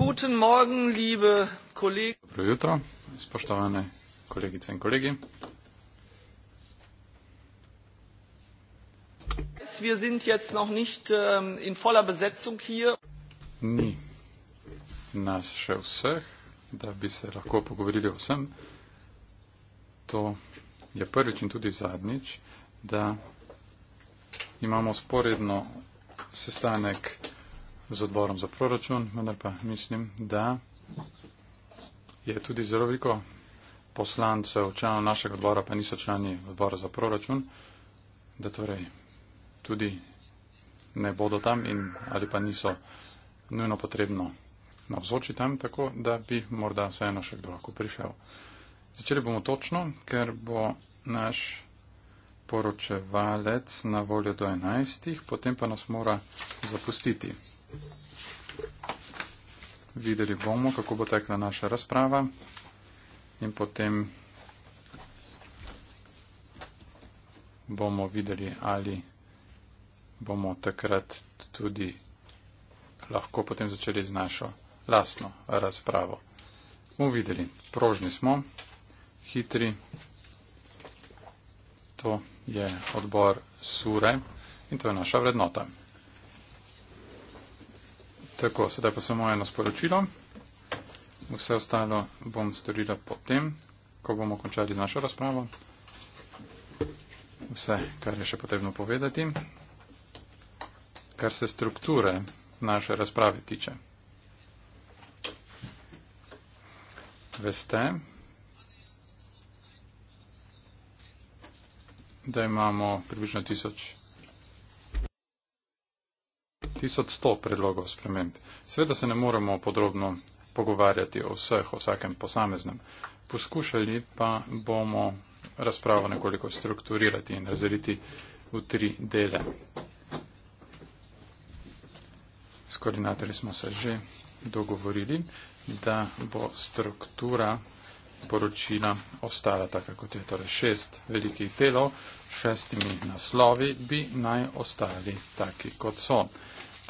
Guten Morgen, liebe Kollegen. Dobro jutro, spoštovane kolegice in kolegi. Wir sind jetzt noch nicht ähm, in voller Besetzung hier. Ni nas še vseh, da bi se lahko pogovorili o vsem. To je prvič in tudi zadnjič, da imamo sporedno sestanek z odborom za proračun, vendar pa mislim, da je tudi zelo veliko poslancev, članov našega odbora, pa niso člani odbora za proračun, da torej tudi ne bodo tam in ali pa niso nujno potrebno navzoči tam, tako da bi morda vseeno še kdo lahko prišel. Začeli bomo točno, ker bo naš poročevalec na voljo do 11, potem pa nas mora zapustiti videli bomo, kako bo tekla naša razprava in potem bomo videli, ali bomo takrat tudi lahko potem začeli z našo lasno razpravo. Bomo videli, prožni smo, hitri. To je odbor sure in to je naša vrednota. Tako, sedaj pa samo eno sporočilo. Vse ostalo bom storila potem, ko bomo končali z našo razpravo. Vse, kar je še potrebno povedati, kar se strukture naše razprave tiče. Veste, da imamo približno tisoč 1100 predlogov sprememb. Sveda se ne moremo podrobno pogovarjati o vseh, o vsakem posameznem. Poskušali pa bomo razpravo nekoliko strukturirati in razdeliti v tri dele. S koordinatorji smo se že dogovorili, da bo struktura poročila ostala taka, kot je torej šest velikih delov, šestimi naslovi bi naj ostali taki, kot so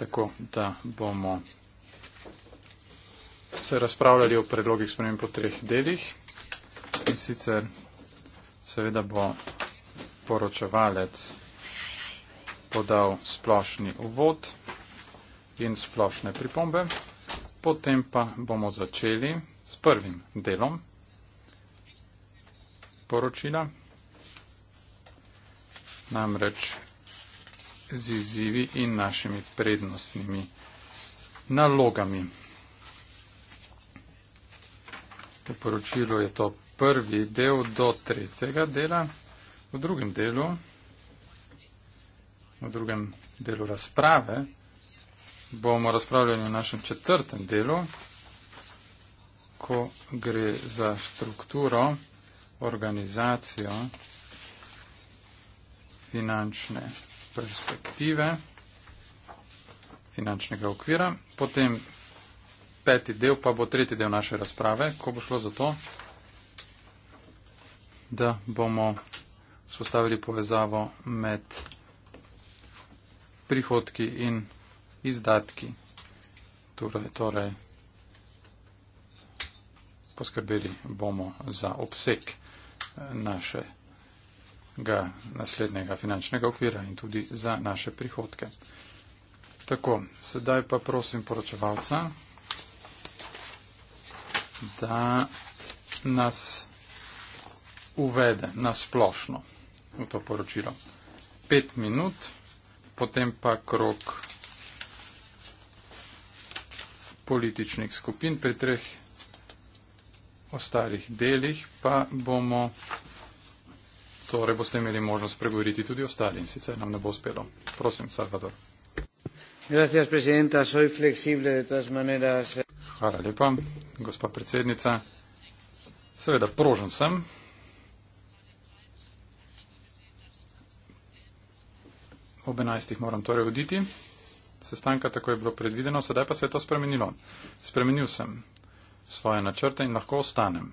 tako, da bomo se razpravljali o predlogih sprememb po treh delih. In sicer seveda bo poročevalec podal splošni uvod in splošne pripombe. Potem pa bomo začeli s prvim delom poročila. Namreč z izzivi in našimi prednostnimi nalogami. To poročilo je to prvi del do tretjega dela. V drugem delu, v drugem delu razprave bomo razpravljali o našem četrtem delu, ko gre za strukturo, organizacijo finančne perspektive finančnega okvira. Potem peti del, pa bo tretji del naše razprave, ko bo šlo za to, da bomo spostavili povezavo med prihodki in izdatki. Torej, torej poskrbeli bomo za obseg naše ga naslednjega finančnega okvira in tudi za naše prihodke. Tako, sedaj pa prosim poročevalca, da nas uvede na splošno v to poročilo. Pet minut, potem pa krok političnih skupin pri treh ostalih delih, pa bomo torej boste imeli možnost pregovoriti tudi ostali in sicer nam ne bo uspelo. Prosim, Salvador. Hvala lepa, gospa predsednica. Seveda, prožen sem. Ob enajstih moram torej oditi. Sestanka tako je bilo predvideno, sedaj pa se je to spremenilo. Spremenil sem svoje načrte in lahko ostanem.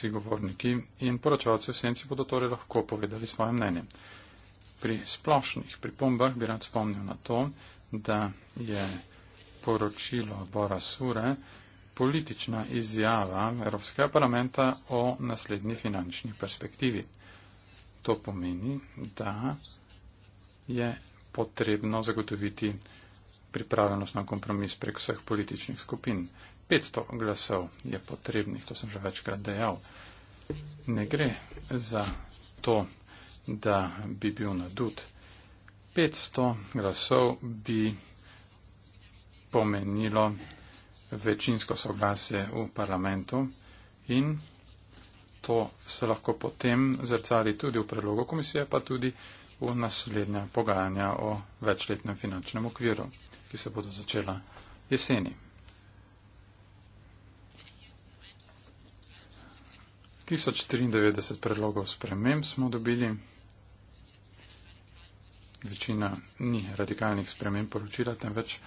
vsi govorniki in poročavci v senci bodo torej lahko povedali svoje mnenje. Pri splošnih pripombah bi rad spomnil na to, da je poročilo odbora Sure politična izjava Evropskega parlamenta o naslednji finančni perspektivi. To pomeni, da je potrebno zagotoviti pripravljenost na kompromis prek vseh političnih skupin. 500 glasov je potrebnih, to sem že večkrat dejal. Ne gre za to, da bi bil nadud. 500 glasov bi pomenilo večinsko soglasje v parlamentu in to se lahko potem zrcali tudi v predlogu komisije, pa tudi v naslednja pogajanja o večletnem finančnem okviru, ki se bodo začela jeseni. 1093 predlogov sprememb smo dobili. Večina ni radikalnih sprememb poročila, temveč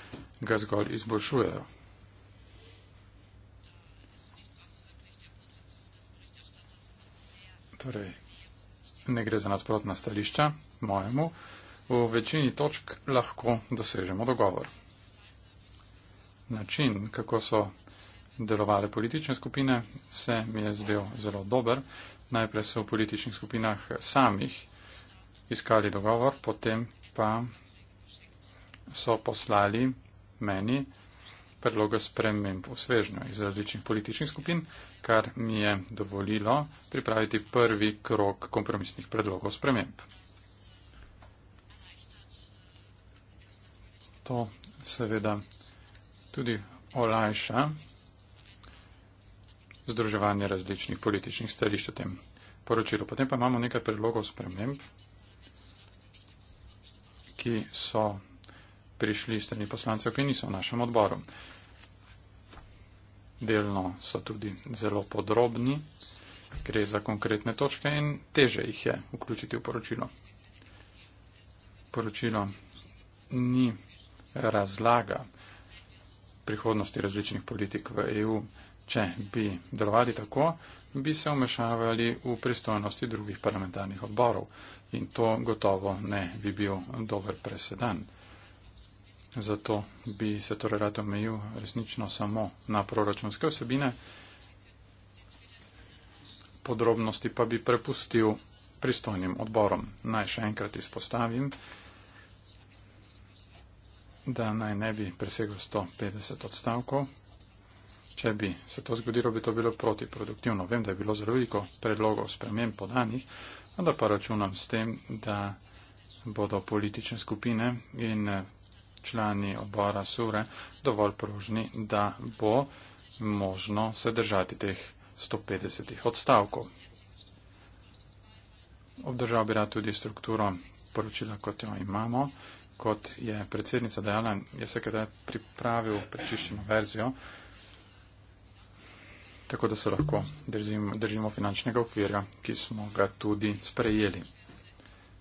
ga zgolj izboljšujejo. Torej, ne gre za nasprotna stališča mojemu, v večini točk lahko dosežemo dogovor. Način, kako so delovale politične skupine, se mi je zdel zelo dober. Najprej so v političnih skupinah samih iskali dogovor, potem pa so poslali meni predloge sprememb v svežnju iz različnih političnih skupin, kar mi je dovolilo pripraviti prvi krok kompromisnih predlogov sprememb. To seveda tudi olajša združevanje različnih političnih stališč o tem poročilu. Potem pa imamo nekaj predlogov sprememb, ki so prišli strani poslancev, ki niso v našem odboru. Delno so tudi zelo podrobni, gre za konkretne točke in teže jih je vključiti v poročilo. Poročilo ni razlaga prihodnosti različnih politik v EU, če bi delovali tako, bi se omešavali v pristojnosti drugih parlamentarnih odborov in to gotovo ne bi bil dober presedan. Zato bi se torej rad omejil resnično samo na proračunske osebine, podrobnosti pa bi prepustil pristojnim odborom. Naj še enkrat izpostavim, da naj ne bi presegel 150 odstavkov. Če bi se to zgodilo, bi to bilo protiproduktivno. Vem, da je bilo zelo veliko predlogov spremem podanih, vendar pa računam s tem, da bodo politične skupine in eh, člani obora Sure dovolj prožni, da bo možno se držati teh 150 odstavkov. Obdržal bi rad tudi strukturo poročila, kot jo imamo. Kot je predsednica dejala, je sekretar pripravil prečiščeno verzijo tako da se lahko držimo, držimo finančnega okvira, ki smo ga tudi sprejeli.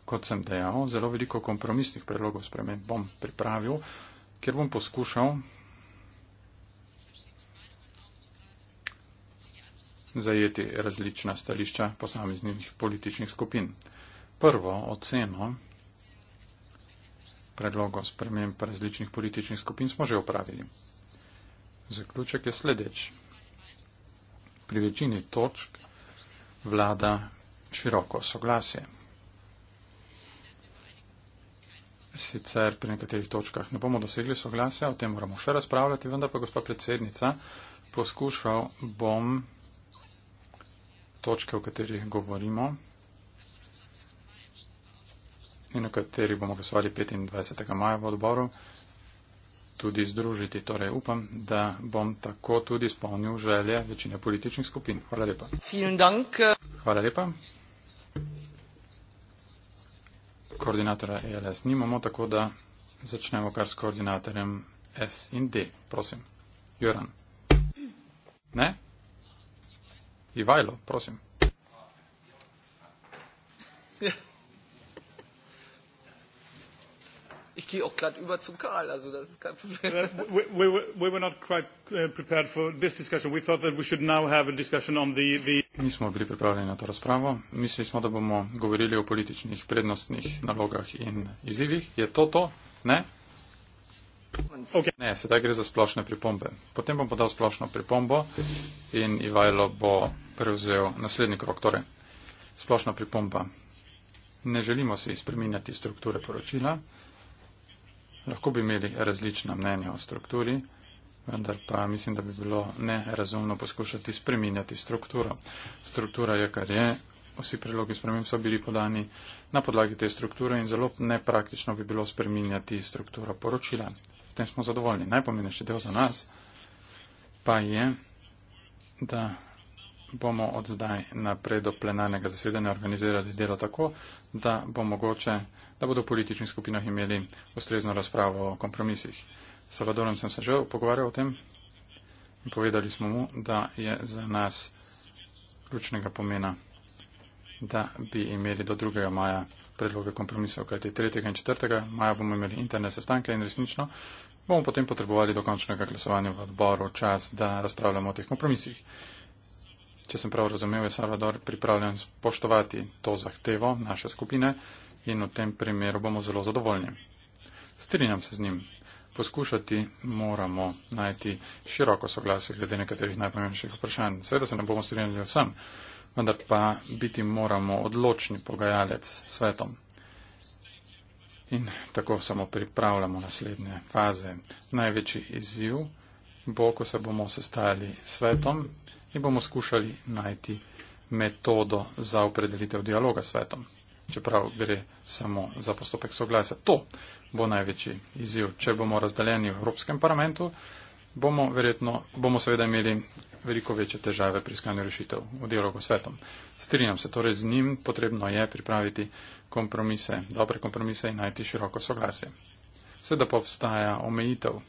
Kot sem dejal, zelo veliko kompromisnih predlogov sprememb bom pripravil, ker bom poskušal zajeti različna stališča posameznih političnih skupin. Prvo oceno predlogov sprememb različnih političnih skupin smo že upravili. Zaključek je sledeč pri večini točk vlada široko soglasje. Sicer pri nekaterih točkah ne bomo dosegli soglasja, o tem moramo še razpravljati, vendar pa gospa predsednica, poskušal bom točke, o katerih govorimo in o katerih bomo glasovali 25. maja v odboru, tudi združiti. Torej upam, da bom tako tudi spomnil želje večine političnih skupin. Hvala lepa. Hvala lepa. Koordinatora ELS nimamo, tako da začnemo kar s koordinatorjem S in D. Prosim. Joran. Ne? Ivajlo, prosim. Yeah. Ja. Ich gehe auch glatt über zum Karl, also das ist kein Problem. Uh, we, we, we were not quite uh, prepared for this discussion. We thought that we should now have a discussion on the... the... Nismo bili pripravljeni na to razpravo. Mislili smo, da bomo govorili o političnih prednostnih nalogah in izzivih. Je to to? Ne? Okay. Ne, sedaj gre za splošne pripombe. Potem bom podal splošno pripombo in Ivajlo bo prevzel naslednji krok. Torej, splošna pripomba. Ne želimo si spreminjati strukture poročila. Lahko bi imeli različna mnenja o strukturi, vendar pa mislim, da bi bilo nerazumno poskušati spreminjati strukturo. Struktura je, kar je. Vsi predlogi sprememb so bili podani na podlagi te strukture in zelo nepraktično bi bilo spreminjati strukturo poročila. S tem smo zadovoljni. Najpomembnejši del za nas pa je, da bomo od zdaj naprej do plenarnega zasedanja organizirali delo tako, da bo mogoče da bodo v političnih skupinah imeli ustrezno razpravo o kompromisih. S Salvadorom sem se že pogovarjal o tem in povedali smo mu, da je za nas ključnega pomena, da bi imeli do 2. maja predloge kompromisov, kajti 3. in 4. maja bomo imeli interne sestanke in resnično bomo potem potrebovali do končnega glasovanja v odboru čas, da razpravljamo o teh kompromisih. Če sem prav razumel, je Salvador pripravljen spoštovati to zahtevo naše skupine in v tem primeru bomo zelo zadovoljni. Strinjam se z njim. Poskušati moramo najti široko soglasje glede nekaterih najpomembnejših vprašanj. Seveda se ne bomo strinjali vsem, vendar pa biti moramo odločni pogajalec s svetom. In tako samo pripravljamo naslednje faze. Največji izziv bo, ko se bomo sestajali s svetom in bomo skušali najti metodo za upredelitev dialoga s svetom čeprav gre samo za postopek soglasja. To bo največji izziv. Če bomo razdaljeni v Evropskem parlamentu, bomo, verjetno, bomo seveda imeli veliko večje težave pri iskanju rešitev v dialogu s svetom. Strinjam se torej z njim, potrebno je pripraviti kompromise, dobre kompromise in najti široko soglasje. Seveda pa obstaja omejitev,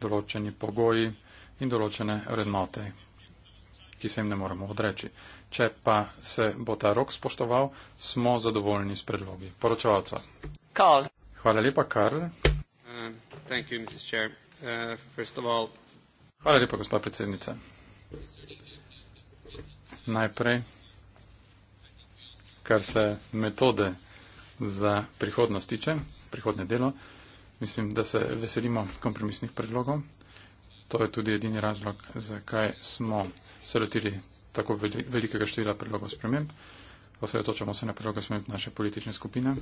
določeni pogoji in določene vrednote, ki se jim ne moremo odreči. Če pa se bo ta rok spoštoval, smo zadovoljni s predlogi. Poročevalca. Karl. Hvala lepa, Karl. Uh, uh Hvala lepa, gospod predsednica. Najprej, kar se metode za prihodnost tiče, prihodne delo, mislim, da se veselimo kompromisnih predlogov. To je tudi edini razlog, zakaj smo se lotili tako velikega števila predlogov sprememb. Osredotočamo se na predloge sprememb naše politične skupine.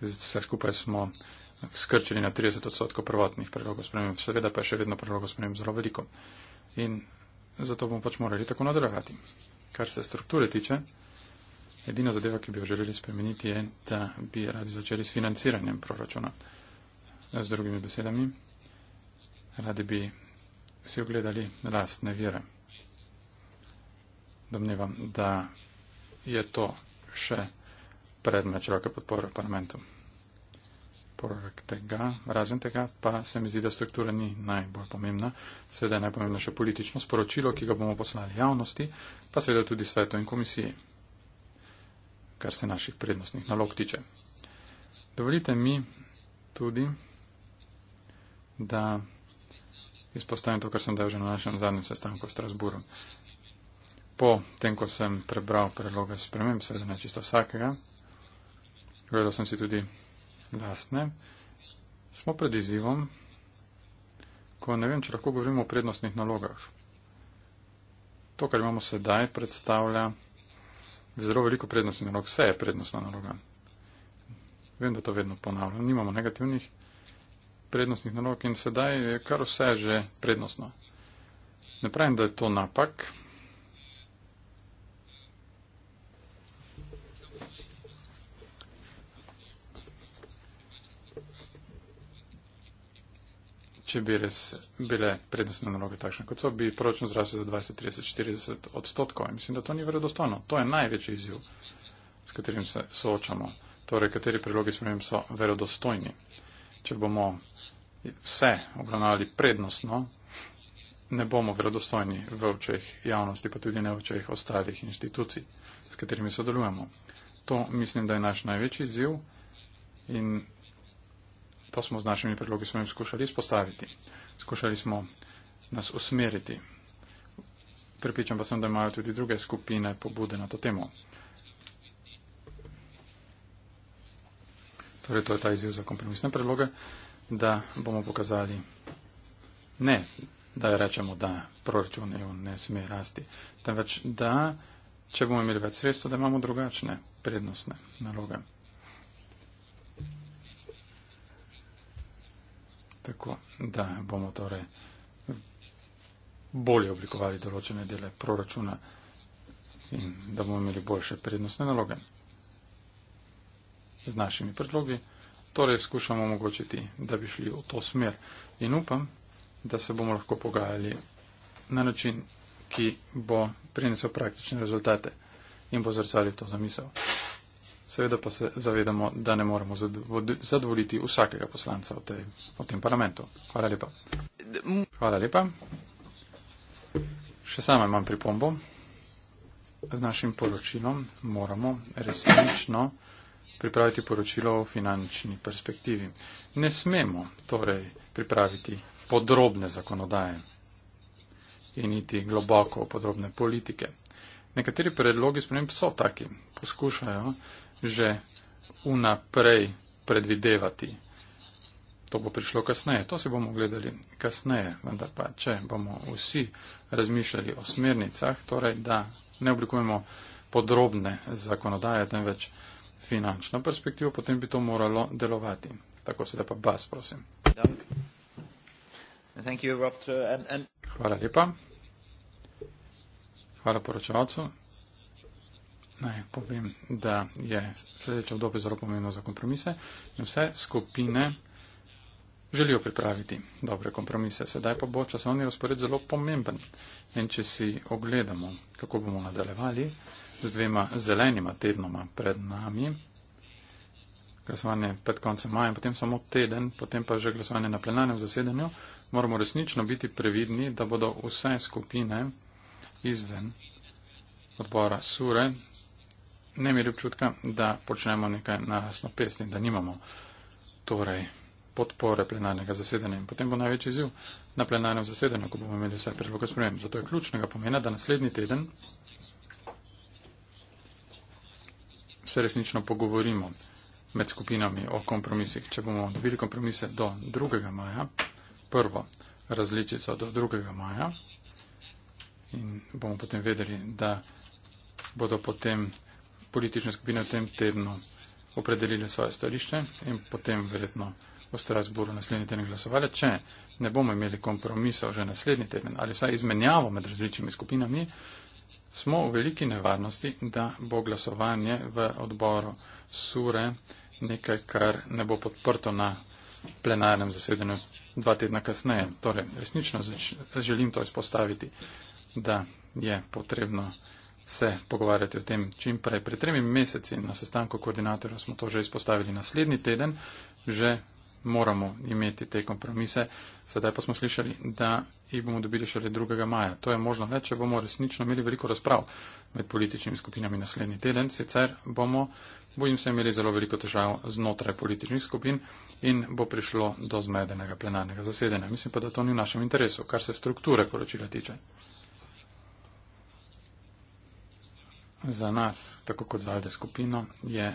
Vse skupaj smo skrčili na 30 odstotkov prvotnih predlogov sprememb. Seveda pa je še vedno predlogov sprememb zelo veliko. In zato bomo pač morali tako nadaljevati. Kar se strukture tiče, edina zadeva, ki bi jo želeli spremeniti, je, da bi radi začeli s financiranjem proračuna. Z drugimi besedami, radi bi si ogledali lastne vire. Domnevam, da je to še predmet široke podpore v parlamentu. Poleg tega, razen tega, pa se mi zdi, da struktura ni najbolj pomembna. Sedaj je najpomembnejše politično sporočilo, ki ga bomo poslali javnosti, pa seveda tudi svetu in komisiji, kar se naših prednostnih nalog tiče. Dovolite mi tudi, da izpostavim to, kar sem dal že na našem zadnjem sestanku v Strasburu. Po tem, ko sem prebral predloge sprememb, seveda ne čisto vsakega, gledal sem si tudi lastne, smo pred izzivom, ko ne vem, če lahko govorimo o prednostnih nalogah. To, kar imamo sedaj, predstavlja zelo veliko prednostnih nalog. Vse je prednostna naloga. Vem, da to vedno ponavljam. Nimamo negativnih prednostnih nalog in sedaj je kar vse že prednostno. Ne pravim, da je to napak. Če bi res bile prednostne naloge takšne kot so, bi proračun zrasel za 20, 30, 40 odstotkov. Mislim, da to ni verodostojno. To je največji izziv, s katerim se soočamo. Torej, kateri predlogi sprememb so verodostojni. Če bomo vse obravnavali prednostno, ne bomo vredostojni v očeh javnosti, pa tudi ne v očeh ostalih inštitucij, s katerimi sodelujemo. To mislim, da je naš največji izziv in to smo z našimi predlogi smo jim skušali spostaviti. Skušali smo nas usmeriti. Pripričam pa sem, da imajo tudi druge skupine pobude na to temo. Torej, to je ta izziv za kompromisne predloge da bomo pokazali. Ne, da rečemo, da proračun EU ne sme rasti, temveč da, če bomo imeli več sredstva, da imamo drugačne prednostne naloge. Tako da bomo torej bolje oblikovali določene dele proračuna in da bomo imeli boljše prednostne naloge. Z našimi predlogi torej skušamo omogočiti, da bi šli v to smer in upam, da se bomo lahko pogajali na način, ki bo prinesel praktične rezultate in bo zrcalil to zamisel. Seveda pa se zavedamo, da ne moremo zadovoljiti vsakega poslanca v, tej, v tem parlamentu. Hvala lepa. Hvala lepa. Še sama imam pripombo. Z našim poročilom moramo resnično pripraviti poročilo o finančni perspektivi. Ne smemo torej pripraviti podrobne zakonodaje in niti globoko podrobne politike. Nekateri predlogi sprememb so taki, poskušajo že unaprej predvidevati. To bo prišlo kasneje, to si bomo gledali kasneje, vendar pa, če bomo vsi razmišljali o smernicah, torej da ne oblikujemo podrobne zakonodaje, temveč finančno perspektivo, potem bi to moralo delovati. Tako se da pa bas, prosim. Hvala lepa. Hvala poročevalcu. Naj povem, da je sledeče obdobje zelo pomembno za kompromise in vse skupine želijo pripraviti dobre kompromise. Sedaj pa bo časovni razpored zelo pomemben in če si ogledamo, kako bomo nadaljevali z dvema zelenima tednoma pred nami. Glasovanje pred koncem maja in potem samo teden, potem pa že glasovanje na plenarnem zasedanju. Moramo resnično biti previdni, da bodo vse skupine izven odbora Sure ne imeli občutka, da počnemo nekaj na lasno pest in da nimamo torej podpore plenarnega zasedanja. In potem bo največji izziv na plenarnem zasedanju, ko bomo imeli vse predloge sprememb. Zato je ključnega pomena, da naslednji teden se resnično pogovorimo med skupinami o kompromisih. Če bomo dobili kompromise do 2. maja, prvo različico do 2. maja in bomo potem vedeli, da bodo potem politične skupine v tem tednu opredelile svoje stališče in potem verjetno v Strasburu naslednji teden glasovali. Če ne bomo imeli kompromisov že naslednji teden ali vsaj izmenjavo med različnimi skupinami, smo v veliki nevarnosti, da bo glasovanje v odboru Sure nekaj, kar ne bo podprto na plenarnem zasedanju dva tedna kasneje. Torej, resnično želim to izpostaviti, da je potrebno se pogovarjati o tem čim prej. Pred tremi meseci na sestanku koordinatorja smo to že izpostavili naslednji teden, že moramo imeti te kompromise. Sedaj pa smo slišali, da jih bomo dobili šele 2. maja. To je možno le, če bomo resnično imeli veliko razprav med političnimi skupinami naslednji teden. Sicer bomo, bojim se, imeli zelo veliko težav znotraj političnih skupin in bo prišlo do zmedenega plenarnega zasedanja. Mislim pa, da to ni v našem interesu, kar se strukture poročila tiče. Za nas, tako kot za Alde skupino, je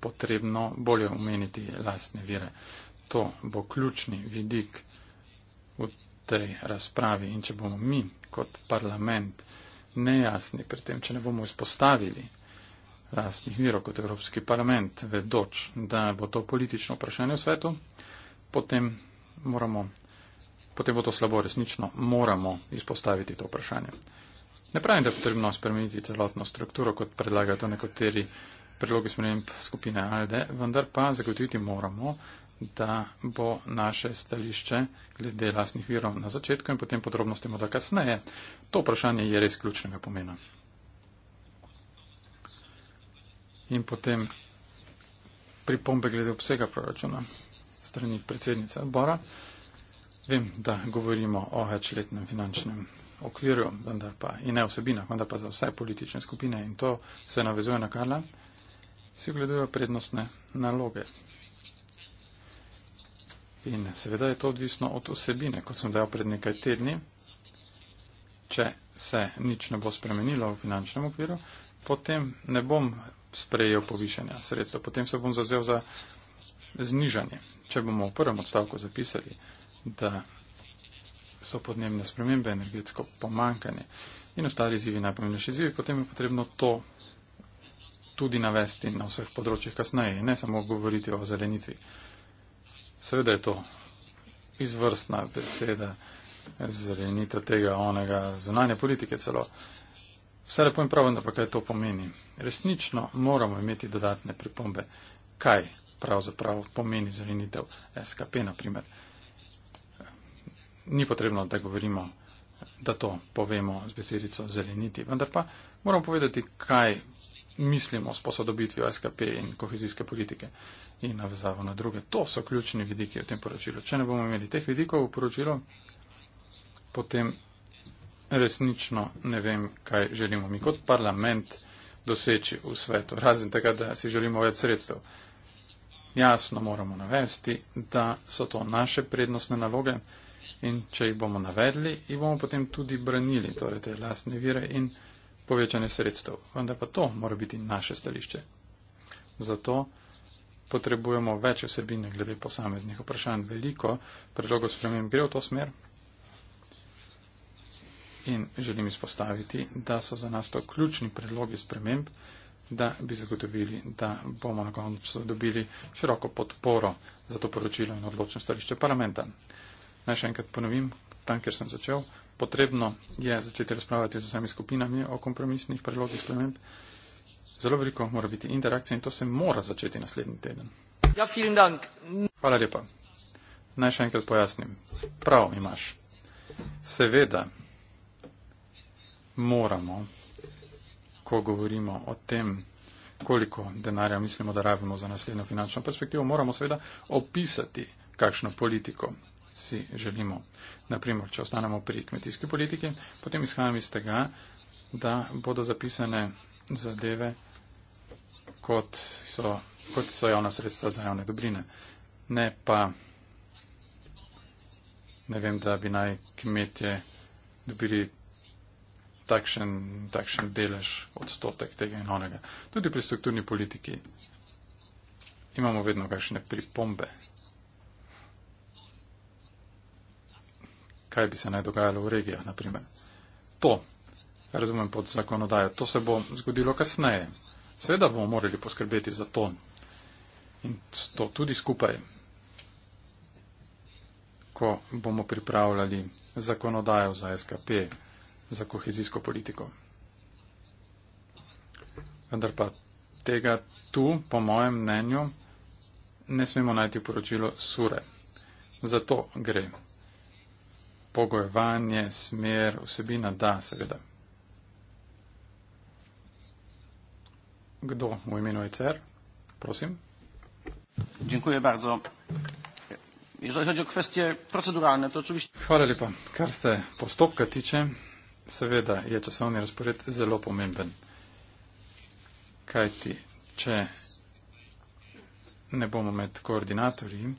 potrebno bolje umeniti lastne vire to bo ključni vidik v tej razpravi in če bomo mi kot parlament nejasni pri tem, če ne bomo izpostavili lastnih virov kot Evropski parlament, vedoč, da bo to politično vprašanje v svetu, potem, moramo, potem bo to slabo resnično, moramo izpostaviti to vprašanje. Ne pravim, da je potrebno spremeniti celotno strukturo, kot predlagajo to nekateri predlogi sprememb skupine ALDE, vendar pa zagotoviti moramo, da bo naše stališče glede lasnih virov na začetku in potem podrobnosti morda kasneje. To vprašanje je res ključnega pomena. In potem pripombe glede obsega proračuna strani predsednice odbora. Vem, da govorimo o večletnem finančnem okvirju, vendar pa in ne osebinah, vendar pa za vse politične skupine in to se navezuje na Karla, si ogledujejo prednostne naloge. In seveda je to odvisno od osebine, kot sem dejal pred nekaj tedni. Če se nič ne bo spremenilo v finančnem okviru, potem ne bom sprejel povišanja sredstev, potem se bom zazel za znižanje. Če bomo v prvem odstavku zapisali, da so podnebne spremembe, energetsko pomankanje in ostali izzivi najpomembnejši izzivi, potem je potrebno to tudi navesti na vseh področjih kasneje, ne samo govoriti o zelenitvi. Seveda je to izvrstna beseda zrenita tega onega zunanje politike celo. Vse lepo in prav, vendar pa kaj to pomeni. Resnično moramo imeti dodatne pripombe, kaj pravzaprav pomeni zrenitev SKP, na primer. Ni potrebno, da govorimo, da to povemo z besedico zeleniti, vendar pa moramo povedati, kaj mislimo s posodobitvijo SKP in kohezijske politike in navezavo na druge. To so ključni vidiki v tem poročilu. Če ne bomo imeli teh vidikov v poročilu, potem resnično ne vem, kaj želimo mi kot parlament doseči v svetu, razen tega, da si želimo več sredstev. Jasno moramo navesti, da so to naše prednostne naloge in če jih bomo navedli, jih bomo potem tudi branili, torej te lastne vire in povečanje sredstev, vendar pa to mora biti naše stališče. Zato potrebujemo več vsebine glede posameznih vprašanj. Veliko predlogov sprememb gre v to smer in želim izpostaviti, da so za nas to ključni predlogi sprememb, da bi zagotovili, da bomo na koncu dobili široko podporo za to poročilo in odločno stališče parlamenta. Naj še enkrat ponovim, tam, kjer sem začel potrebno je začeti razpravljati z vsemi skupinami o kompromisnih predlogih sprememb. Zelo veliko mora biti interakcije in to se mora začeti naslednji teden. Ja, dank. Hvala lepa. Naj še enkrat pojasnim. Prav imaš. Seveda moramo, ko govorimo o tem, koliko denarja mislimo, da rabimo za naslednjo finančno perspektivo, moramo seveda opisati, kakšno politiko si želimo. Naprimer, če ostanemo pri kmetijski politiki, potem izhajam iz tega, da bodo zapisane zadeve, kot so, kot so javna sredstva za javne dobrine. Ne pa, ne vem, da bi naj kmetje dobili takšen, takšen delež, odstotek tega in onega. Tudi pri strukturni politiki imamo vedno kakšne pripombe. kaj bi se naj dogajalo v regijah, naprimer. To, razumem pod zakonodajo, to se bo zgodilo kasneje. Seveda bomo morali poskrbeti za to in to tudi skupaj, ko bomo pripravljali zakonodajo za SKP, za kohezijsko politiko. Vendar pa tega tu, po mojem mnenju, ne smemo najti v poročilu Sure. Zato gre pogojevanje, smer, vsebina, da, seveda. Kdo v imenu ECR? Prosim. Dziękuję bardzo. Jeżeli chodzi o kwestie proceduralne, to oczywiście... Hvala lepa. Kar se postopka tiče, seveda je časovni razpored zelo pomemben. Kaj ti, če ne bomo med koordinatorji,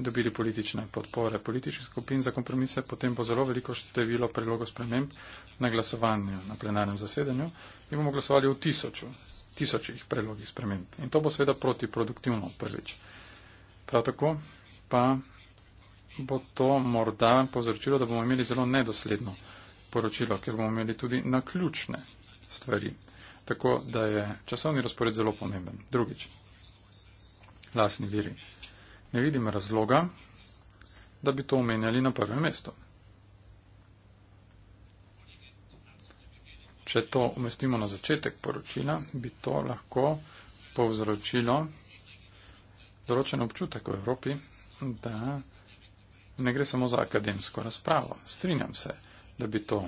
dobili politične podpore političnih skupin za kompromise, potem bo zelo veliko število predlogov sprememb na glasovanju, na plenarnem zasedanju in bomo glasovali v tisoču, tisočih predlogih sprememb. In to bo seveda protiproduktivno prvič. Prav tako pa bo to morda povzročilo, da bomo imeli zelo nedosledno poročilo, ker bomo imeli tudi naključne stvari. Tako da je časovni razpored zelo pomemben. Drugič, lasni viri. Ne vidim razloga, da bi to omenjali na prvem mestu. Če to umestimo na začetek poročila, bi to lahko povzročilo določen občutek v Evropi, da ne gre samo za akademsko razpravo. Strinjam se, da bi to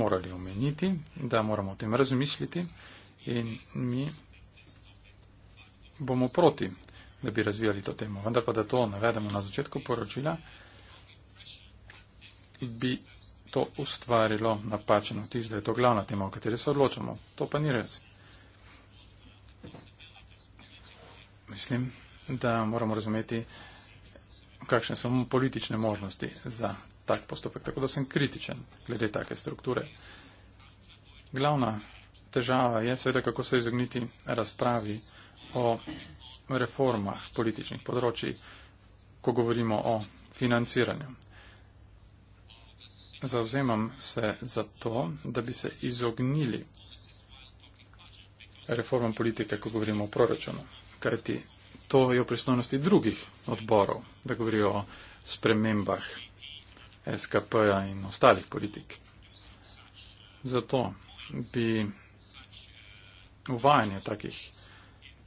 morali omeniti, da moramo o tem razmisliti in mi bomo proti da bi razvijali to temo. Vendar pa, da to navedemo na začetku poročila, bi to ustvarilo napačen vtis, da je to glavna tema, o kateri se odločamo. To pa ni res. Mislim, da moramo razumeti, kakšne so politične možnosti za tak postopek. Tako da sem kritičen glede take strukture. Glavna težava je seveda, kako se izogniti razpravi o reformah političnih področji, ko govorimo o financiranju. Zauzemam se za to, da bi se izognili reformam politike, ko govorimo o proračunu. Kajti to je v pristojnosti drugih odborov, da govorijo o spremembah SKP-ja in ostalih politik. Zato bi uvajanje takih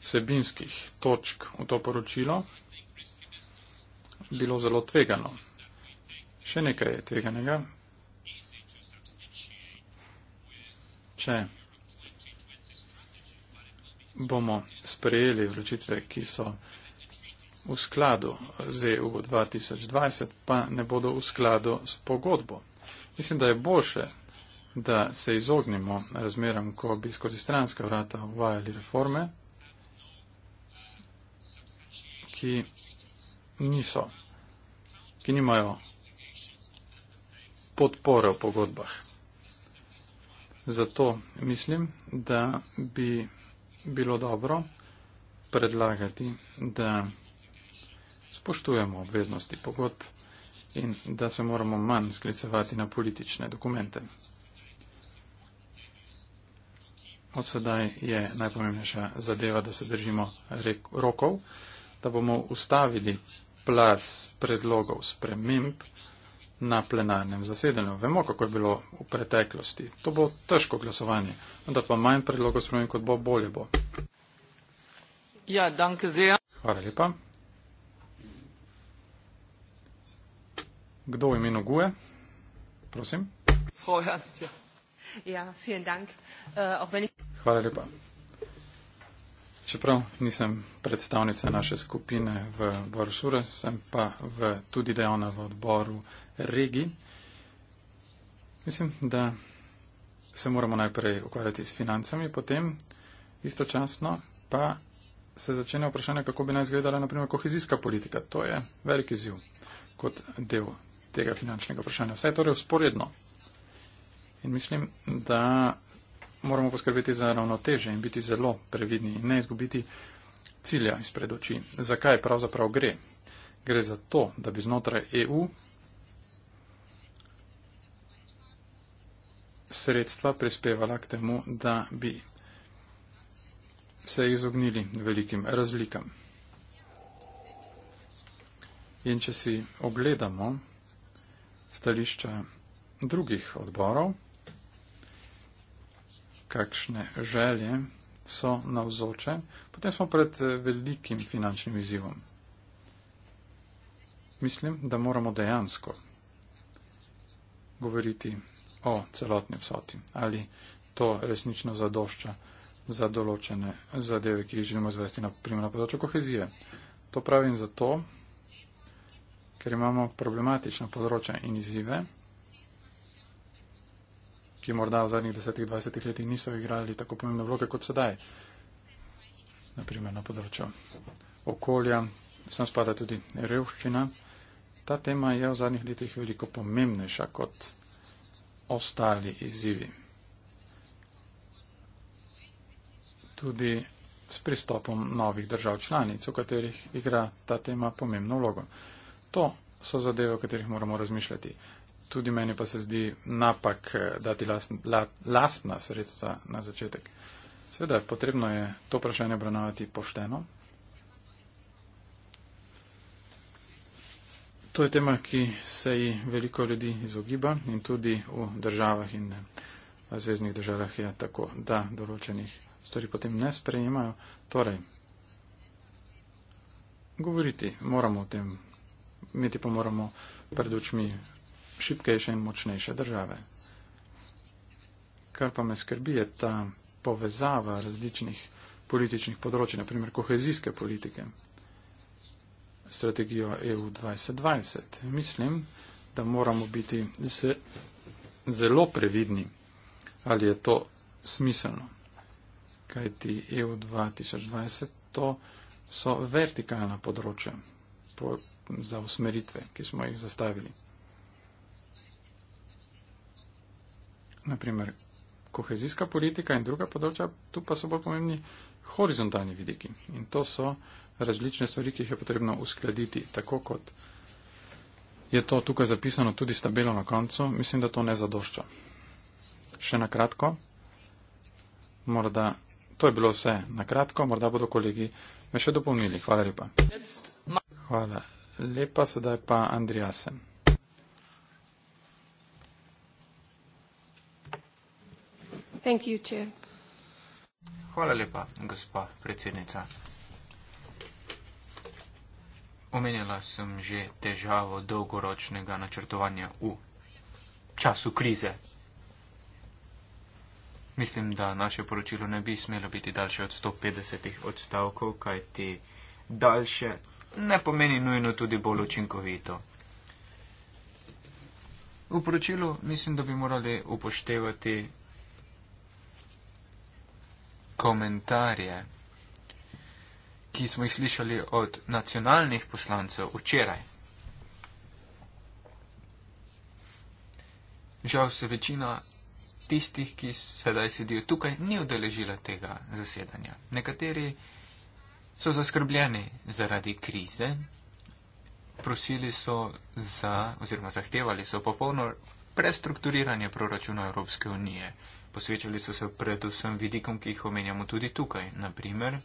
vsebinskih točk v to poročilo, bilo zelo tvegano. Še nekaj je tveganega. Če bomo sprejeli vločitve, ki so v skladu z EU 2020, pa ne bodo v skladu s pogodbo. Mislim, da je boljše, da se izognimo razmeram, ko bi skozi stranska vrata uvajali reforme, ki niso, ki nimajo podpore v pogodbah. Zato mislim, da bi bilo dobro predlagati, da spoštujemo obveznosti pogodb in da se moramo manj sklicevati na politične dokumente. Od sedaj je najpomembnejša zadeva, da se držimo rokov da bomo ustavili plas predlogov sprememb na plenarnem zasedanju. Vemo, kako je bilo v preteklosti. To bo težko glasovanje, vendar pa manj predlogov sprememb, kot bo bolje bo. Ja, danke sehr. Hvala lepa. Kdo v imenu Guje? Prosim. Frau Ernst, ja. Ja, vielen Dank. Uh, auch wenn ich... Hvala lepa. Čeprav nisem predstavnica naše skupine v Boršure, sem pa v, tudi dejavna v odboru regi. Mislim, da se moramo najprej ukvarjati s financami, potem istočasno pa se začne vprašanje, kako bi naj izgledala naprimer kohezijska politika. To je veliki ziv kot del tega finančnega vprašanja. Vse je torej usporedno. In mislim, da moramo poskrbeti za ravnoteže in biti zelo previdni in ne izgubiti cilja izpred oči. Zakaj pravzaprav gre? Gre za to, da bi znotraj EU sredstva prispevala k temu, da bi se izognili velikim razlikam. In če si ogledamo stališča drugih odborov, kakšne želje so navzoče, potem smo pred eh, velikim finančnim izzivom. Mislim, da moramo dejansko govoriti o celotni vsoti, ali to resnično zadošča za določene zadeve, ki jih želimo izvesti na, na področju kohezije. To pravim zato, ker imamo problematična področja in izzive ki morda v zadnjih 10-20 letih niso igrali tako pomembne vloge kot sedaj, naprimer na področju okolja, sem spada tudi revščina. Ta tema je v zadnjih letih veliko pomembnejša kot ostali izzivi. Tudi s pristopom novih držav članic, v katerih igra ta tema pomembno vlogo. To so zadeve, o katerih moramo razmišljati tudi meni pa se zdi napak eh, dati lastn, la, lastna sredstva na začetek. Sveda, potrebno je to vprašanje obravnavati pošteno. To je tema, ki se ji veliko ljudi izogiba in tudi v državah in v eh, zvezdnih državah je tako, da določenih stvari potem ne sprejemajo. Torej, govoriti moramo o tem, imeti pa moramo pred očmi šipkejše in močnejše države. Kar pa me skrbi je ta povezava različnih političnih področji, naprimer kohezijske politike, strategijo EU 2020. Mislim, da moramo biti zelo previdni, ali je to smiselno. Kaj ti EU 2020, to so vertikalna področja po, za usmeritve, ki smo jih zastavili. naprimer kohezijska politika in druga področja, tu pa so bolj pomembni horizontalni vidiki. In to so različne stvari, ki jih je potrebno uskladiti, tako kot je to tukaj zapisano tudi s tabelo na koncu, mislim, da to ne zadošča. Še na kratko, morda, to je bilo vse na kratko, morda bodo kolegi me še dopolnili. Hvala lepa. Hvala lepa, sedaj pa Andrijasen. Thank you, Chair. Hvala lepa, gospa predsednica. Omenjala sem že težavo dolgoročnega načrtovanja v času krize. Mislim, da naše poročilo ne bi smelo biti daljše od 150 odstavkov, kajti daljše ne pomeni nujno tudi bolj učinkovito. V poročilu mislim, da bi morali upoštevati komentarje, ki smo jih slišali od nacionalnih poslancev včeraj. Žal se večina tistih, ki sedaj sedijo tukaj, ni udeležila tega zasedanja. Nekateri so zaskrbljeni zaradi krize, prosili so za oziroma zahtevali so popolno prestrukturiranje proračuna Evropske unije. Posvečali so se predvsem vidikom, ki jih omenjamo tudi tukaj, naprimer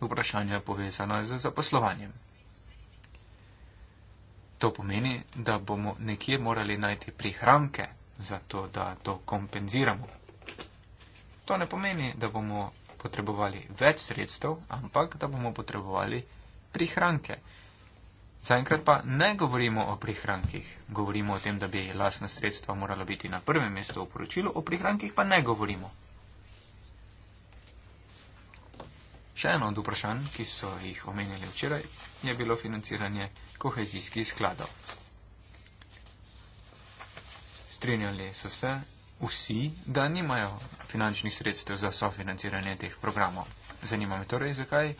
vprašanje povezano z zaposlovanjem. To pomeni, da bomo nekje morali najti prihranke za to, da to kompenziramo. To ne pomeni, da bomo potrebovali več sredstev, ampak da bomo potrebovali prihranke. Zaenkrat pa ne govorimo o prihrankih. Govorimo o tem, da bi lasna sredstva morala biti na prvem mestu v poročilu, o prihrankih pa ne govorimo. Še eno od vprašanj, ki so jih omenjali včeraj, je bilo financiranje kohezijskih skladov. Strinjali so se vsi, da nimajo finančnih sredstev za sofinanciranje teh programov. Zanima me torej, zakaj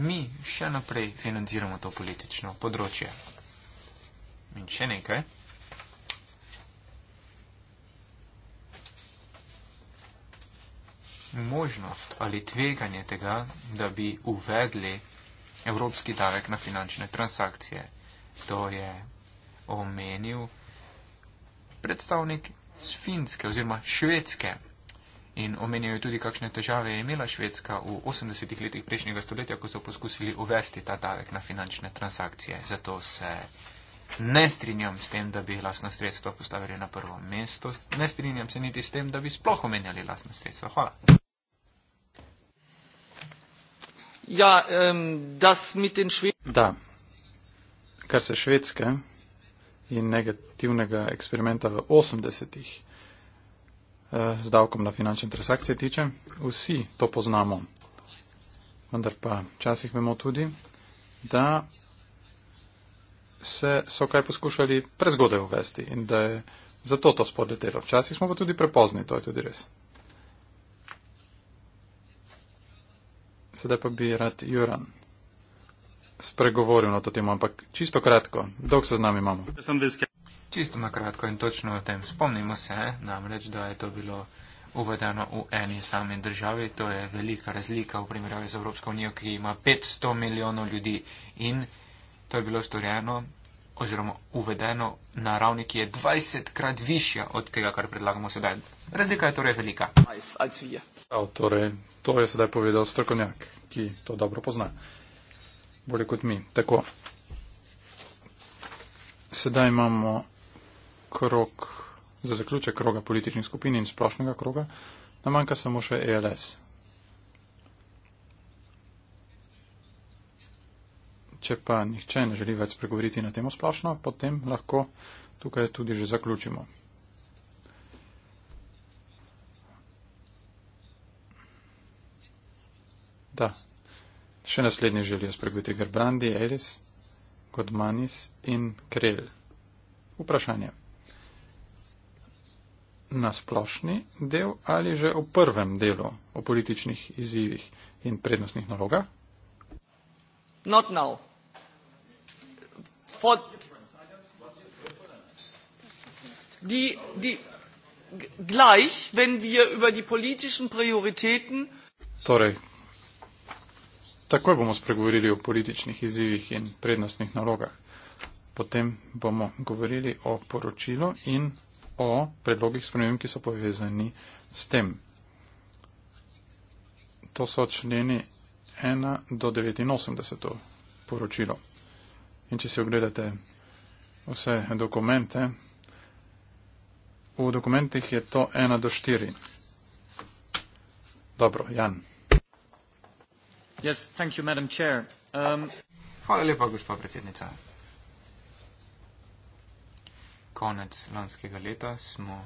mi še naprej financiramo to politično področje. In še nekaj. Možnost ali tveganje tega, da bi uvedli evropski davek na finančne transakcije. To je omenil predstavnik z finske oziroma švedske In omenjajo tudi, kakšne težave je imela Švedska v 80-ih letih prejšnjega stoletja, ko so poskusili uvesti ta davek na finančne transakcije. Zato se ne strinjam s tem, da bi lasna sredstva postavili na prvo mesto. Ne strinjam se niti s tem, da bi sploh omenjali lasna sredstva. Hvala. Ja, um, da, kar se švedske in negativnega eksperimenta v 80-ih z davkom na finančne transakcije tiče. Vsi to poznamo, vendar pa časih vemo tudi, da se so kaj poskušali prezgodaj uvesti in da je zato to spodletelo. Včasih smo pa tudi prepozni, to je tudi res. Sedaj pa bi rad Juran spregovoril na to temo, ampak čisto kratko, dolg se z nami imamo. Čisto na kratko in točno o tem spomnimo se, namreč, da je to bilo uvedeno v eni sami državi. To je velika razlika v primerjavi z Evropsko unijo, ki ima 500 milijonov ljudi in to je bilo storjeno oziroma uvedeno na ravni, ki je 20 krat višja od tega, kar predlagamo sedaj. Razlika je torej velika. Prav, torej, to je sedaj povedal strokovnjak, ki to dobro pozna. Bolje kot mi. Tako. Sedaj imamo krok, za zaključek kroga političnih skupin in splošnega kroga, nam manjka samo še ELS. Če pa nihče ne želi več spregovoriti na temo splošno, potem lahko tukaj tudi že zaključimo. Da, še naslednji želijo spregovoriti Gerbrandi, Elis, Godmanis in Krel. Vprašanje na splošni del ali že v prvem delu o političnih izzivih in prednostnih nalogah? Not now. For die, die, gleich, wenn wir über die politischen Prioritäten. Torej, takoj bomo spregovorili o političnih izzivih in prednostnih nalogah. Potem bomo govorili o poročilu in o predlogih sprememb, ki so povezani s tem. To so členi 1 do 89 poročilo. In če si ogledate vse dokumente, v dokumentih je to 1 do 4. Dobro, Jan. Yes, thank you, Madam Chair. Um... Hvala lepa, gospod predsednica konec lanskega leta smo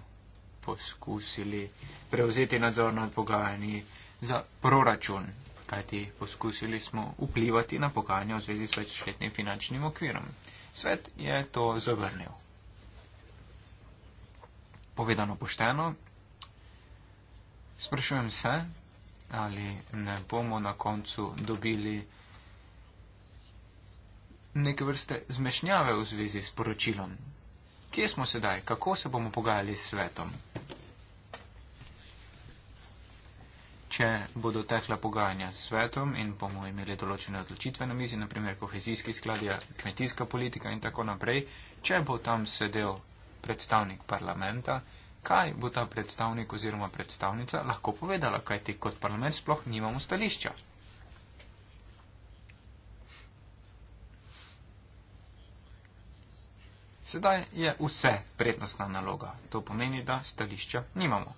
poskusili prevzeti nadzor nad pogajanji za proračun, kajti poskusili smo vplivati na pogajanja v zvezi s večletnim finančnim okvirom. Svet je to zavrnil. Povedano pošteno, sprašujem se, ali ne bomo na koncu dobili neke vrste zmešnjave v zvezi s poročilom. Kje smo sedaj? Kako se bomo pogajali s svetom? Če bodo tekla pogajanja s svetom in bomo imeli določene odločitve na mizi, naprimer kohezijski skladja, kmetijska politika in tako naprej, če bo tam sedel predstavnik parlamenta, kaj bo ta predstavnik oziroma predstavnica lahko povedala, kaj ti kot parlament sploh nimamo stališča. Sedaj je vse prednostna naloga. To pomeni, da stališča nimamo.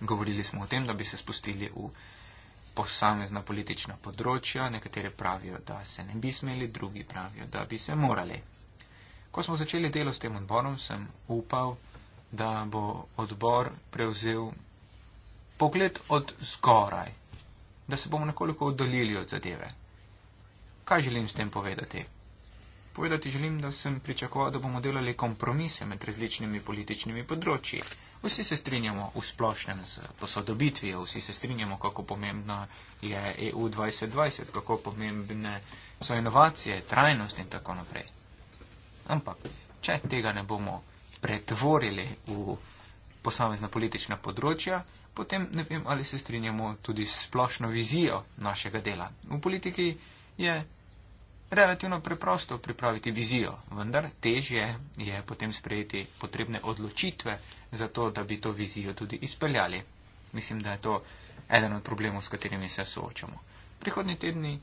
Govorili smo o tem, da bi se spustili v posamezna politična področja. Nekateri pravijo, da se ne bi smeli, drugi pravijo, da bi se morali. Ko smo začeli delo s tem odborom, sem upal, da bo odbor prevzel pogled od zgoraj, da se bomo nekoliko oddaljili od zadeve. Kaj želim s tem povedati? Povedati želim, da sem pričakoval, da bomo delali kompromise med različnimi političnimi področji. Vsi se strinjamo v splošnem z posodobitvijo, vsi se strinjamo, kako pomembna je EU 2020, kako pomembne so inovacije, trajnost in tako naprej. Ampak, če tega ne bomo pretvorili v posamezna politična področja, potem ne vem, ali se strinjamo tudi s splošno vizijo našega dela. V politiki je relativno preprosto pripraviti vizijo, vendar težje je potem sprejeti potrebne odločitve za to, da bi to vizijo tudi izpeljali. Mislim, da je to eden od problemov, s katerimi se soočamo. Prihodni tedni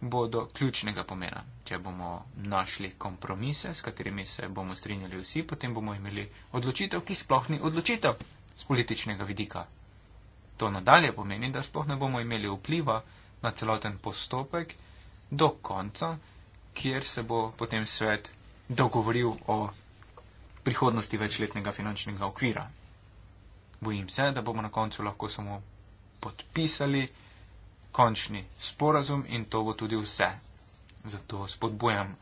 bodo ključnega pomena. Če bomo našli kompromise, s katerimi se bomo strinjali vsi, potem bomo imeli odločitev, ki sploh ni odločitev z političnega vidika. To nadalje pomeni, da sploh ne bomo imeli vpliva na celoten postopek, do konca, kjer se bo potem svet dogovoril o prihodnosti večletnega finančnega okvira. Bojim se, da bomo na koncu lahko samo podpisali končni sporazum in to bo tudi vse. Zato spodbujam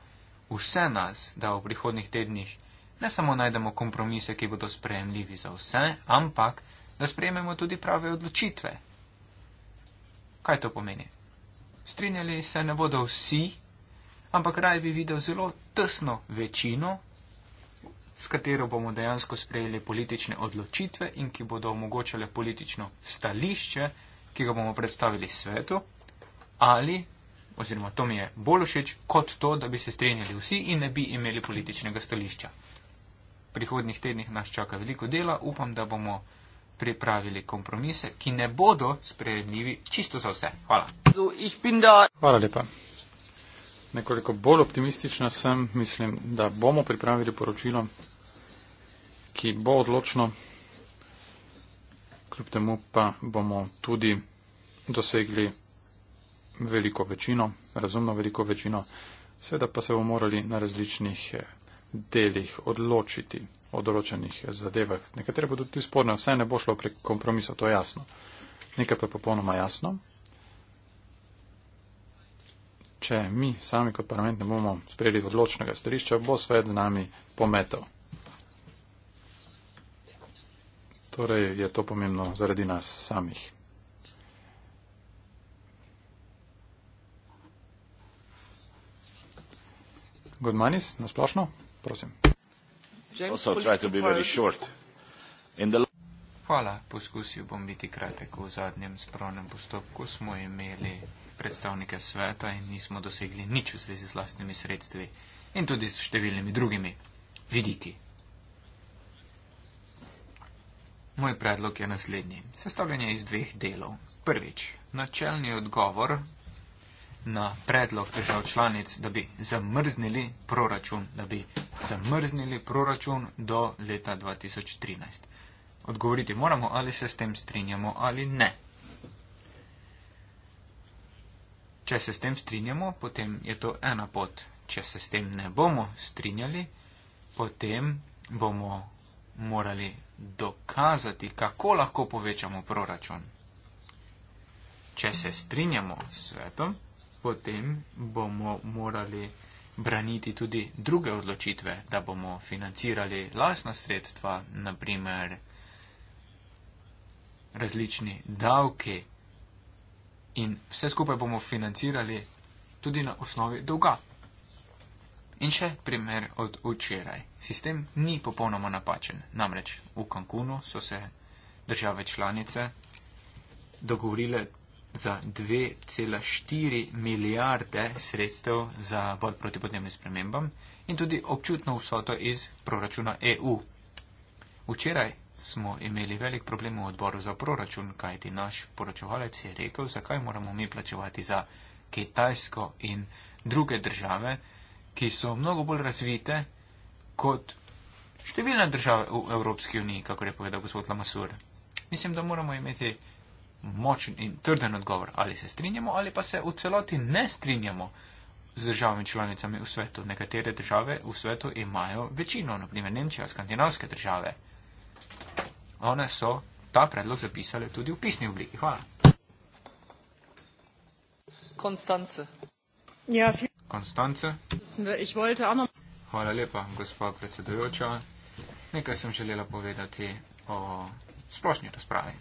vse nas, da v prihodnih tednih ne samo najdemo kompromise, ki bodo sprejemljivi za vse, ampak da sprejmemo tudi prave odločitve. Kaj to pomeni? strinjali se ne bodo vsi, ampak raj bi videl zelo tesno večino, s katero bomo dejansko sprejeli politične odločitve in ki bodo omogočale politično stališče, ki ga bomo predstavili svetu, ali, oziroma to mi je bolj všeč, kot to, da bi se strinjali vsi in ne bi imeli političnega stališča. V prihodnih tednih nas čaka veliko dela, upam, da bomo pripravili kompromise, ki ne bodo sprejemljivi čisto za vse. Hvala. Hvala lepa. Nekoliko bolj optimistična sem, mislim, da bomo pripravili poročilo, ki bo odločno, kljub temu pa bomo tudi dosegli veliko večino, razumno veliko večino, seveda pa se bomo morali na različnih eh, delih odločiti o določenih zadevah. Nekatere bodo tudi sporne, vse ne bo šlo prek kompromisa, to je jasno. Nekaj pa je popolnoma jasno. Če mi sami kot parlament ne bomo sprejeli odločnega stališča, bo svet z nami pometal. Torej je to pomembno zaradi nas samih. Godmanis, nasplošno, prosim. Also try to be very short. In the Hvala, poskusil bom biti kratek. V zadnjem spravnem postopku smo imeli predstavnike sveta in nismo dosegli nič v zvezi z lastnimi sredstvi in tudi s številnimi drugimi vidiki. Moj predlog je naslednji. Sestavljanje iz dveh delov. Prvič, načelni odgovor na predlog držav članic, da bi zamrznili proračun, da bi zamrznili proračun do leta 2013. Odgovoriti moramo, ali se s tem strinjamo ali ne. Če se s tem strinjamo, potem je to ena pot. Če se s tem ne bomo strinjali, potem bomo morali dokazati, kako lahko povečamo proračun. Če se strinjamo s svetom, potem bomo morali braniti tudi druge odločitve, da bomo financirali lasna sredstva, naprimer različni davke in vse skupaj bomo financirali tudi na osnovi dolga. In še primer od včeraj. Sistem ni popolnoma napačen. Namreč v Cancunu so se države članice dogovorile za 2,4 milijarde sredstev za boj proti podnebnim spremembam in tudi občutno vsoto iz proračuna EU. Včeraj smo imeli velik problem v odboru za proračun, kajti naš poročevalec je rekel, zakaj moramo mi plačevati za Kitajsko in druge države, ki so mnogo bolj razvite kot številne države v Evropski uniji, kako je povedal gospod Lamasur. Mislim, da moramo imeti močen in trden odgovor, ali se strinjamo ali pa se v celoti ne strinjamo z državami članicami v svetu. Nekatere države v svetu imajo večino, naprimer Nemčija, skandinavske države. One so ta predlog zapisale tudi v pisni obliki. Hvala. Konstance. Ja, Konstance. Hvala lepa, gospod predsedujoča. Nekaj sem želela povedati o splošni razpravi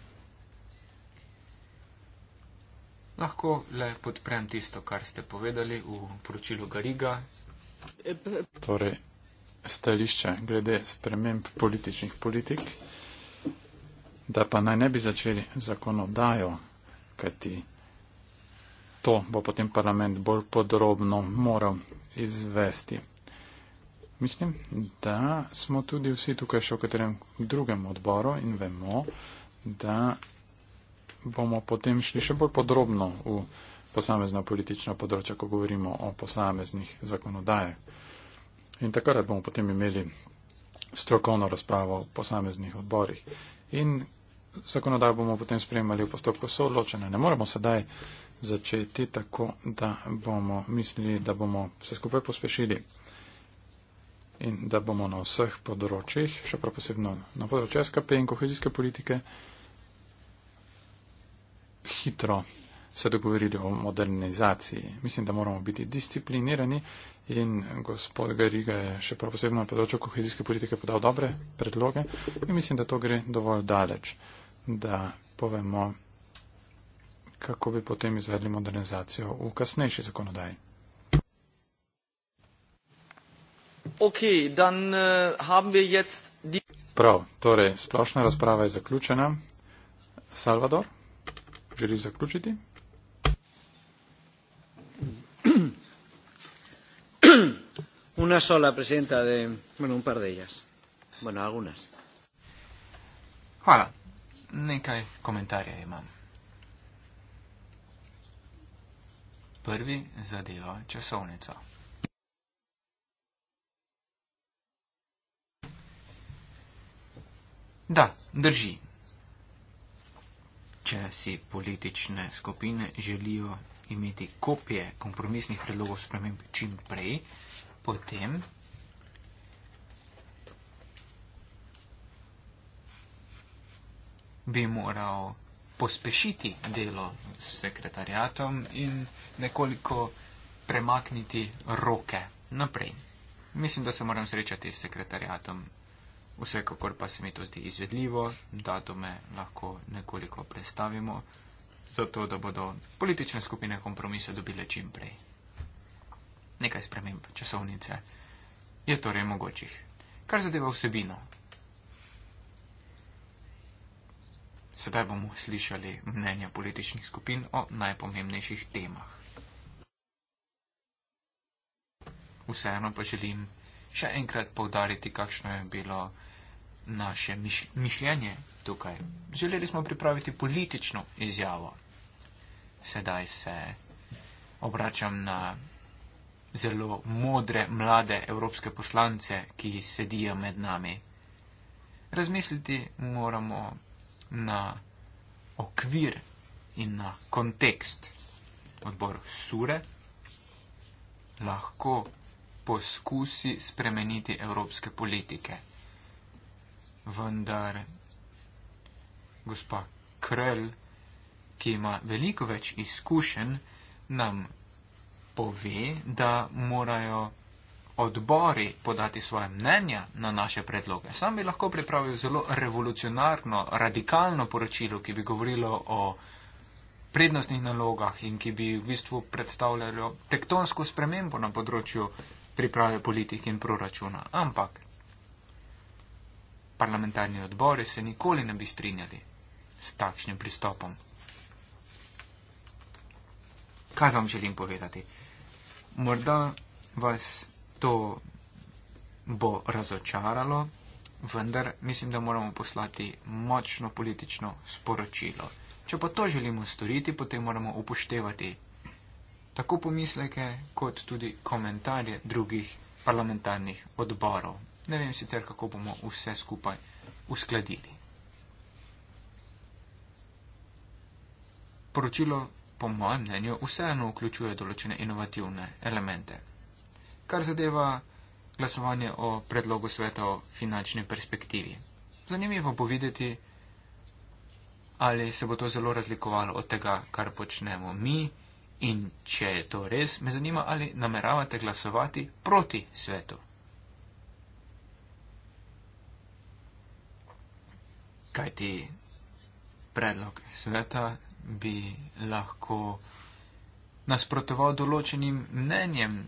lahko le podprem tisto, kar ste povedali v poročilu Gariga. Torej, stališča glede sprememb političnih politik, da pa naj ne bi začeli zakonodajo, kajti to bo potem parlament bolj podrobno moral izvesti. Mislim, da smo tudi vsi tukaj še v katerem drugem odboru in vemo, da bomo potem šli še bolj podrobno v posamezna politična področja, ko govorimo o posameznih zakonodajah. In takrat bomo potem imeli strokovno razpravo v posameznih odborih. In zakonodajo bomo potem sprejemali v postopku soodločene. Ne moremo sedaj začeti tako, da bomo mislili, da bomo se skupaj pospešili in da bomo na vseh področjih, še prav posebno na področju SKP in kohezijske politike, hitro se dogovorili o modernizaciji. Mislim, da moramo biti disciplinirani in gospod Gariga je še prav posebno na področju kohezijske politike podal dobre predloge in mislim, da to gre dovolj daleč, da povemo, kako bi potem izvedli modernizacijo v kasnejši zakonodaji. Okay, dann, uh, haben wir jetzt die... Prav, torej splošna razprava je zaključena. Salvador želi zaključiti? Una sola presidenta de, bueno, un par de ellas. Bueno, algunas. Hvala. Nekaj komentarjev imam. Prvi zadeva časovnico. Da, drži če si politične skupine želijo imeti kopije kompromisnih predlogov sprememb čim prej, potem bi moral pospešiti delo s sekretarjatom in nekoliko premakniti roke naprej. Mislim, da se moram srečati s sekretarjatom Vsekakor pa se mi to zdi izvedljivo, datume lahko nekoliko predstavimo, zato da bodo politične skupine kompromise dobile čim prej. Nekaj sprememb časovnice je torej mogočih. Kar zadeva vsebino. Sedaj bomo slišali mnenja političnih skupin o najpomembnejših temah. Vseeno pa želim še enkrat povdariti, kakšno je bilo naše mišljenje tukaj. Želeli smo pripraviti politično izjavo. Sedaj se obračam na zelo modre, mlade evropske poslance, ki sedijo med nami. Razmisliti moramo na okvir in na kontekst. Odbor Sure lahko poskusi spremeniti evropske politike. Vendar gospa Krl, ki ima veliko več izkušenj, nam pove, da morajo odbori podati svoje mnenja na naše predloge. Sam bi lahko pripravil zelo revolucionarno, radikalno poročilo, ki bi govorilo o prednostnih nalogah in ki bi v bistvu predstavljalo tektonsko spremembo na področju priprave politik in proračuna. Ampak parlamentarni odbori se nikoli ne bi strinjali s takšnim pristopom. Kaj vam želim povedati? Morda vas to bo razočaralo, vendar mislim, da moramo poslati močno politično sporočilo. Če pa to želimo storiti, potem moramo upoštevati tako pomisleke kot tudi komentarje drugih parlamentarnih odborov. Ne vem sicer, kako bomo vse skupaj uskladili. Poročilo, po mojem mnenju, vseeno vključuje določene inovativne elemente. Kar zadeva glasovanje o predlogu sveta o finančni perspektivi. Zanimivo bo videti, ali se bo to zelo razlikovalo od tega, kar počnemo mi. In če je to res, me zanima, ali nameravate glasovati proti svetu. Kaj ti predlog sveta bi lahko nasprotoval določenim mnenjem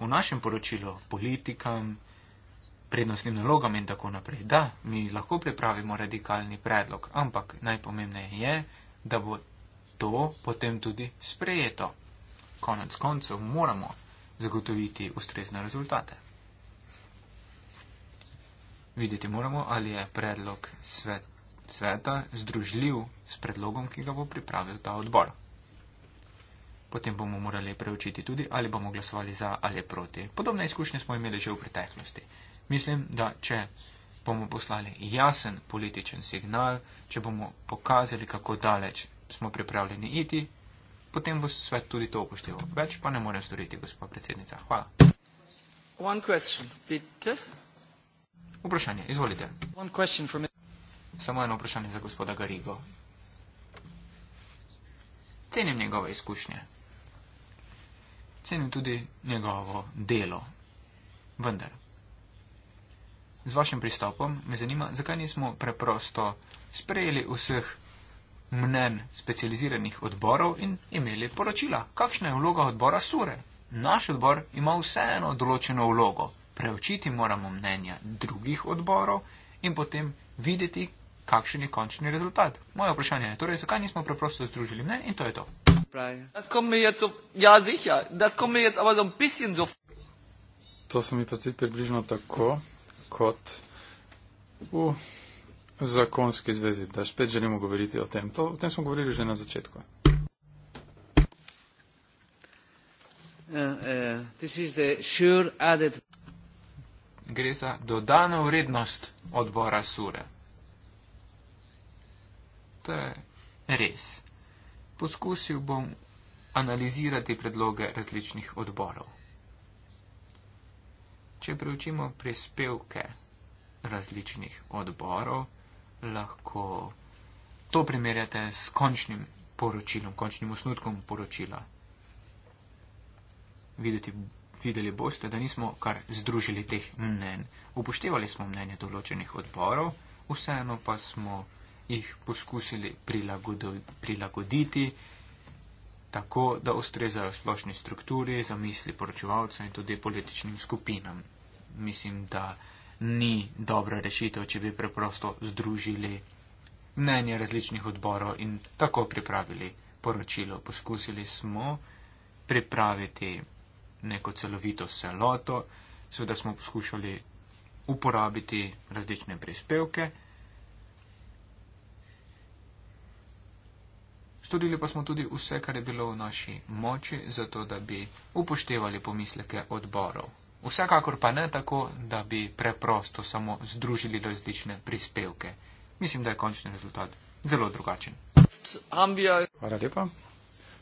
v našem poročilu, politikam, prednostnim nalogam in tako naprej. Da, mi lahko pripravimo radikalni predlog, ampak najpomembneje je, da bo to potem tudi sprejeto. Konec koncev moramo zagotoviti ustrezne rezultate. Videti moramo, ali je predlog svet, sveta združljiv s predlogom, ki ga bo pripravil ta odbor. Potem bomo morali preučiti tudi, ali bomo glasovali za ali proti. Podobne izkušnje smo imeli že v preteklosti. Mislim, da če bomo poslali jasen političen signal, če bomo pokazali, kako daleč smo pripravljeni iti, potem bo svet tudi to upošteval. Več pa ne morem storiti, gospod predsednica. Hvala. Vprašanje, izvolite. Samo eno vprašanje za gospoda Garigo. Cenim njegove izkušnje. Cenim tudi njegovo delo. Vendar. Z vašim pristopom me zanima, zakaj nismo preprosto sprejeli vseh mnen specializiranih odborov in imeli poročila. Kakšna je vloga odbora Sure? Naš odbor ima vseeno določeno vlogo. Preučiti moramo mnenja drugih odborov in potem videti, kakšen je končni rezultat. Moje vprašanje je torej, zakaj nismo preprosto združili mnen in to je to. Ja, to se mi pa zdi približno tako, kot. Uh zakonski zvezi, da spet želimo govoriti o tem. To, o tem smo govorili že na začetku. Uh, uh, sure added... Gre za dodano vrednost odbora Sure. To je res. Poskusil bom analizirati predloge različnih odborov. Če preučimo prispevke različnih odborov, lahko to primerjate s končnim poročilom, končnim osnutkom poročila. Videti, videli boste, da nismo kar združili teh mnen. Upoštevali smo mnenje določenih odborov, vseeno pa smo jih poskusili prilagoditi tako, da ustrezajo splošni strukturi, zamisli poročevalcev in tudi političnim skupinam. Mislim, da ni dobra rešitev, če bi preprosto združili mnenje različnih odborov in tako pripravili poročilo. Poskusili smo pripraviti neko celovito celoto, seveda smo poskušali uporabiti različne prispevke. Storili pa smo tudi vse, kar je bilo v naši moči, zato da bi upoštevali pomisleke odborov. Vsekakor pa ne tako, da bi preprosto samo združili različne prispevke. Mislim, da je končni rezultat zelo drugačen. Hvala lepa.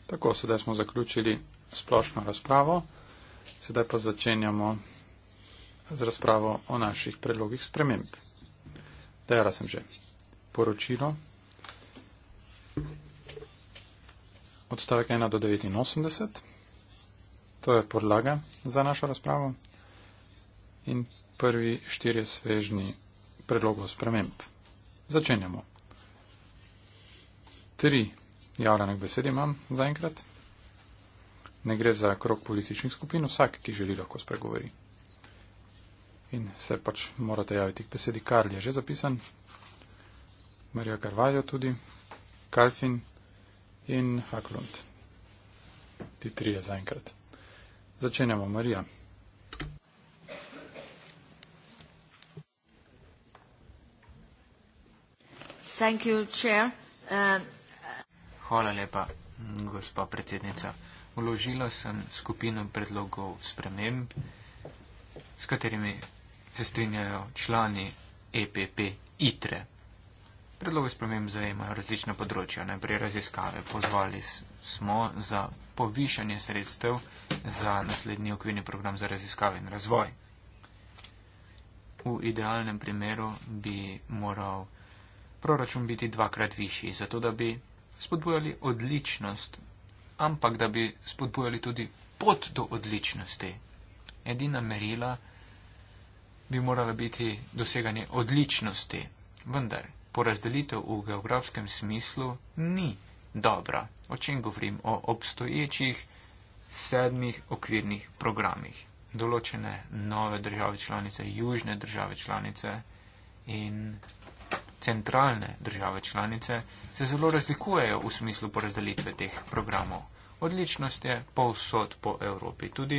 Tako, sedaj smo zaključili splošno razpravo. Sedaj pa začenjamo z razpravo o naših predlogih sprememb. Dejala sem že poročilo. Odstavek 1 do 89. To je podlaga za našo razpravo in prvi štiri svežni predlogov sprememb. Začenjamo. Tri javljanek besedi imam zaenkrat. Ne gre za krok političnih skupin, vsak, ki želi, lahko spregovori. In se pač morate javiti k besedi. Karl je že zapisan, Marija Karvaljo tudi, Kalfin in Haklund. Ti trije zaenkrat. Začenjamo, Marija. Uh, Hvala lepa, gospa predsednica. Uložila sem skupino predlogov sprememb, s katerimi se strinjajo člani EPP ITRE. Predloge sprememb zajemajo različna področja. Najprej raziskave. Pozvali smo za povišanje sredstev za naslednji okvirni program za raziskave in razvoj. V idealnem primeru bi moral proračun biti dvakrat višji, zato da bi spodbujali odličnost, ampak da bi spodbujali tudi pot do odličnosti. Edina merila bi morala biti doseganje odličnosti, vendar porazdelitev v geografskem smislu ni dobra. O čem govorim? O obstoječih sedmih okvirnih programih. Določene nove države članice, južne države članice in centralne države članice se zelo razlikujejo v smislu porazdelitve teh programov. Odličnost je povsod po Evropi, tudi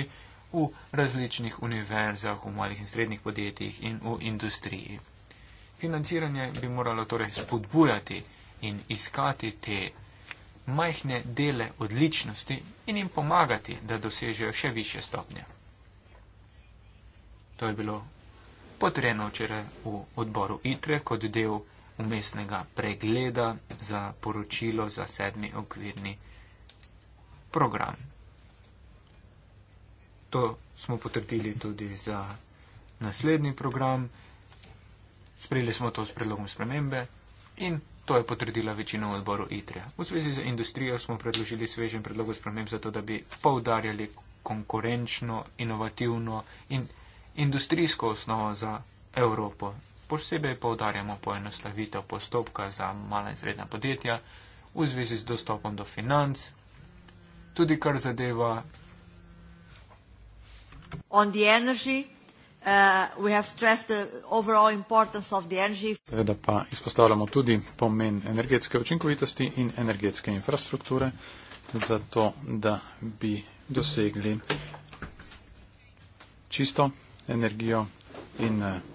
v različnih univerzah, v malih in srednjih podjetjih in v industriji. Financiranje bi moralo torej spodbujati in iskati te majhne dele odličnosti in jim pomagati, da dosežejo še više stopnje. To je bilo potrebno včeraj v odboru ITRE kot del umestnega pregleda za poročilo za sedmi okvirni program. To smo potrdili tudi za naslednji program. Sprejeli smo to s predlogom spremembe in to je potrdila večina v odboru ITRE. V zvezi z industrijo smo predložili svežen predlog sprememb za to, da bi poudarjali konkurenčno, inovativno in industrijsko osnovo za Evropo Posebej povdarjamo poenostavitev postopka za mala in srednja podjetja v zvezi z dostopom do financ, tudi kar zadeva. Uh, Seveda pa izpostavljamo tudi pomen energetske učinkovitosti in energetske infrastrukture, zato da bi dosegli čisto energijo in. Uh,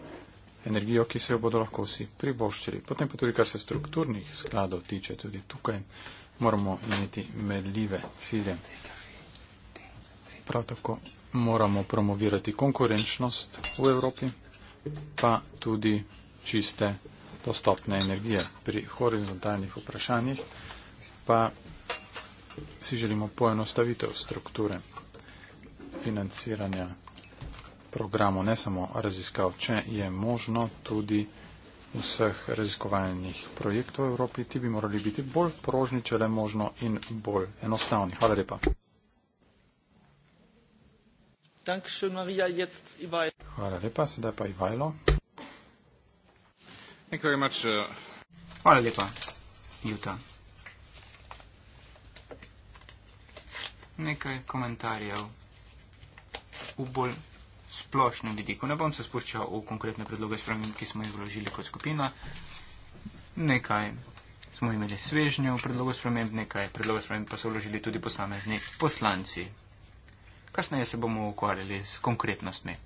energijo, ki se jo bodo lahko vsi privoščili. Potem pa tudi, kar se strukturnih skladov tiče, tudi tukaj moramo imeti merljive cilje. Prav tako moramo promovirati konkurenčnost v Evropi, pa tudi čiste dostopne energije. Pri horizontalnih vprašanjih pa si želimo poenostavitev strukture financiranja programov, ne samo raziskav, če je možno tudi vseh raziskovalnih projektov v Evropi, ti bi morali biti bolj prožni, če le možno in bolj enostavni. Hvala lepa. Hvala lepa, sedaj pa Ivajlo. Uh, Hvala lepa, Juta. Nekaj komentarjev v bolj splošnem vidiku. Ne bom se spuščal v konkretne predloge sprememb, ki smo jih vložili kot skupina. Nekaj smo imeli svežnje v predlogu sprememb, nekaj predlogov sprememb pa so vložili tudi posamezni poslanci. Kasneje se bomo ukvarjali s konkretnostmi.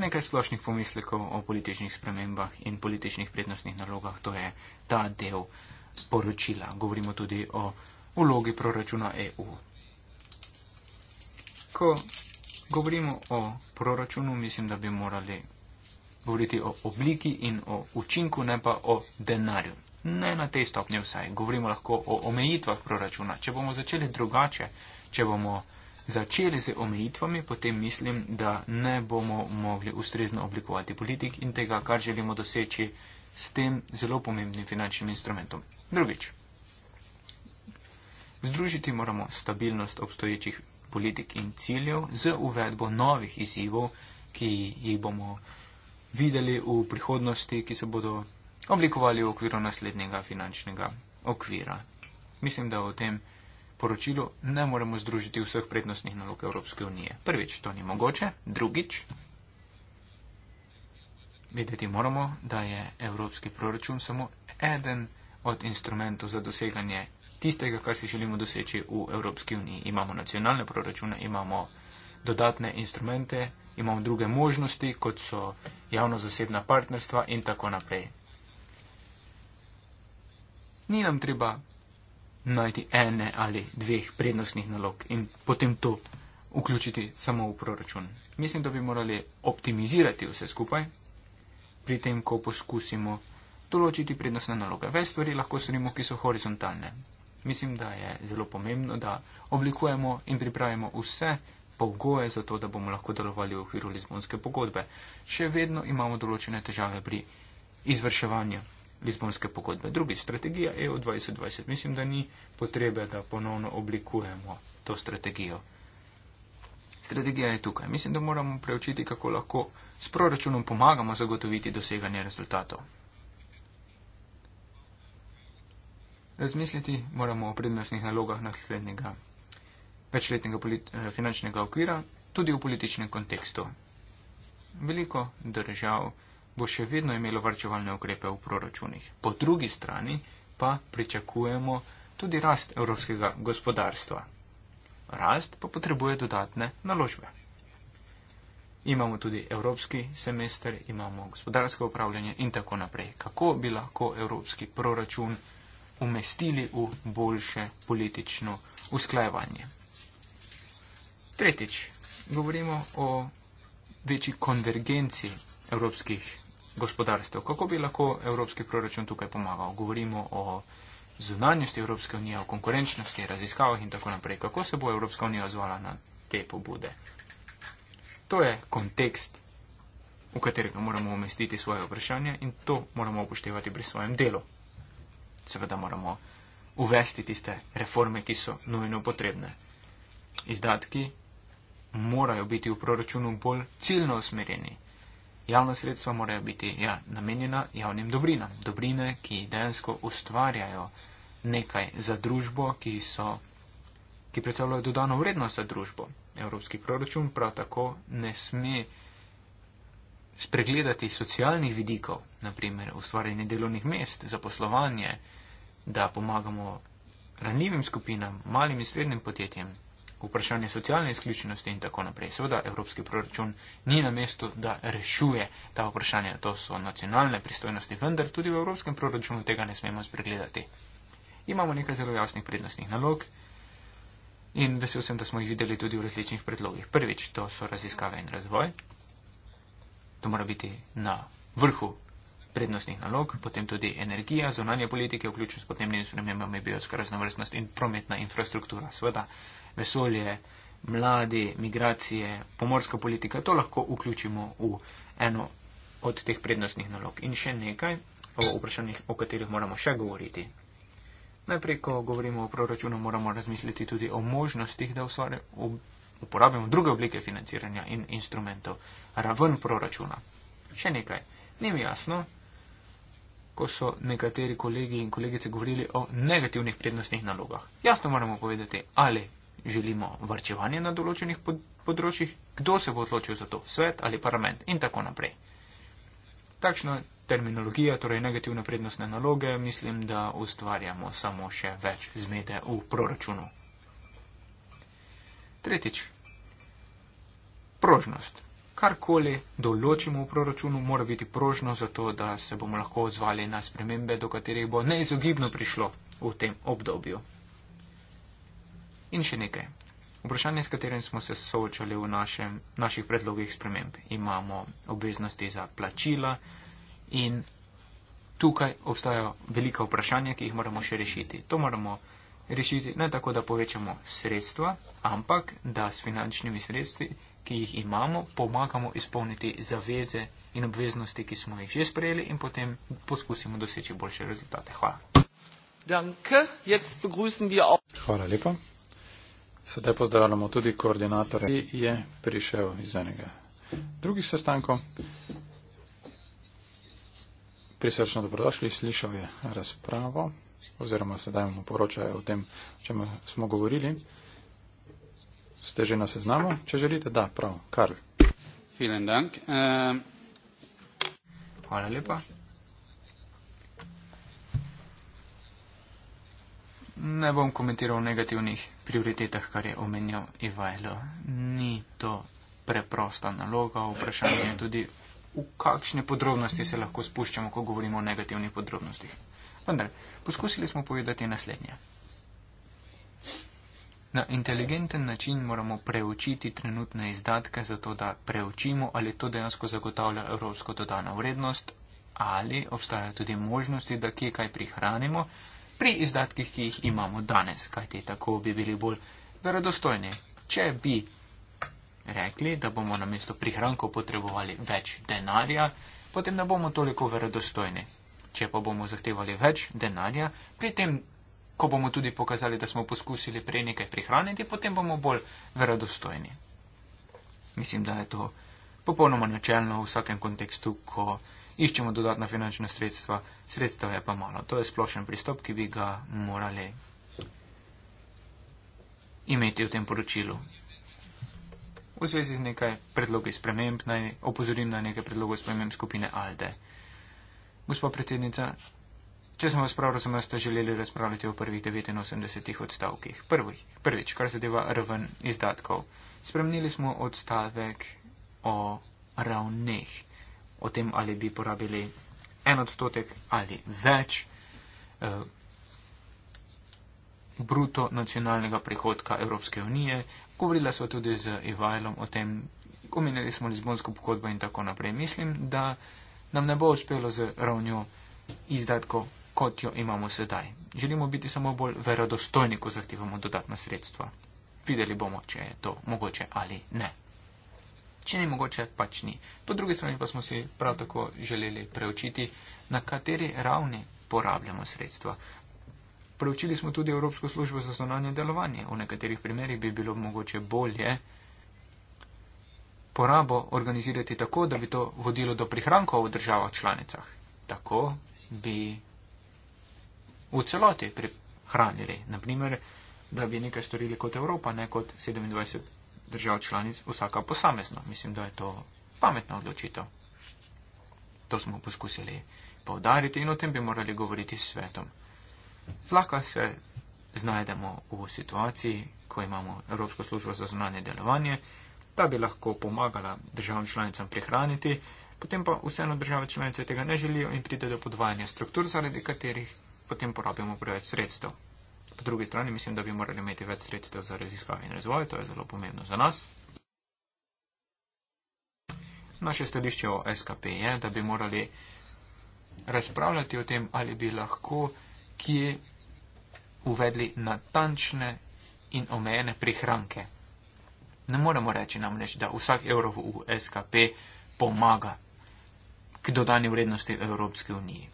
Nekaj splošnih pomislekov o političnih spremembah in političnih prednostnih nalogah, to je ta del poročila. Govorimo tudi o vlogi proračuna EU. Ko govorimo o proračunu, mislim, da bi morali govoriti o obliki in o učinku, ne pa o denarju. Ne na tej stopnji vsaj. Govorimo lahko o omejitvah proračuna. Če bomo začeli drugače, če bomo začeli z omejitvami, potem mislim, da ne bomo mogli ustrezno oblikovati politik in tega, kar želimo doseči s tem zelo pomembnim finančnim instrumentom. Drugič. Združiti moramo stabilnost obstoječih politik in ciljev z uvedbo novih izzivov, ki jih bomo videli v prihodnosti, ki se bodo oblikovali v okviru naslednjega finančnega okvira. Mislim, da o tem poročilu ne moremo združiti vseh prednostnih nalog Evropske unije. Prvič, to ni mogoče. Drugič, videti moramo, da je evropski proračun samo eden od instrumentov za doseganje tistega, kar si želimo doseči v Evropski uniji. Imamo nacionalne proračune, imamo dodatne instrumente, imamo druge možnosti, kot so javno-zasebna partnerstva in tako naprej. Ni nam treba najti ene ali dveh prednostnih nalog in potem to vključiti samo v proračun. Mislim, da bi morali optimizirati vse skupaj, pri tem, ko poskusimo določiti prednostne naloge. Več stvari lahko storimo, ki so horizontalne. Mislim, da je zelo pomembno, da oblikujemo in pripravimo vse pogoje za to, da bomo lahko delovali v okviru Lizbonske pogodbe. Še vedno imamo določene težave pri izvrševanju Lizbonske pogodbe. Drugi strategija EU 2020. Mislim, da ni potrebe, da ponovno oblikujemo to strategijo. Strategija je tukaj. Mislim, da moramo preučiti, kako lahko s proračunom pomagamo zagotoviti doseganje rezultatov. razmisliti moramo o prednostnih nalogah naslednjega večletnega eh, finančnega okvira, tudi v političnem kontekstu. Veliko držav bo še vedno imelo varčevalne ukrepe v proračunih. Po drugi strani pa pričakujemo tudi rast evropskega gospodarstva. Rast pa potrebuje dodatne naložbe. Imamo tudi evropski semester, imamo gospodarsko upravljanje in tako naprej. Kako bi lahko evropski proračun umestili v boljše politično usklajevanje. Tretjič, govorimo o večji konvergenci evropskih gospodarstv. Kako bi lahko evropski proračun tukaj pomagal? Govorimo o zunanjosti Evropske unije, o konkurenčnosti, raziskavah in tako naprej. Kako se bo Evropska unija odzvala na te pobude? To je kontekst, v katerega moramo umestiti svoje vprašanje in to moramo upoštevati pri svojem delu seveda moramo uvesti tiste reforme, ki so nujno potrebne. Izdatki morajo biti v proračunu bolj ciljno usmerjeni. Javna sredstva morajo biti ja, namenjena javnim dobrinam. Dobrine, ki dejansko ustvarjajo nekaj za družbo, ki, so, ki predstavljajo dodano vrednost za družbo. Evropski proračun prav tako ne sme spregledati socialnih vidikov, naprimer ustvarjanje delovnih mest, zaposlovanje, da pomagamo ranljivim skupinam, malim in srednjim podjetjem, vprašanje socialne izključenosti in tako naprej. Seveda, evropski proračun ni na mestu, da rešuje ta vprašanja. To so nacionalne pristojnosti, vendar tudi v evropskem proračunu tega ne smemo spregledati. Imamo nekaj zelo jasnih prednostnih nalog in vesel sem, da smo jih videli tudi v različnih predlogih. Prvič, to so raziskave in razvoj, to mora biti na vrhu prednostnih nalog, potem tudi energija, zunanje politike, vključno s podnebnimi spremembami, biotska raznovrstnost in prometna infrastruktura, sveda vesolje, mladi, migracije, pomorska politika, to lahko vključimo v eno od teh prednostnih nalog. In še nekaj o vprašanjih, o katerih moramo še govoriti. Najprej, ko govorimo o proračunu, moramo razmisliti tudi o možnostih, da ustvarjamo uporabimo druge oblike financiranja in instrumentov, raven proračuna. Še nekaj. Ni mi jasno, ko so nekateri kolegi in kolegice govorili o negativnih prednostnih nalogah. Jasno moramo povedati, ali želimo vrčevanje na določenih pod področjih, kdo se bo odločil za to, svet ali parlament in tako naprej. Takšna terminologija, torej negativne prednostne naloge, mislim, da ustvarjamo samo še več zmede v proračunu. Tretjič, prožnost. Karkoli določimo v proračunu, mora biti prožno za to, da se bomo lahko odzvali na spremembe, do katerih bo neizogibno prišlo v tem obdobju. In še nekaj. Vprašanje, s katerim smo se soočali v našem, naših predlogih sprememb. Imamo obveznosti za plačila in tukaj obstajajo velika vprašanja, ki jih moramo še rešiti. To moramo rešiti rešiti, ne tako, da povečamo sredstva, ampak da s finančnimi sredstvi, ki jih imamo, pomagamo izpolniti zaveze in obveznosti, ki smo jih že sprejeli in potem poskusimo doseči boljše rezultate. Hvala. Hvala lepa. Sedaj pozdravljamo tudi koordinatorja, ki je prišel iz enega drugih sestankov. Prisrčno dobrodošli, slišal je razpravo oziroma sedaj mu poročajo o tem, če smo govorili. Ste že na seznamu, če želite? Da, prav, Karl. Vielen dank. Uh, hvala lepa. Ne bom komentiral o negativnih prioritetah, kar je omenjal Ivajlo. Ni to preprosta naloga, vprašanje je tudi, v kakšne podrobnosti se lahko spuščamo, ko govorimo o negativnih podrobnostih. Vendar, poskusili smo povedati naslednje. Na inteligenten način moramo preučiti trenutne izdatke, zato da preučimo, ali to dejansko zagotavlja evropsko dodano vrednost, ali obstajajo tudi možnosti, da kje kaj prihranimo pri izdatkih, ki jih imamo danes, kajti tako bi bili bolj verodostojni. Če bi rekli, da bomo na mesto prihrankov potrebovali več denarja, potem ne bomo toliko verodostojni, Če pa bomo zahtevali več denarja, pri tem, ko bomo tudi pokazali, da smo poskusili prej nekaj prihraniti, potem bomo bolj verodostojni. Mislim, da je to popolnoma načelno v vsakem kontekstu, ko iščemo dodatna finančna sredstva, sredstva je pa malo. To je splošen pristop, ki bi ga morali imeti v tem poročilu. V zvezi z nekaj predlogi sprememb naj opozorim na nekaj predlogov sprememb skupine Alde. Gospa predsednica, če smo vas prav razumeli, ste želeli razpravljati o prvih 89 odstavkih. Prvi, prvič, kar zadeva raven izdatkov. Spremenili smo odstavek o ravneh, o tem, ali bi porabili en odstotek ali več eh, bruto nacionalnega prihodka Evropske unije. Govorila so tudi z Ivajlom o tem, omenjali smo Lizbonsko pogodbo in tako naprej. Mislim, da nam ne bo uspelo z ravnjo izdatkov, kot jo imamo sedaj. Želimo biti samo bolj verodostojni, ko zahtevamo dodatna sredstva. Videli bomo, če je to mogoče ali ne. Če ni mogoče, pač ni. Po drugi strani pa smo si prav tako želeli preučiti, na kateri ravni porabljamo sredstva. Preučili smo tudi Evropsko službo za zonanje delovanje. V nekaterih primerjih bi bilo mogoče bolje, porabo organizirati tako, da bi to vodilo do prihrankov v državah članicah. Tako bi v celoti prihranili. Naprimer, da bi nekaj storili kot Evropa, ne kot 27 držav članic, vsaka posamezno. Mislim, da je to pametna odločitev. To smo poskusili povdariti in o tem bi morali govoriti s svetom. Zlahka se znajdemo v situaciji, ko imamo Evropsko službo za zunanje delovanje, da bi lahko pomagala državam članicam prihraniti, potem pa vseeno države članice tega ne želijo in pride do podvajanja struktur, zaradi katerih potem porabimo preveč sredstev. Po drugi strani mislim, da bi morali imeti več sredstev za raziskave in razvoj, to je zelo pomembno za nas. Naše stališče o SKP je, da bi morali razpravljati o tem, ali bi lahko kje uvedli natančne in omejene prihranke. Ne moremo reči namreč, da vsak evro v SKP pomaga k dodani vrednosti Evropske unije.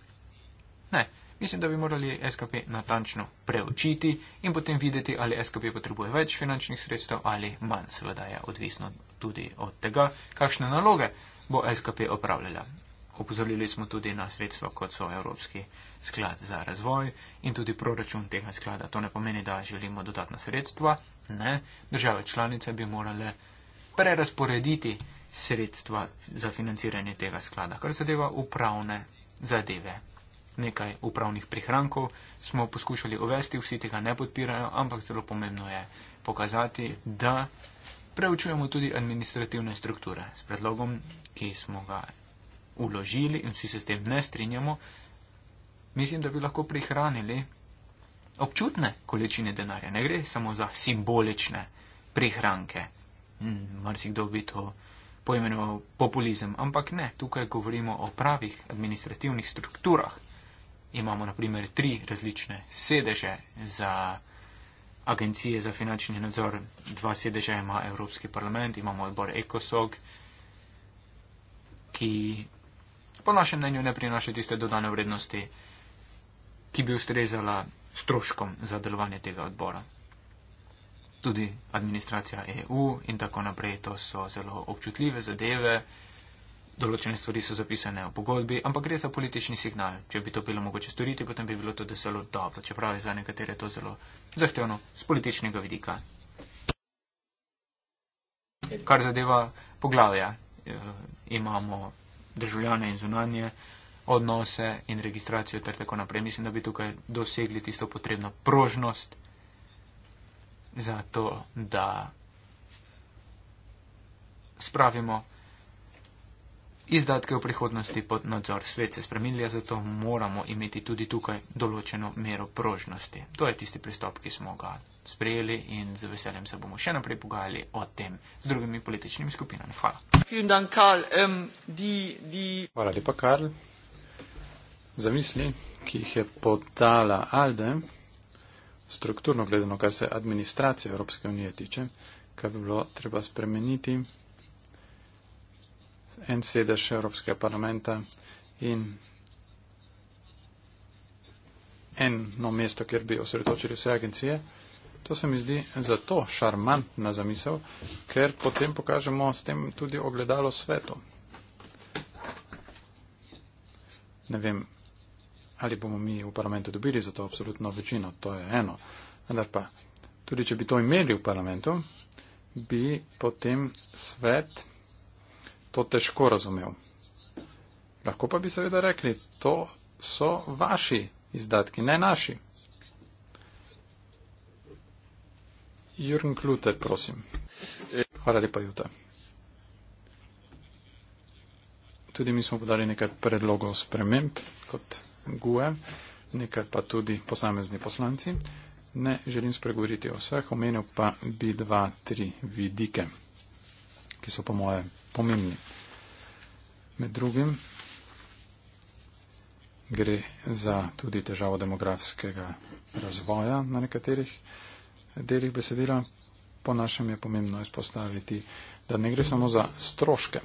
Ne, mislim, da bi morali SKP natančno preučiti in potem videti, ali SKP potrebuje več finančnih sredstev ali manj. Seveda je odvisno tudi od tega, kakšne naloge bo SKP opravljala. Opozorili smo tudi na sredstva, kot so Evropski sklad za razvoj in tudi proračun tega sklada. To ne pomeni, da želimo dodatna sredstva, Ne? Države članice bi morale prerasporediti sredstva za financiranje tega sklada, kar zadeva upravne zadeve. Nekaj upravnih prihrankov smo poskušali uvesti, vsi tega ne podpirajo, ampak zelo pomembno je pokazati, da preučujemo tudi administrativne strukture. S predlogom, ki smo ga uložili in vsi se s tem ne strinjamo, mislim, da bi lahko prihranili občutne količine denarja, ne gre samo za simbolične prihranke. Hmm, Marsikdo bi to poimenoval populizem, ampak ne, tukaj govorimo o pravih administrativnih strukturah. Imamo naprimer tri različne sedeže za agencije za finančni nadzor, dva sedeža ima Evropski parlament, imamo odbor ECOSOG, ki po našem mnenju ne prinaša tiste dodane vrednosti, ki bi ustrezala stroškom za delovanje tega odbora. Tudi administracija EU in tako naprej, to so zelo občutljive zadeve, določene stvari so zapisane v pogodbi, ampak gre za politični signal. Če bi to bilo mogoče storiti, potem bi bilo to zelo dobro, čeprav je za nekatere to zelo zahtevno z političnega vidika. Kar zadeva poglavja, eh, imamo državljane in zunanje odnose in registracijo ter tako naprej. Mislim, da bi tukaj dosegli tisto potrebno prožnost za to, da spravimo izdatke v prihodnosti pod nadzor. Svet se spremenja, zato moramo imeti tudi tukaj določeno mero prožnosti. To je tisti pristop, ki smo ga sprejeli in z veseljem se bomo še naprej pogajali o tem z drugimi političnimi skupinami. Hvala. Ähm, Hvala lepa, Karl zamisli, ki jih je podala Alde, strukturno gledano, kar se administracije Evropske unije tiče, kar bi bilo treba spremeniti, en sedež Evropskega parlamenta in eno mesto, kjer bi osredotočili vse agencije. To se mi zdi zato šarmantna zamisel, ker potem pokažemo s tem tudi ogledalo svetu. Ne vem, ali bomo mi v parlamentu dobili za to absolutno večino, to je eno. Vendar pa, tudi če bi to imeli v parlamentu, bi potem svet to težko razumel. Lahko pa bi seveda rekli, to so vaši izdatki, ne naši. Jürgen Klute, prosim. Hvala lepa, Juta. Tudi mi smo podali nekaj predlogov sprememb, kot GUE, nekaj pa tudi posamezni poslanci. Ne želim spregovoriti o vseh, omenil pa bi dva, tri vidike, ki so po moje pomembni. Med drugim gre za tudi težavo demografskega razvoja na nekaterih delih besedila. Po našem je pomembno izpostaviti, da ne gre samo za stroške.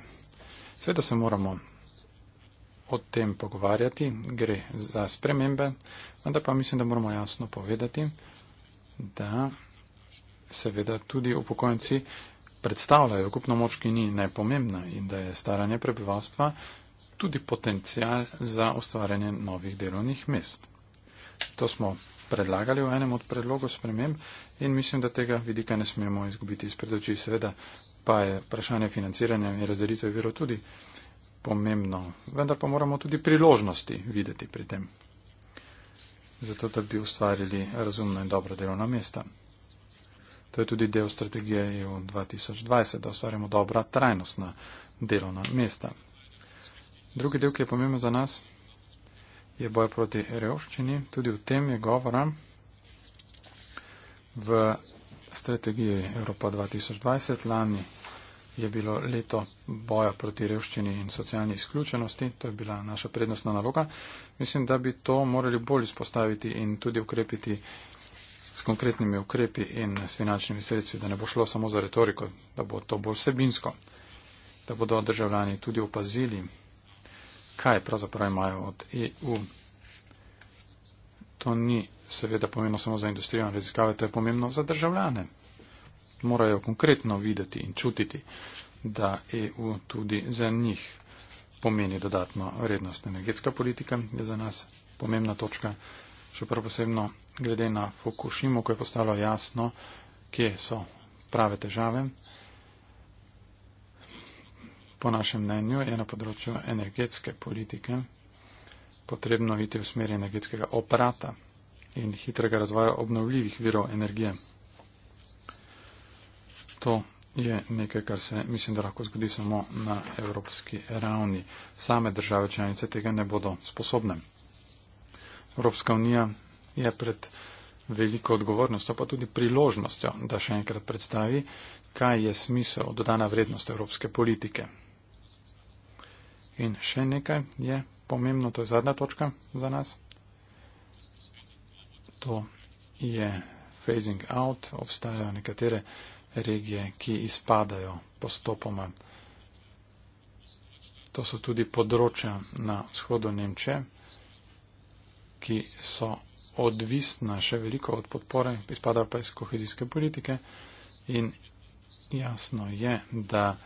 Sveda se moramo o tem pogovarjati, gre za spremembe, vendar pa mislim, da moramo jasno povedati, da seveda tudi upokojenci predstavljajo kupno moč, ki ni nepomembna in da je staranje prebivalstva tudi potencial za ustvarjanje novih delovnih mest. To smo predlagali v enem od predlogov sprememb in mislim, da tega vidika ne smemo izgubiti iz predoči. Seveda pa je vprašanje financiranja in razdelitve virov tudi pomembno. Vendar pa moramo tudi priložnosti videti pri tem. Zato, da bi ustvarili razumno in dobro delovna mesta. To je tudi del strategije EU 2020, da ustvarjamo dobra trajnostna delovna mesta. Drugi del, ki je pomemben za nas, je boj proti revščini. Tudi o tem je govora v strategiji Evropa 2020 lani je bilo leto boja proti revščini in socialni izključenosti, to je bila naša prednostna naloga. Mislim, da bi to morali bolj izpostaviti in tudi ukrepiti s konkretnimi ukrepi in s finančnimi sredstvi, da ne bo šlo samo za retoriko, da bo to bolj sebinsko, da bodo državljani tudi opazili, kaj pravzaprav imajo od EU. To ni seveda pomembno samo za industrijo in raziskave, to je pomembno za državljane morajo konkretno videti in čutiti, da EU tudi za njih pomeni dodatno vrednost. Energetska politika je za nas pomembna točka, še prav posebno glede na Fukushimo, ko je postalo jasno, kje so prave težave. Po našem mnenju je na področju energetske politike potrebno iti v smeri energetskega operata in hitrega razvoja obnovljivih virov energije to je nekaj, kar se mislim, da lahko zgodi samo na evropski ravni. Same države članice tega ne bodo sposobne. Evropska unija je pred veliko odgovornostjo, pa tudi priložnostjo, da še enkrat predstavi, kaj je smisel dodana vrednost evropske politike. In še nekaj je pomembno, to je zadnja točka za nas. To je phasing out, obstajajo nekatere regije, ki izpadajo postopoma. To so tudi področja na vzhodu Nemče, ki so odvisna še veliko od podpore, izpadajo pa iz kohezijske politike in jasno je, da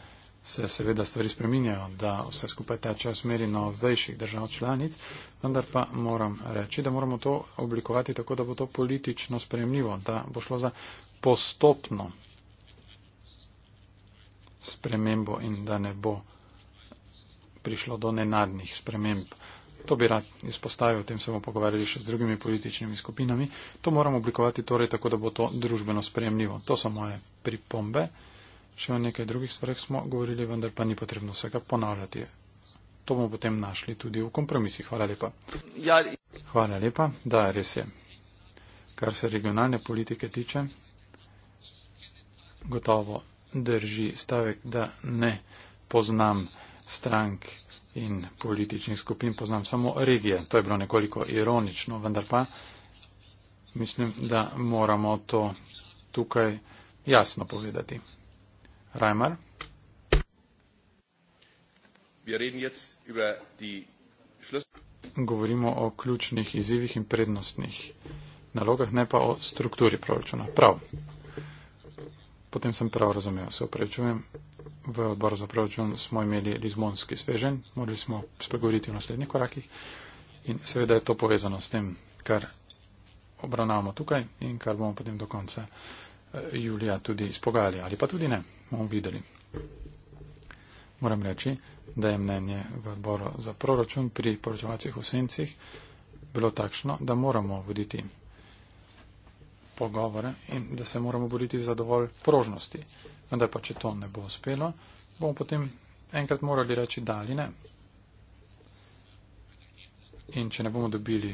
se seveda stvari spreminjajo, da vse skupaj teče v smeri novejših držav članic, vendar pa moram reči, da moramo to oblikovati tako, da bo to politično spremljivo, da bo šlo za postopno spremembo in da ne bo prišlo do nenadnih sprememb. To bi rad izpostavil, o tem se bomo pogovarjali še z drugimi političnimi skupinami. To moramo oblikovati torej tako, da bo to družbeno sprejemljivo. To so moje pripombe. Še o nekaj drugih stvarih smo govorili, vendar pa ni potrebno vsega ponavljati. To bomo potem našli tudi v kompromisih. Hvala lepa. Ja, Hvala lepa, da res je. Kar se regionalne politike tiče, gotovo drži stavek, da ne poznam strank in političnih skupin, poznam samo regije. To je bilo nekoliko ironično, vendar pa mislim, da moramo to tukaj jasno povedati. Rajmar? Govorimo o ključnih izzivih in prednostnih nalogah, ne pa o strukturi proračuna. Prav potem sem prav razumel, se oprečujem. V odboru za proračun smo imeli lizbonski svežen, morali smo spregovoriti v naslednjih korakih in seveda je to povezano s tem, kar obravnavamo tukaj in kar bomo potem do konca eh, julija tudi izpogajali ali pa tudi ne, bomo videli. Moram reči, da je mnenje v odboru za proračun pri poročevacih v sencih bilo takšno, da moramo voditi pogovore in da se moramo boriti za dovolj prožnosti. Vendar pa, če to ne bo uspelo, bomo potem enkrat morali reči da ali ne. In če ne bomo dobili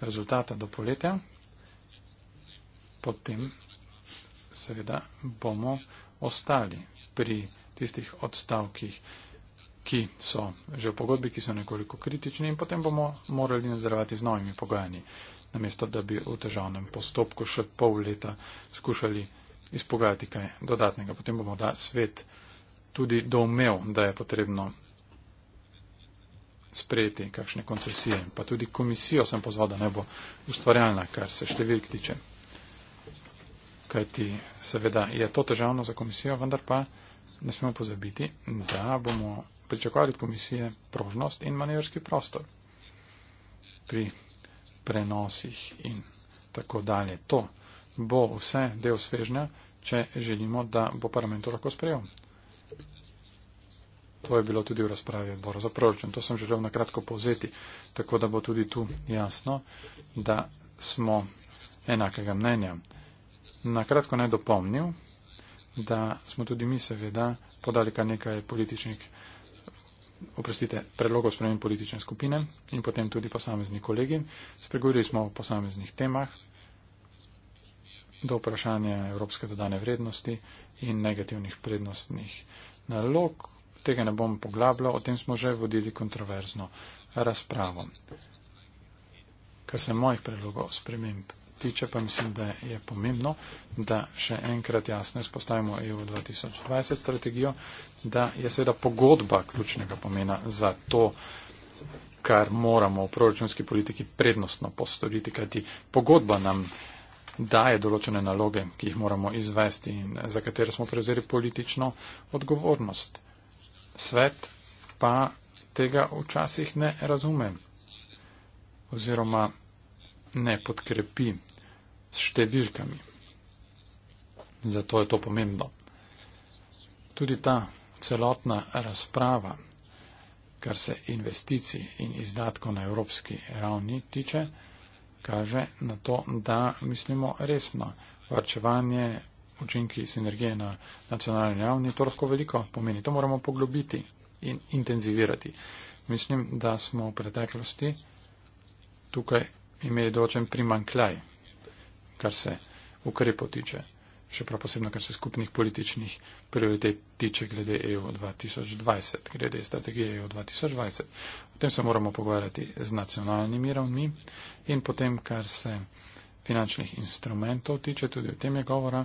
rezultata do poletja, potem seveda bomo ostali pri tistih odstavkih, ki so že v pogodbi, ki so nekoliko kritični in potem bomo morali nadaljevati z novimi pogajanji namesto da bi v težavnem postopku še pol leta skušali izpogajati kaj dodatnega. Potem bomo da svet tudi domel, da je potrebno sprejeti kakšne koncesije. Pa tudi komisijo sem pozval, da ne bo ustvarjalna, kar se številk tiče. Kaj ti seveda je to težavno za komisijo, vendar pa ne smemo pozabiti, da bomo pričakovali od komisije prožnost in manevrski prostor. Pri prenosih in tako dalje. To bo vse del svežnja, če želimo, da bo parlament to lahko sprejel. To je bilo tudi v razpravi odbora za proračun. To sem želel na kratko povzeti, tako da bo tudi tu jasno, da smo enakega mnenja. Na kratko naj dopomnil, da smo tudi mi seveda podali kar nekaj političnih oprostite, predlogov spremenj politične skupine in potem tudi posamezni kolegi. Spregovorili smo o posameznih temah, do vprašanja evropske dodane vrednosti in negativnih prednostnih nalog. Tega ne bom poglabljal, o tem smo že vodili kontroverzno razpravo. Kar se mojih predlogov spremenj tiče, pa mislim, da je pomembno, da še enkrat jasno izpostavimo EU 2020 strategijo, da je seveda pogodba ključnega pomena za to, kar moramo v proračunski politiki prednostno postoriti, kajti pogodba nam daje določene naloge, ki jih moramo izvesti in za katere smo prevzeli politično odgovornost. Svet pa tega včasih ne razume. Oziroma ne podkrepi s številkami. Zato je to pomembno. Tudi ta celotna razprava, kar se investicij in izdatkov na evropski ravni tiče, kaže na to, da mislimo resno. Varčevanje, učinki sinergije na nacionalni ravni, to lahko veliko pomeni. To moramo poglobiti in intenzivirati. Mislim, da smo v preteklosti tukaj imeli določen primankljaj, kar se ukrepo tiče, še prav posebno, kar se skupnih političnih prioritet tiče glede EU 2020, glede strategije EU 2020. O tem se moramo pogovarjati z nacionalnimi ravni in potem, kar se finančnih instrumentov tiče, tudi o tem je govora,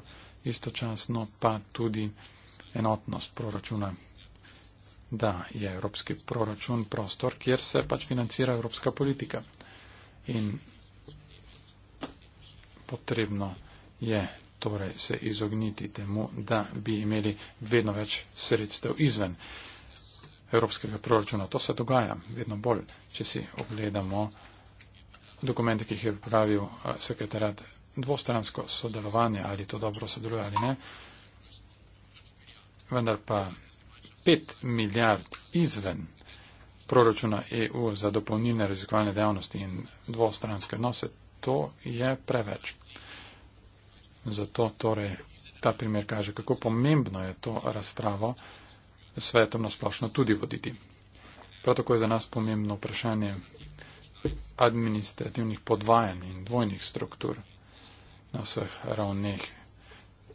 istočasno pa tudi enotnost proračuna da je evropski proračun prostor, kjer se pač financira evropska politika in potrebno je torej se izogniti temu, da bi imeli vedno več sredstev izven evropskega proračuna. To se dogaja vedno bolj, če si ogledamo dokumente, ki jih je pravil sekretarat dvostransko sodelovanje, ali to dobro sodeluje ali ne. Vendar pa 5 milijard izven proračuna EU za dopolnilne raziskovalne dejavnosti in dvostranske odnose, to je preveč. Zato torej ta primer kaže, kako pomembno je to razpravo svetom na splošno tudi voditi. Prav tako je za nas pomembno vprašanje administrativnih podvajanj in dvojnih struktur na vseh ravneh.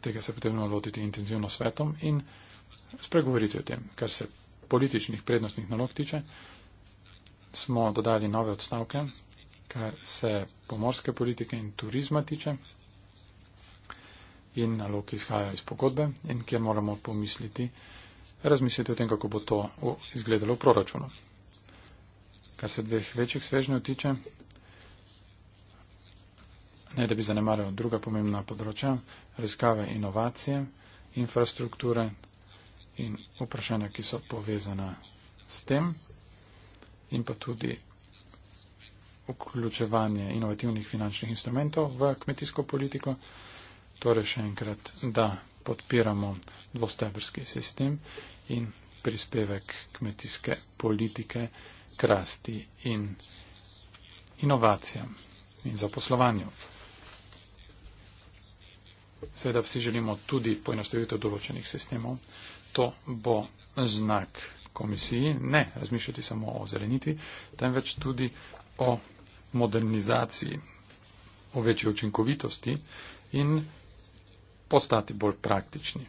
Tega se potrebno lotiti intenzivno svetom in spregovoriti o tem, kar se političnih prednostnih nalog tiče, smo dodali nove odstavke, kar se pomorske politike in turizma tiče in nalog izhajajo iz pogodbe in kjer moramo pomisliti, razmisliti o tem, kako bo to izgledalo v proračunu. Kar se dveh večjih svežnjev tiče, ne da bi zanemarjal druga pomembna področja, raziskave inovacije, infrastrukture, in vprašanja, ki so povezana s tem, in pa tudi vključevanje inovativnih finančnih instrumentov v kmetijsko politiko. Torej še enkrat, da podpiramo dvostebrski sistem in prispevek kmetijske politike k rasti in inovacijam in zaposlovanju. Seveda vsi želimo tudi poenostavitev določenih sistemov, to bo znak komisiji, ne razmišljati samo o zelenitvi, temveč tudi o modernizaciji, o večji učinkovitosti in postati bolj praktični,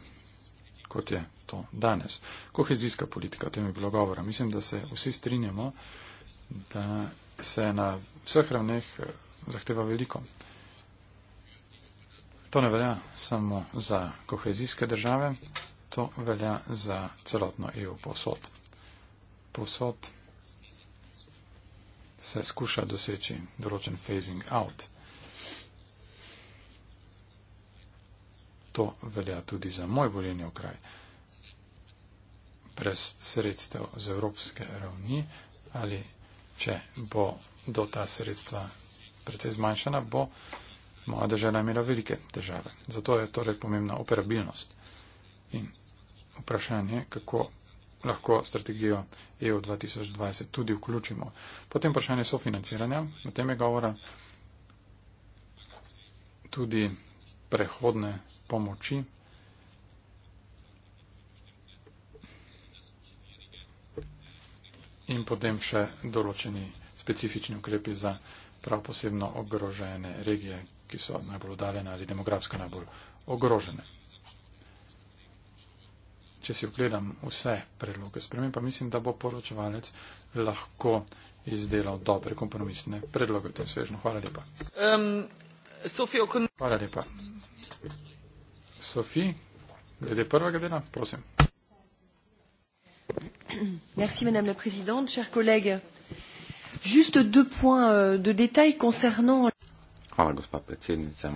kot je to danes. Kohezijska politika, o tem je bilo govora. Mislim, da se vsi strinjamo, da se na vseh ravneh eh, zahteva veliko. To ne velja samo za kohezijske države, To velja za celotno EU posod. Posod se skuša doseči določen phasing out. To velja tudi za moj voljeni okraj. Brez sredstev z evropske ravni ali če bo do ta sredstva precej zmanjšana, bo moja država imela velike težave. Zato je torej pomembna operabilnost. In vprašanje, kako lahko strategijo EU 2020 tudi vključimo. Potem vprašanje sofinanciranja, o tem je govora tudi prehodne pomoči. In potem še določeni specifični ukrepi za prav posebno ogrožene regije, ki so najbolj oddaljene ali demografsko najbolj ogrožene če si ogledam vse predloge sprememb, pa mislim, da bo poročevalec lahko izdelal dobre kompromisne predloge v tem svežnju. Hvala lepa. Um, Sofijo, kon... Hvala lepa. Sofi, glede prvega dela, prosim. Merci, madame la présidente, chers collègues. Juste deux points euh, de détail concernant. Hvala, gospa predsednica.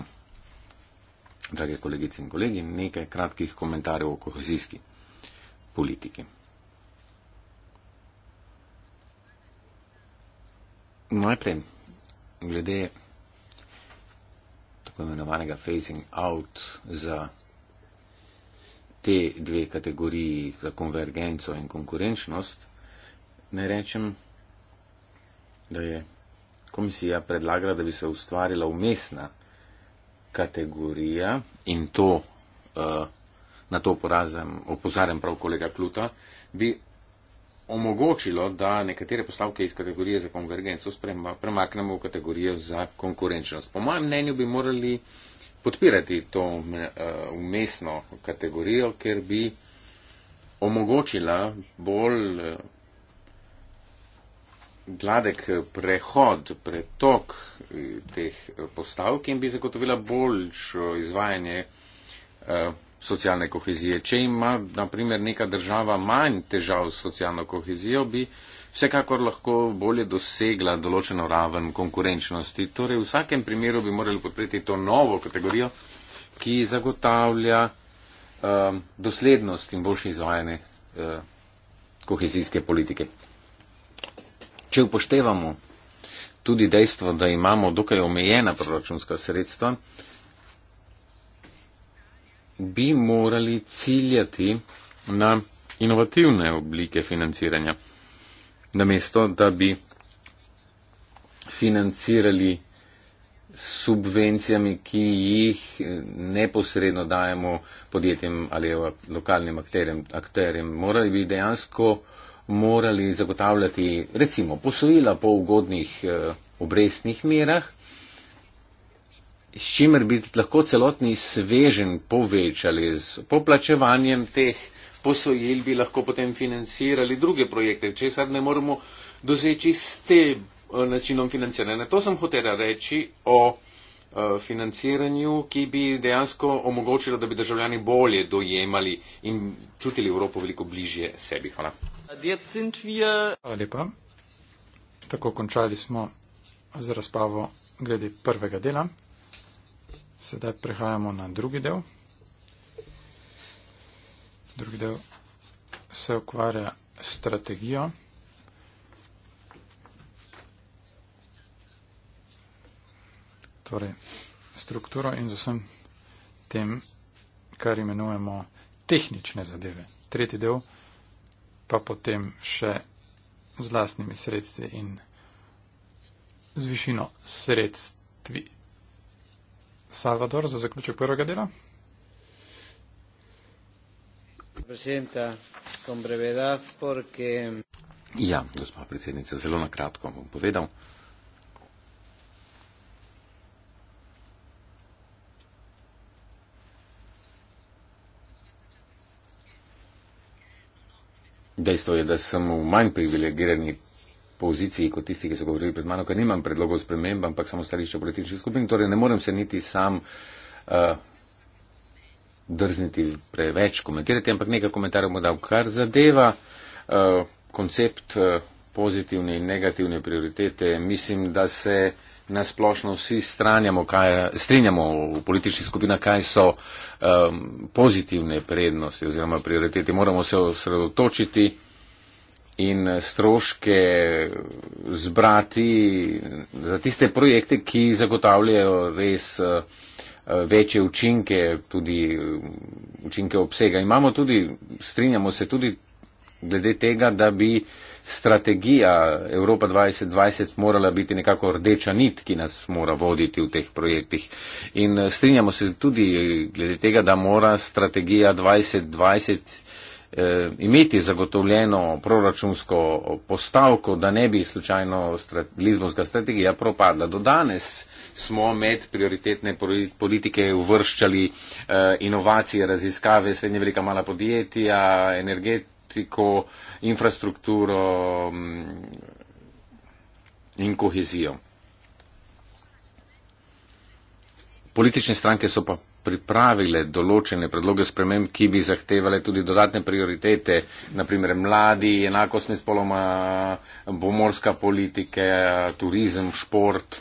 Drage kolegice in kolegi, nekaj kratkih komentarjev o kohezijski politiki. Najprej glede tako imenovanega phasing out za te dve kategoriji, za konvergenco in konkurenčnost, ne rečem, da je komisija predlagala, da bi se ustvarila umestna kategorija in to uh, na to porazem, opozarjam prav kolega Kluta, bi omogočilo, da nekatere postavke iz kategorije za konvergenco premaknemo v kategorijo za konkurenčnost. Po mojem mnenju bi morali podpirati to umestno eh, kategorijo, ker bi omogočila bolj eh, gladek prehod, pretok eh, teh postavk in bi zagotovila boljšo izvajanje socialne kohezije. Če ima, na primer, neka država manj težav s socialno kohezijo, bi vsekakor lahko bolje dosegla določeno raven konkurenčnosti. Torej, v vsakem primeru bi morali podpreti to novo kategorijo, ki zagotavlja um, doslednost in boljše izvajanje uh, kohezijske politike. Če upoštevamo tudi dejstvo, da imamo dokaj omejena proračunska sredstva, uh, bi morali ciljati na inovativne oblike financiranja, namesto da bi financirali subvencijami, ki jih neposredno dajemo podjetjem ali lokalnim akterjem. akterjem. Morali bi dejansko morali zagotavljati recimo posojila po ugodnih eh, obrestnih merah, s čimer bi lahko celotni svežen povečali. Z poplačevanjem teh posojil bi lahko potem financirali druge projekte, če sad ne moremo doseči s tem eh, načinom financiranja. To sem hotela reči o eh, financiranju, ki bi dejansko omogočilo, da bi državljani bolje dojemali in čutili Evropo veliko bližje sebi. Hvala. Hvala lepa. Tako končali smo z razpavo glede prvega dela. Sedaj prehajamo na drugi del. Drugi del se ukvarja s strategijo. Torej, strukturo in z vsem tem, kar imenujemo tehnične zadeve. Tretji del pa potem še z vlastnimi sredstvi in z višino sredstvi. Salvador, za zaključek prvega dela. Ja, gospa predsednica, zelo na kratko bom povedal. Dejstvo je, da sem v manj privilegirani poziciji kot tisti, ki so govorili pred mano, ker nimam predlogov sprememb, ampak samo stališče političnih skupin, torej ne morem se niti sam uh, drzniti preveč komentirati, ampak nekaj komentarjev bom dal. Kar zadeva uh, koncept uh, pozitivne in negativne prioritete, mislim, da se nasplošno vsi kaj, strinjamo v političnih skupinah, kaj so um, pozitivne prednosti oziroma prioritete. Moramo se osredotočiti in eh, stroške zbrati za tiste projekte, ki zagotavljajo res eh, eh, večje učinke, tudi učinke obsega. Imamo tudi, strinjamo se tudi glede tega, da bi strategija Evropa 2020 morala biti nekako rdeča nit, ki nas mora voditi v teh projektih. In strinjamo se tudi glede tega, da mora strategija 2020 Eh, imeti zagotovljeno proračunsko postavko, da ne bi slučajno strat, Lizbonska strategija propadla. Do danes smo med prioritetne politike uvrščali eh, inovacije, raziskave, srednje velika mala podjetja, energetiko, infrastrukturo mm, in kohezijo. Politične stranke so pa pripravile določene predloge sprememb, ki bi zahtevale tudi dodatne prioritete, naprimer mladi, enakost med spoloma, pomorska politika, turizem, šport.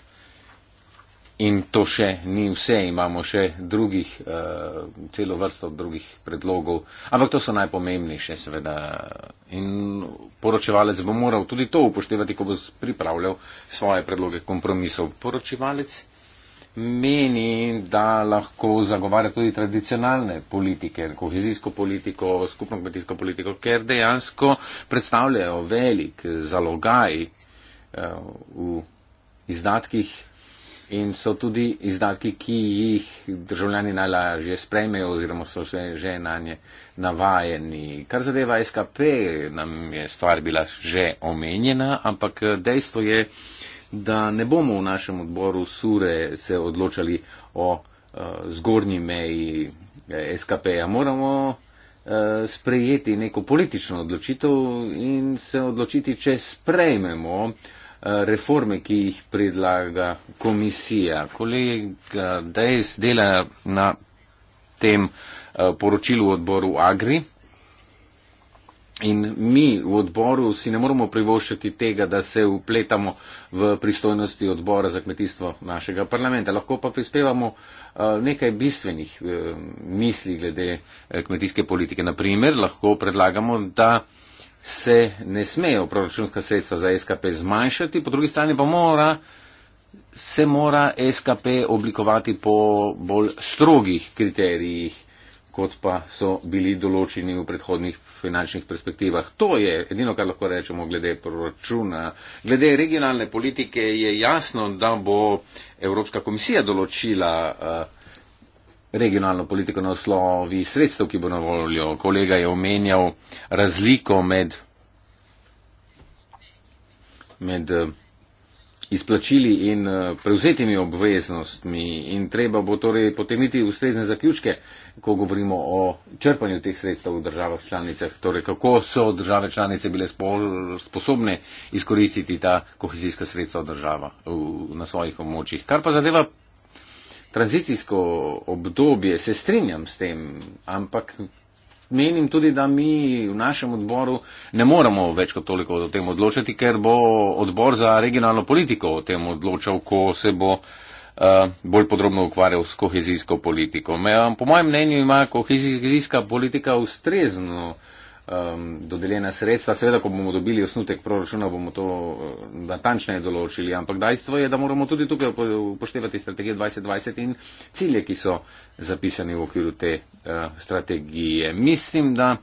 In to še ni vse, imamo še drugih, uh, celo vrsto drugih predlogov, ampak to so najpomembnejše, seveda. In poročevalec bo moral tudi to upoštevati, ko bo pripravljal svoje predloge kompromisov. Poročevalec meni, da lahko zagovarja tudi tradicionalne politike, kohezijsko politiko, skupno kmetijsko politiko, ker dejansko predstavljajo velik zalogaj eh, v izdatkih in so tudi izdatki, ki jih državljani najlažje sprejmejo oziroma so že, že na nje navajeni. Kar zadeva SKP, nam je stvar bila že omenjena, ampak dejstvo je, da ne bomo v našem odboru Sure se odločali o uh, zgornji meji eh, SKP-ja. Moramo uh, sprejeti neko politično odločitev in se odločiti, če sprejmemo uh, reforme, ki jih predlaga komisija. Kolega Dajs dela na tem uh, poročilu odboru Agri. In mi v odboru si ne moremo privoščiti tega, da se upletamo v pristojnosti odbora za kmetijstvo našega parlamenta. Lahko pa prispevamo eh, nekaj bistvenih eh, misli glede eh, kmetijske politike. Naprimer, lahko predlagamo, da se ne smejo proračunska sredstva za SKP zmanjšati, po drugi strani pa mora, se mora SKP oblikovati po bolj strogih kriterijih kot pa so bili določeni v predhodnih finančnih perspektivah. To je edino, kar lahko rečemo glede proračuna. Glede regionalne politike je jasno, da bo Evropska komisija določila eh, regionalno politiko na oslovi sredstev, ki bo na voljo. Kolega je omenjal razliko med, med eh, izplačili in eh, prevzetimi obveznostmi in treba bo torej potemiti ustrezne zaključke ko govorimo o črpanju teh sredstev v državah članicah, torej kako so države članice bile sposobne izkoristiti ta kohezijska sredstva v država v, na svojih območjih. Kar pa zadeva tranzicijsko obdobje, se strinjam s tem, ampak menim tudi, da mi v našem odboru ne moremo več kot toliko o tem odločati, ker bo odbor za regionalno politiko o tem odločal, ko se bo Eh, bolj podrobno ukvarjal s kohezijsko politiko. Me, eh, po mojem mnenju ima kohezijska politika ustrezno um, dodeljena sredstva. Seveda, ko bomo dobili osnutek proračuna, bomo to eh, natančneje uh, določili. Ampak dejstvo je, da moramo tudi tukaj upoštevati strategijo 2020 in cilje, ki so zapisani v okviru te uh, strategije. Mislim, da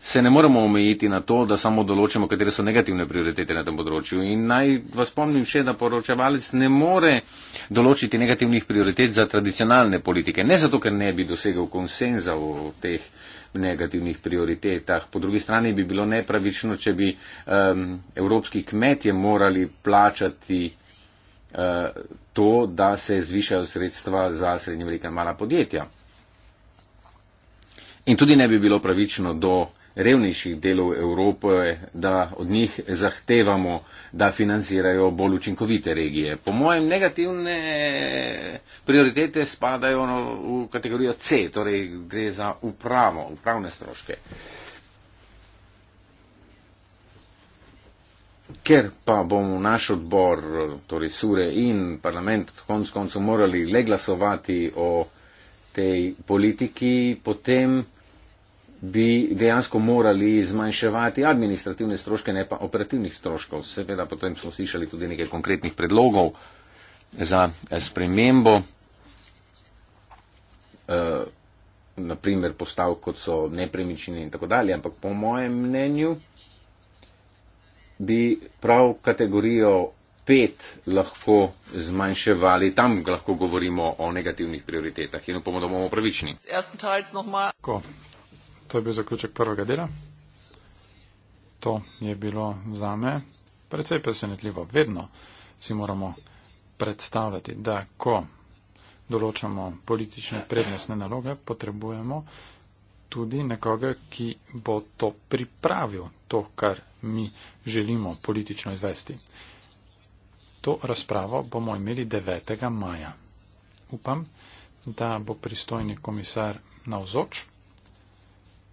se ne moremo omejiti na to, da samo določimo, katere so negativne prioritete na tem področju. In naj vas spomnim še, da poročevalec ne more določiti negativnih prioritet za tradicionalne politike. Ne zato, ker ne bi dosegel konsenza o teh negativnih prioritetah. Po drugi strani bi bilo nepravično, če bi um, evropski kmetje morali plačati uh, to, da se zvišajo sredstva za srednje velika in mala podjetja. In tudi ne bi bilo pravično do revnejših delov Evrope, da od njih zahtevamo, da financirajo bolj učinkovite regije. Po mojem negativne prioritete spadajo v kategorijo C, torej gre za upravo, upravne stroške. Ker pa bomo naš odbor, torej Sure in parlament, konc koncu morali le glasovati o tej politiki, potem bi dejansko morali zmanjševati administrativne stroške, ne pa operativnih stroškov. Seveda potem smo slišali tudi nekaj konkretnih predlogov za eh, spremembo, e, eh, naprimer postav, kot so nepremičnine in tako dalje, ampak po mojem mnenju bi prav kategorijo pet lahko zmanjševali, tam lahko govorimo o negativnih prioritetah in upamo, da bomo pravični to je bil zaključek prvega dela. To je bilo za me precej presenetljivo. Vedno si moramo predstavljati, da ko določamo politične prednostne naloge, potrebujemo tudi nekoga, ki bo to pripravil, to, kar mi želimo politično izvesti. To razpravo bomo imeli 9. maja. Upam, da bo pristojni komisar na vzoč.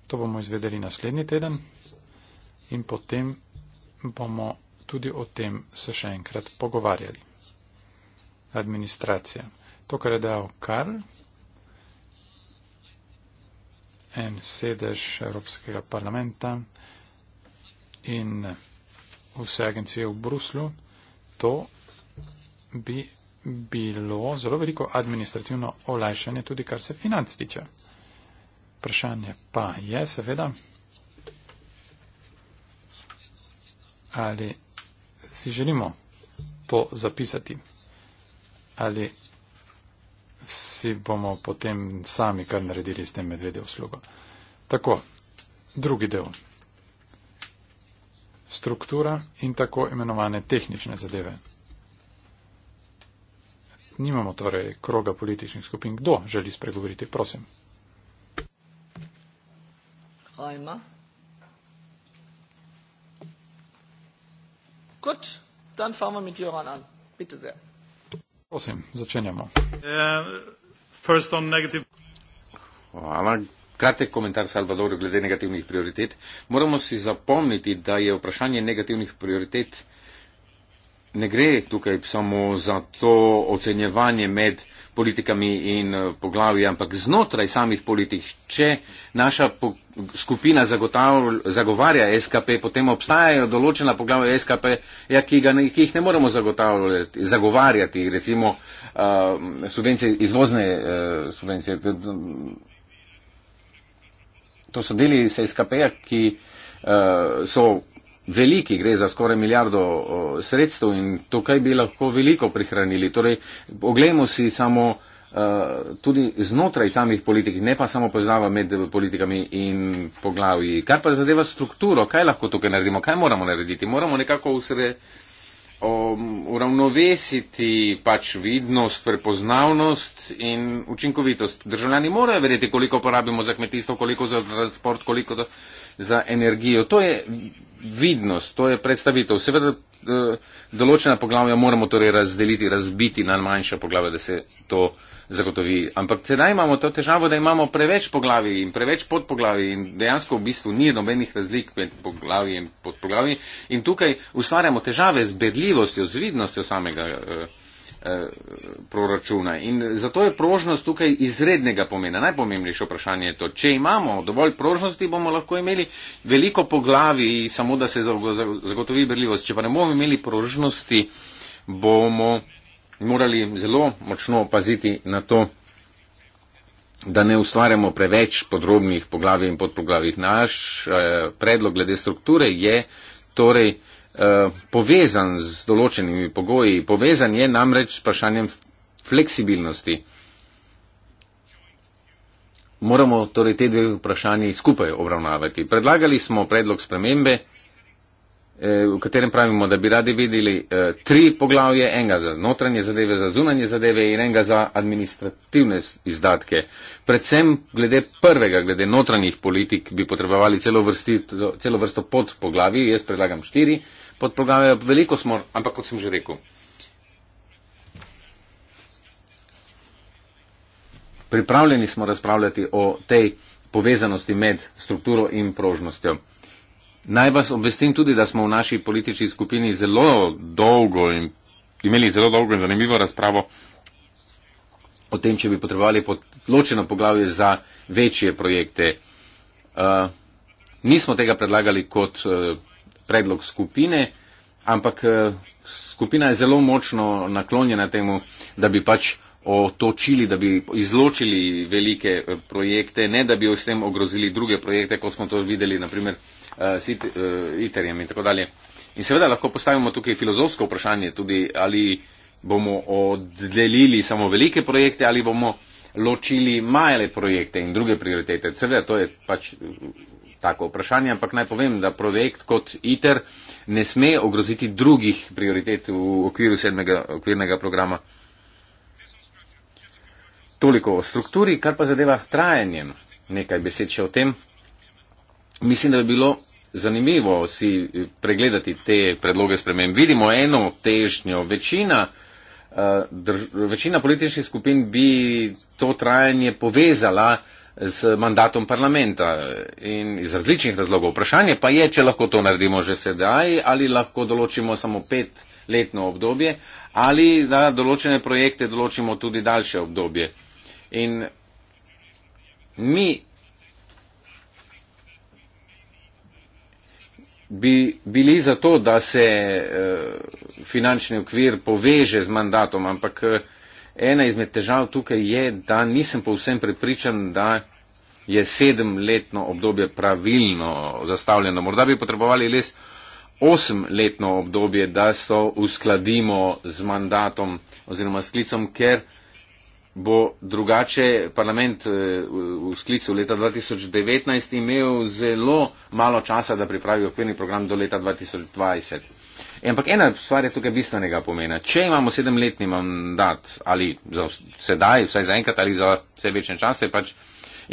To bomo izvedeli naslednji teden in potem bomo tudi o tem se še enkrat pogovarjali. Administracija. To, kar je dal Karl, en sedež Evropskega parlamenta in vse agencije v Bruslu, to bi bilo zelo veliko administrativno olajšanje, tudi kar se financ tiče vprašanje pa je seveda, ali si želimo to zapisati, ali si bomo potem sami kar naredili s tem medvedjo uslugo. Tako, drugi del. Struktura in tako imenovane tehnične zadeve. Nimamo torej kroga političnih skupin. Kdo želi spregovoriti, prosim? Reimer. Gut, dann fangen wir mit Joran an. Bitte sehr. Prosim, začenjamo. Uh, Hvala. Kratek komentar, Salvador, glede negativnih prioritet. Moramo si zapomniti, da je vprašanje negativnih prioritet. Ne gre tukaj samo za to ocenjevanje med politikami in eh, poglavji, ampak znotraj samih politik, če naša skupina zagovarja SKP, potem obstajajo določena poglavja SKP, ja, ki, ga, ki jih ne moremo zagovarjati, recimo uh, subvencije, izvozne uh, subvencije. To so deli iz SKP-ja, ki uh, so veliki, gre za skoraj milijardo sredstev in tukaj bi lahko veliko prihranili. Torej, oglejmo si samo e, tudi znotraj samih politik, ne pa samo povezava med politikami in poglavji. Kar pa zadeva strukturo, kaj lahko tukaj naredimo, kaj moramo narediti? Moramo nekako usre, um, uravnovesiti pač vidnost, prepoznavnost in učinkovitost. Državljani morajo verjeti, koliko porabimo za kmetijstvo, koliko za transport, koliko za energijo. To je vidnost, to je predstavitev. Seveda eh, določena poglavja moramo torej razdeliti, razbiti na manjša poglavja, da se to zagotovi. Ampak sedaj imamo to težavo, da imamo preveč poglavi in preveč podpoglavi in dejansko v bistvu ni nobenih razlik med poglavi in podpoglavi. In tukaj ustvarjamo težave z bedljivostjo, z vidnostjo samega. Uh, Eh, proračuna. In zato je prožnost tukaj izrednega pomena. Najpomembnejše vprašanje je to, če imamo dovolj prožnosti, bomo lahko imeli veliko poglavi, samo da se zagotovi brljivost. Če pa ne bomo imeli prožnosti, bomo morali zelo močno paziti na to, da ne ustvarjamo preveč podrobnih poglavij in podpoglavij. Naš eh, predlog glede strukture je torej, Eh, povezan z določenimi pogoji, povezan je namreč s vprašanjem fleksibilnosti. Moramo torej te dve vprašanje skupaj obravnavati. Predlagali smo predlog spremembe, eh, v katerem pravimo, da bi radi videli eh, tri poglavje, enega za notranje zadeve, za zunanje zadeve in enega za administrativne izdatke. Predvsem glede prvega, glede notranjih politik, bi potrebovali celo, vrsti, celo vrsto podpoglavi, jaz predlagam štiri podprograme, veliko smo, ampak kot sem že rekel, pripravljeni smo razpravljati o tej povezanosti med strukturo in prožnostjo. Naj vas obvestim tudi, da smo v naši politični skupini zelo dolgo in imeli zelo dolgo in zanimivo razpravo o tem, če bi potrebovali ločeno poglavje za večje projekte. Uh, nismo tega predlagali kot uh, predlog skupine, ampak eh, skupina je zelo močno naklonjena temu, da bi pač otočili, da bi izločili velike eh, projekte, ne da bi s tem ogrozili druge projekte, kot smo to videli naprimer eh, s ITER-jem in tako dalje. In seveda lahko postavimo tukaj filozofsko vprašanje tudi, ali bomo oddelili samo velike projekte ali bomo ločili male projekte in druge prioritete. Seveda, to je pač tako vprašanje, ampak naj povem, da projekt kot ITER ne sme ogroziti drugih prioritet v okviru sedmega okvirnega programa. Toliko o strukturi, kar pa zadeva trajanjem. Nekaj besed še o tem. Mislim, da bi bilo zanimivo si eh, pregledati te predloge sprememb. Vidimo eno težnjo. Večina, uh, eh, drž, večina političnih skupin bi to trajanje povezala z mandatom parlamenta in iz različnih razlogov. Vprašanje pa je, če lahko to naredimo že sedaj ali lahko določimo samo petletno obdobje ali da določene projekte določimo tudi daljše obdobje. In mi bi bili za to, da se eh, finančni okvir poveže z mandatom, ampak eh, ena izmed težav tukaj je, da nisem povsem prepričan, da je sedemletno obdobje pravilno zastavljeno. Morda bi potrebovali res osemletno obdobje, da so uskladimo z mandatom oziroma sklicom, ker bo drugače parlament eh, v sklicu leta 2019 imel zelo malo časa, da pripravi okvirni program do leta 2020. Ampak ena stvar je tukaj bistvenega pomena. Če imamo sedemletni mandat ali za sedaj, vsaj za enkrat ali za vse večne čase, pač,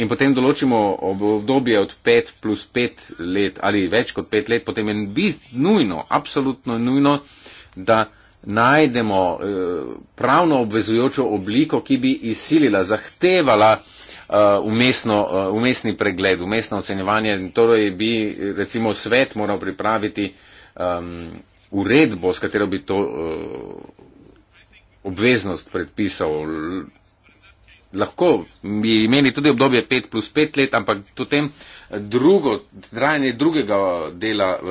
in potem določimo obdobje od pet plus pet let ali več kot pet let, potem je nujno, absolutno nujno, da najdemo eh, pravno obvezujočo obliko, ki bi izsilila, zahtevala eh, umestno, eh, umestni pregled, umestno ocenjevanje. Torej bi recimo svet moral pripraviti. Ehm, uredbo, s katero bi to uh, obveznost predpisal. Lahko bi imeli tudi obdobje 5 plus 5 let, ampak potem drugo, trajanje drugega dela eh,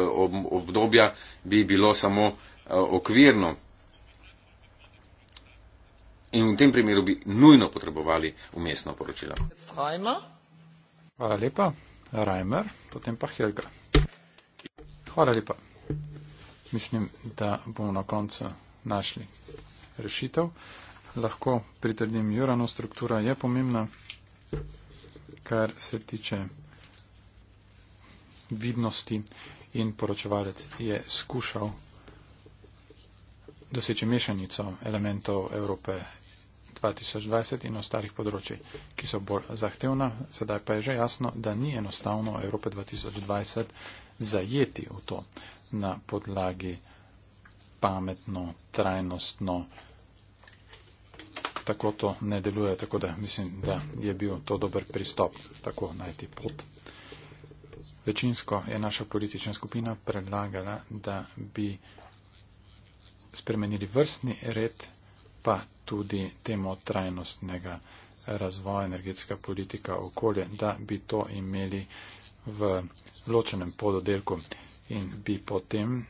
obdobja bi bilo samo eh, okvirno. In v tem primeru bi nujno potrebovali umestno poročilo. Hvala lepa, Reimer, potem pa Helga. Hvala lepa mislim, da bomo na koncu našli rešitev. Lahko pritrdim Jurano, struktura je pomembna, kar se tiče vidnosti in poročevalec je skušal doseči mešanico elementov Evrope 2020 in ostalih področji, ki so bolj zahtevna. Sedaj pa je že jasno, da ni enostavno Evrope 2020 zajeti v to na podlagi pametno, trajnostno. Tako to ne deluje, tako da mislim, da je bil to dober pristop, tako najti pot. Večinsko je naša politična skupina predlagala, da bi spremenili vrstni red, pa tudi temo trajnostnega razvoja, energetska politika, okolje, da bi to imeli v ločenem pododelku in bi potem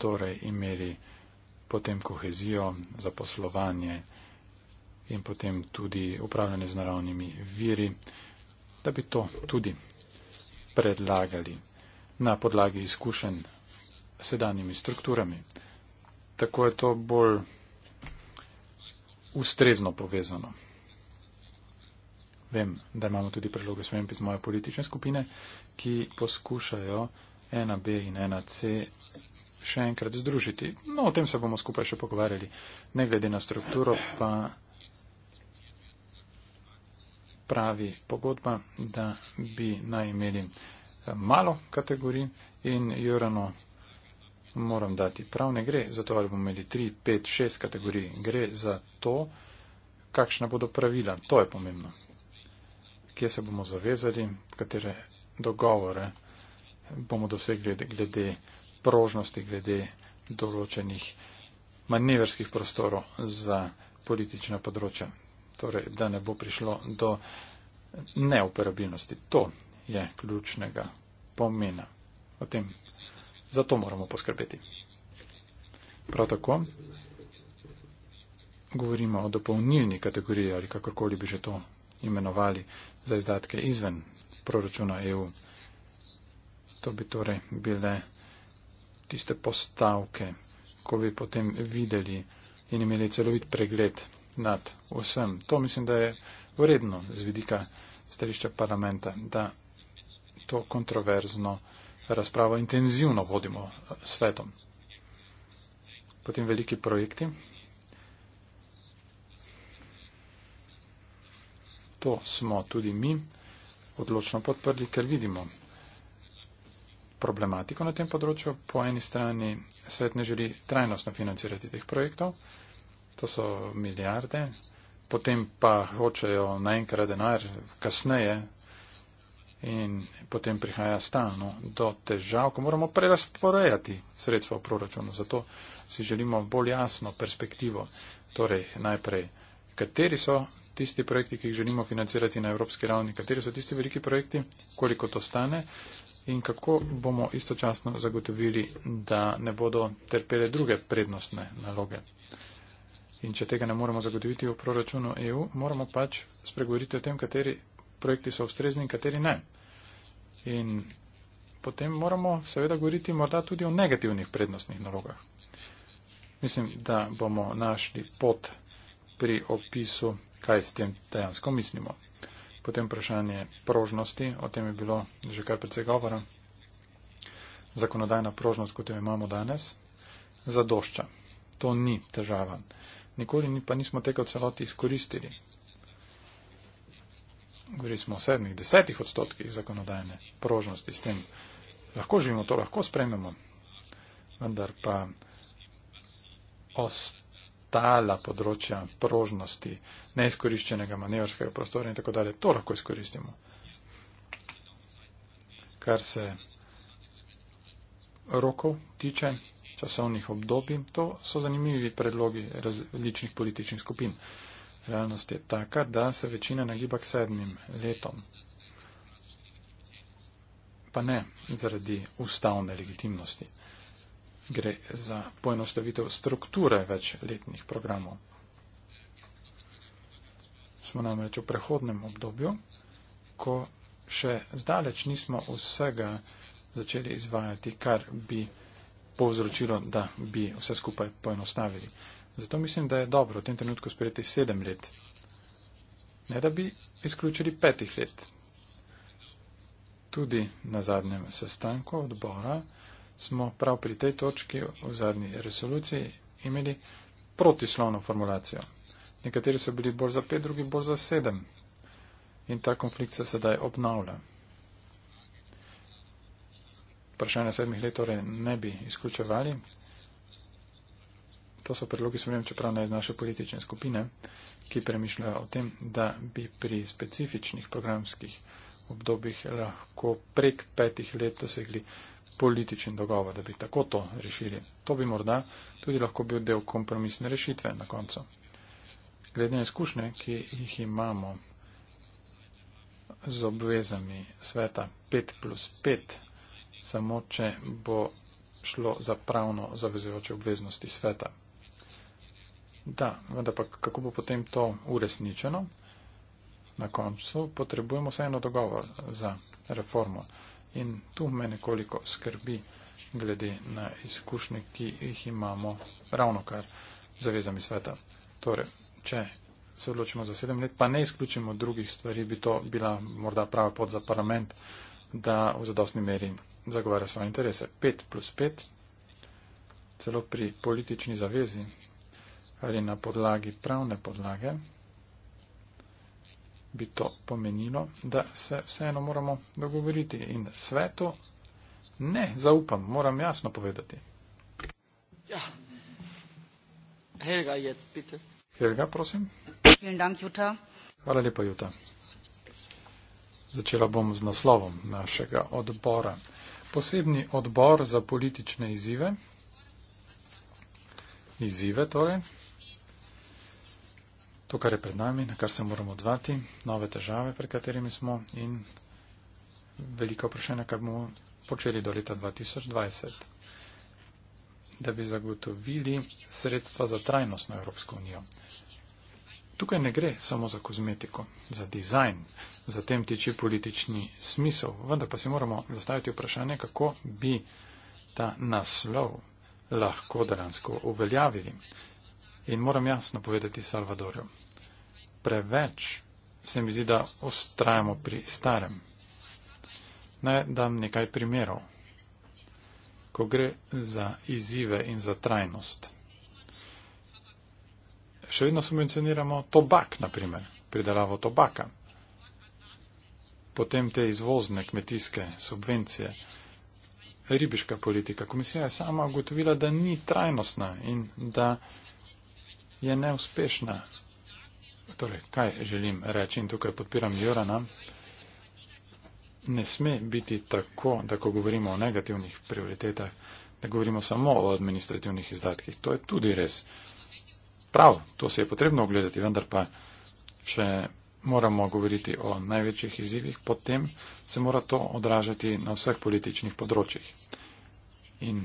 torej imeli potem kohezijo za poslovanje in potem tudi upravljanje z naravnimi viri, da bi to tudi predlagali na podlagi izkušenj sedanjimi strukturami. Tako je to bolj ustrezno povezano vem, da imamo tudi predloge svojim iz moje politične skupine, ki poskušajo ena B in ena C še enkrat združiti. No, o tem se bomo skupaj še pogovarjali. Ne glede na strukturo, pa pravi pogodba, da bi naj imeli eh, malo kategorij in jurano moram dati. Prav ne gre za to, ali bomo imeli 3, 5, 6 kategorij. Gre za to, kakšna bodo pravila. To je pomembno kje se bomo zavezali, katere dogovore bomo dosegli glede prožnosti, glede določenih manevrskih prostorov za politična področja. Torej, da ne bo prišlo do neoperabilnosti. To je ključnega pomena. O tem zato moramo poskrbeti. Prav tako govorimo o dopolnilni kategoriji ali kakorkoli bi že to imenovali za izdatke izven proračuna EU. To bi torej bile tiste postavke, ko bi potem videli in imeli celovit pregled nad vsem. To mislim, da je vredno z vidika stališča parlamenta, da to kontroverzno razpravo intenzivno vodimo svetom. Potem veliki projekti. to smo tudi mi odločno podprli, ker vidimo problematiko na tem področju. Po eni strani svet ne želi trajnostno financirati teh projektov, to so milijarde, potem pa hočejo naenkrat denar kasneje in potem prihaja stalno do težav, ko moramo prerasporejati sredstvo v proračunu. Zato si želimo bolj jasno perspektivo, torej najprej, kateri so tisti projekti, ki jih želimo financirati na evropski ravni, kateri so tisti veliki projekti, koliko to stane in kako bomo istočasno zagotovili, da ne bodo trpele druge prednostne naloge. In če tega ne moremo zagotoviti v proračunu EU, moramo pač spregovoriti o tem, kateri projekti so ustrezni in kateri ne. In potem moramo seveda govoriti morda tudi o negativnih prednostnih nalogah. Mislim, da bomo našli pot pri opisu kaj s tem dejansko mislimo. Potem vprašanje prožnosti, o tem je bilo že kar precej govora. Zakonodajna prožnost, kot jo imamo danes, zadošča. To ni težava. Nikoli pa nismo tega v celoti izkoristili. Govorili smo o sedmih, desetih odstotkih zakonodajne prožnosti s tem. Lahko živimo to, lahko sprememo, vendar pa ostala področja prožnosti, neizkoriščenega manevrskega prostora in tako dalje. To lahko izkoristimo. Kar se rokov tiče, časovnih obdobij, to so zanimivi predlogi različnih političnih skupin. Realnost je taka, da se večina nagiba k sedmim letom. Pa ne zaradi ustavne legitimnosti. Gre za poenostavitev strukture večletnih programov smo namreč v prehodnem obdobju, ko še zdaleč nismo vsega začeli izvajati, kar bi povzročilo, da bi vse skupaj poenostavili. Zato mislim, da je dobro v tem trenutku sprejeti sedem let, ne da bi izključili petih let. Tudi na zadnjem sestanku odbora smo prav pri tej točki v zadnji resoluciji imeli protislovno formulacijo. Nekateri so bili bolj za pet, drugi bolj za sedem. In ta konflikt se sedaj obnavlja. Vprašanja sedmih let torej ne bi izključevali. To so predlogi, sem čeprav ne iz naše politične skupine, ki premišljajo o tem, da bi pri specifičnih programskih obdobjih lahko prek petih let dosegli političen dogovor, da bi tako to rešili. To bi morda tudi lahko bil del kompromisne rešitve na koncu glede na izkušnje, ki jih imamo z obvezami sveta 5 plus 5, samo če bo šlo za pravno zavezujoče obveznosti sveta. Da, vendar pa kako bo potem to uresničeno? Na koncu potrebujemo vseeno dogovor za reformo in tu me nekoliko skrbi glede na izkušnje, ki jih imamo ravno kar zavezami sveta. Torej, če se odločimo za sedem let, pa ne izključimo drugih stvari, bi to bila morda prava pot za parlament, da v zadostni meri zagovarja svoje interese. Pet plus pet, celo pri politični zavezi ali na podlagi pravne podlage, bi to pomenilo, da se vseeno moramo dogovoriti in svetu ne zaupam, moram jasno povedati. Ja. Helga, jetzt bitte. Helga, prosim. Dank, Jutta. Hvala lepa, Juta. Začela bom z naslovom našega odbora. Posebni odbor za politične izzive. Izzive torej. To, kar je pred nami, na kar se moramo odvati, nove težave, pred katerimi smo in veliko vprašanja, kar bomo počeli do leta 2020 da bi zagotovili sredstva za trajnostno Evropsko unijo. Tukaj ne gre samo za kozmetiko, za dizajn, za tem tiči politični smisel, vendar pa si moramo zastaviti vprašanje, kako bi ta naslov lahko dejansko uveljavili. In moram jasno povedati Salvadorju, preveč se mi zdi, da ostrajamo pri starem. Naj dam nekaj primerov ko gre za izzive in za trajnost. Še vedno subvencioniramo tobak, naprimer, pridelavo tobaka. Potem te izvozne kmetijske subvencije. Ribiška politika. Komisija je sama ugotovila, da ni trajnostna in da je neuspešna. Torej, kaj želim reči in tukaj podpiram Jorana ne sme biti tako, da ko govorimo o negativnih prioritetah, da govorimo samo o administrativnih izdatkih. To je tudi res. Prav, to se je potrebno ogledati, vendar pa, če moramo govoriti o največjih izzivih, potem se mora to odražati na vseh političnih področjih. In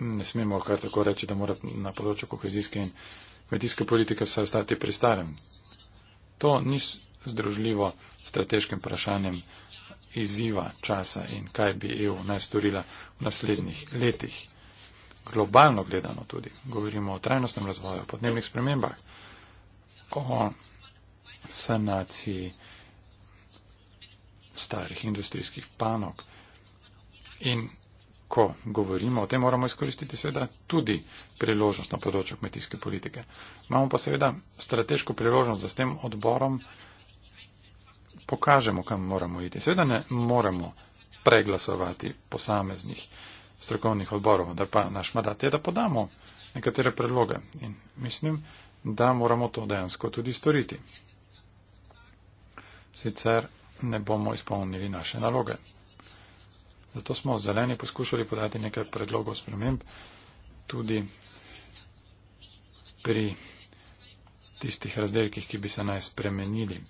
ne smemo kar tako reči, da mora na področju kohezijske in kmetijske politike vse ostati pri starem. To ni združljivo strateškim vprašanjem izziva časa in kaj bi EU naj storila v naslednjih letih. Globalno gledano tudi, govorimo o trajnostnem razvoju, podnebnih spremembah, o sanaciji starih industrijskih panog in ko govorimo o tem, moramo izkoristiti seveda tudi priložnost na področju kmetijske politike. Imamo pa seveda strateško priložnost, da s tem odborom pokažemo, kam moramo iti. Seveda ne moramo preglasovati posameznih strokovnih odborov, da pa naš mandat je, da podamo nekatere predloge. In mislim, da moramo to dejansko tudi storiti. Sicer ne bomo izpolnili naše naloge. Zato smo zeleni poskušali podati nekaj predlogov sprememb tudi pri tistih razdelkih, ki bi se naj spremenili,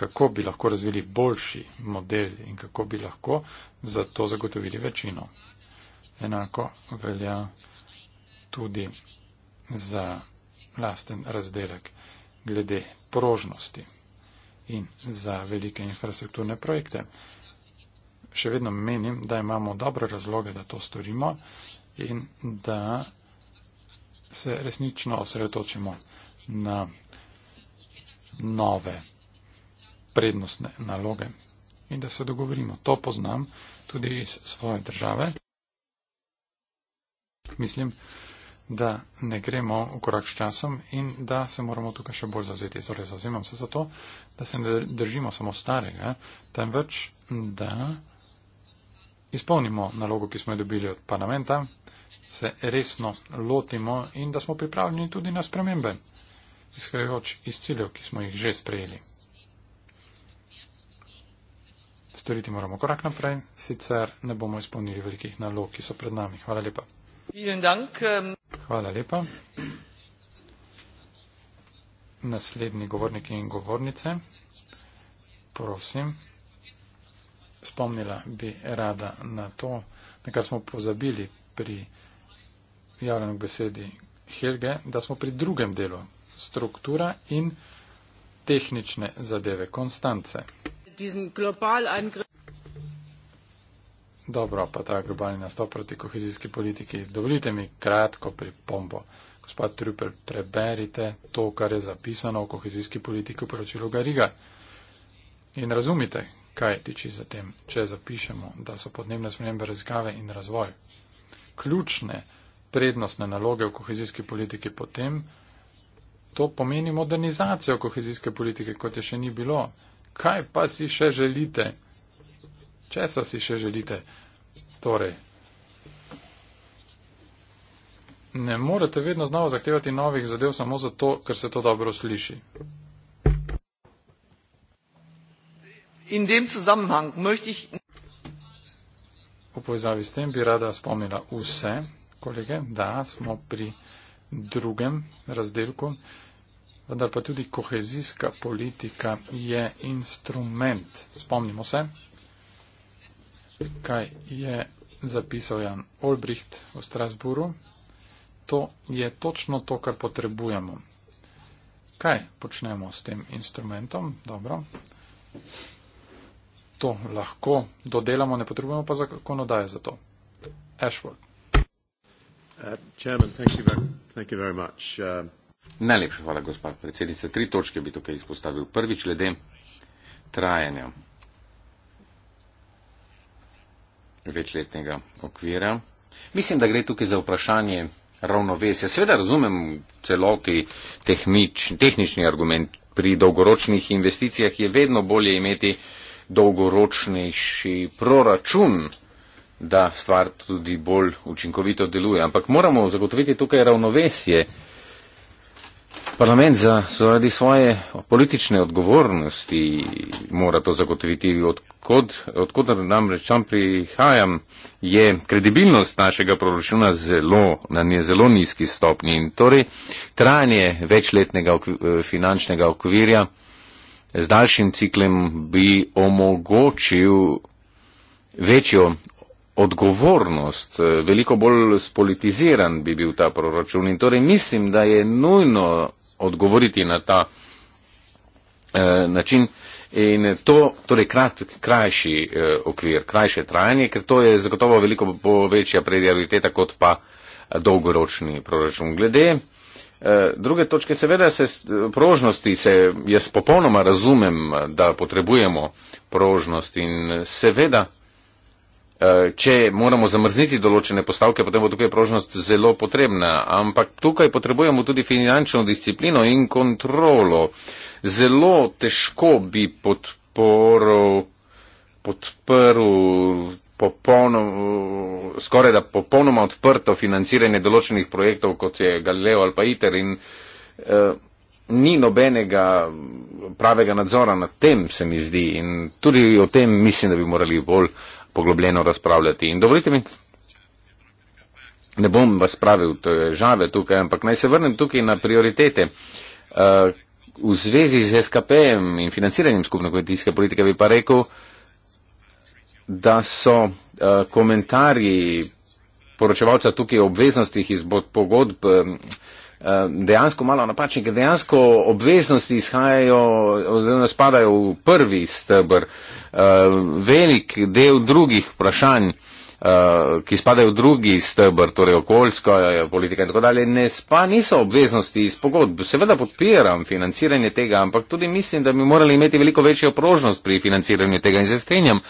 kako bi lahko razvili boljši model in kako bi lahko za to zagotovili večino. Enako velja tudi za lasten razdelek glede prožnosti in za velike infrastrukturne projekte še vedno menim, da imamo dobre razloge, da to storimo in da se resnično osredotočimo na nove prednostne naloge in da se dogovorimo. To poznam tudi iz svoje države. Mislim, da ne gremo v korak s časom in da se moramo tukaj še bolj zavzeti. Zorej, zauzemam se za to, da se ne držimo samo starega, temveč da izpolnimo nalogo, ki smo jo dobili od parlamenta, se resno lotimo in da smo pripravljeni tudi na spremembe, izhajajoč iz ciljev, ki smo jih že sprejeli. Storiti moramo korak naprej, sicer ne bomo izpolnili velikih nalog, ki so pred nami. Hvala lepa. Ähm. Hvala lepa. Naslednji govorniki in govornice, prosim spomnila bi rada na to, na kar smo pozabili pri javljenju besedi Helge, da smo pri drugem delu struktura in tehnične zadeve, konstance. Dobro, pa ta globalni nastop proti kohezijski politiki. Dovolite mi kratko pripombo. Gospod Trupel, preberite to, kar je zapisano v kohezijski politiki v poročilu Gariga. In razumite, kaj tiči za tem, če zapišemo, da so podnebne spremembe razgave in razvoj ključne prednostne naloge v kohezijski politiki, potem to pomeni modernizacijo kohezijske politike, kot je še ni bilo. Kaj pa si še želite? Česa si še želite? Torej, ne morete vedno znova zahtevati novih zadev samo zato, ker se to dobro sliši. in dem Zusammenhang möchte ich. V povezavi s tem bi rada spomnila vse kolege, da smo pri drugem razdelku, vendar pa tudi kohezijska politika je instrument. Spomnimo se, kaj je zapisal Jan Olbricht v Strasburu. To je točno to, kar potrebujemo. Kaj počnemo s tem instrumentom? Dobro to lahko dodelamo, ne potrebujemo pa zakonodaje za to. Ashford. Uh, uh, Najlepša hvala, gospa predsednica. Tri točke bi tukaj izpostavil. Prvič, glede trajanja večletnega okvira. Mislim, da gre tukaj za vprašanje ravnovesja. Seveda razumem celoti tehnič, tehnični argument. Pri dolgoročnih investicijah je vedno bolje imeti uh, dolgoročnejši proračun, da stvar tudi bolj učinkovito deluje. Ampak moramo zagotoviti tukaj ravnovesje. Parlament za, zaradi svoje politične odgovornosti mora to zagotoviti. Odkod, odkod namreč tam prihajam, je kredibilnost našega proračuna zelo, na nje zelo nizki stopni. In torej trajanje večletnega okvir, eh, finančnega okvirja z daljšim ciklem bi omogočil večjo odgovornost, veliko bolj spolitiziran bi bil ta proračun. In torej mislim, da je nujno odgovoriti na ta eh, način in to, torej krat, krajši eh, okvir, krajše trajanje, ker to je zagotovo veliko večja prioriteta kot pa dolgoročni proračun. Glede eh, Eh, druge točke, seveda se prožnosti, se, jaz popolnoma razumem, da potrebujemo prožnost in seveda, eh, če moramo zamrzniti določene postavke, potem bo tukaj prožnost zelo potrebna, ampak tukaj potrebujemo tudi finančno disciplino in kontrolo. Zelo težko bi podporo, podprl popolno, skoraj da popolnoma odprto financiranje določenih projektov, kot je Galileo ali pa ITER in eh, ni nobenega pravega nadzora nad tem, se mi zdi. In tudi o tem mislim, da bi morali bolj poglobljeno razpravljati. In dovolite mi, ne bom vas pravil težave tukaj, ampak naj se vrnem tukaj na prioritete. Eh, v zvezi z SKP-em in financiranjem skupne kmetijske politike bi pa rekel, da so eh, komentarji poročevalca tukaj o obveznostih iz pogodb eh, eh, dejansko malo napačni, ker dejansko obveznosti izhajajo oziroma spadajo v prvi stebr, velik del drugih vprašanj ki spadajo v drugi stebr, torej okoljsko, politika in tako dalje, ne spa, niso obveznosti iz pogodb. Seveda podpiram financiranje tega, ampak tudi mislim, da bi morali imeti veliko večjo prožnost pri financiranju tega in se strenjam,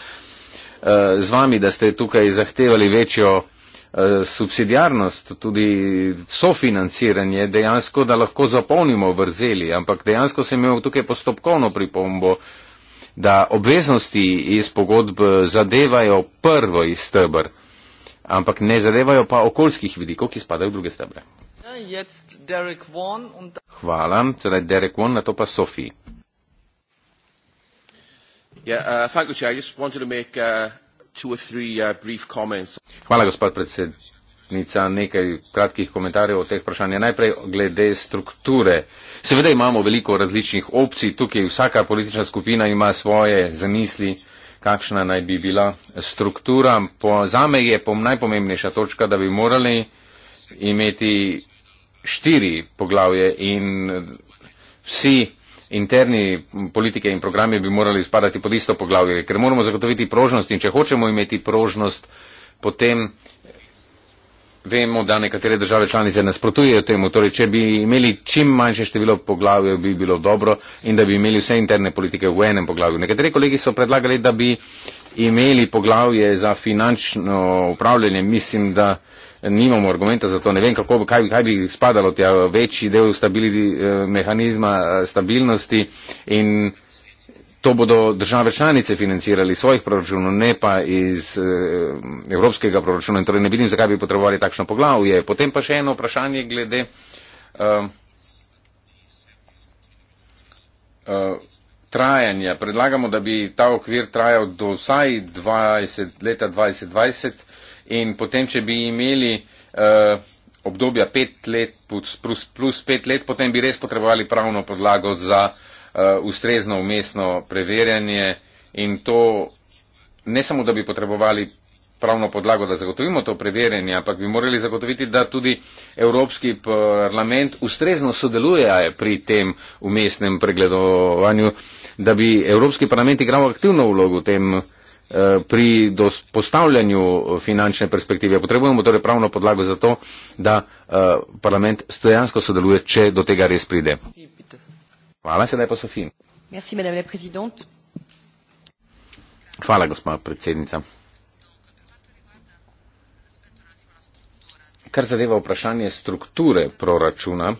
z vami, da ste tukaj zahtevali večjo eh, subsidijarnost, tudi sofinanciranje, dejansko, da lahko zapolnimo vrzeli, ampak dejansko sem imel tukaj postopkovno pripombo, da obveznosti iz pogodb zadevajo prvo iz stebr, ampak ne zadevajo pa okoljskih vidikov, ki spadajo v druge stebre. Ja, Hvala, torej Derek Won, na to pa Sofi. Yeah, uh, thank you, Chair. I just to make, uh, two or three, uh, brief Hvala, gospod predsednica. Nekaj kratkih komentarjev o teh vprašanjih. Najprej glede strukture. Seveda imamo veliko različnih opcij. Tukaj vsaka politična skupina ima svoje zamisli, kakšna naj bi bila struktura. Po, za me je pom, najpomembnejša točka, da bi morali imeti štiri poglavje in vsi interni politike in programe bi morali spadati pod isto poglavje, ker moramo zagotoviti prožnost in če hočemo imeti prožnost, potem vemo, da nekatere države članice nasprotujejo temu. Torej, če bi imeli čim manjše število poglavje, bi bilo dobro in da bi imeli vse interne politike v enem poglavju. Nekateri kolegi so predlagali, da bi imeli poglavje za finančno upravljanje. Mislim, da nimamo argumenta za to, ne vem, kako, kaj, kaj bi spadalo tja, večji del stabilidi, eh, mehanizma eh, stabilnosti in to bodo države članice financirali svojih proračunov, ne pa iz eh, evropskega proračuna in torej ne vidim, zakaj bi potrebovali takšno poglavje. Potem pa še eno vprašanje glede. Uh, trajanja. Predlagamo, da bi ta okvir trajal do vsaj 20, leta 2020, in potem, če bi imeli uh, obdobja pet let plus, plus pet let, potem bi res potrebovali pravno podlago za uh, ustrezno umestno preverjanje in to ne samo, da bi potrebovali pravno podlago, da zagotovimo to preverjanje, ampak bi morali zagotoviti, da tudi Evropski parlament ustrezno sodeluje pri tem umestnem pregledovanju, da bi Evropski parlament igral aktivno vlogo v tem. Uh, Eh, pri postavljanju eh, finančne perspektive. Potrebujemo torej pravno podlago za to, da eh, parlament dejansko sodeluje, če do tega res pride. Hvala, sedaj pa Sofin. Hvala, gospod predsednica. Kar zadeva vprašanje strukture proračuna,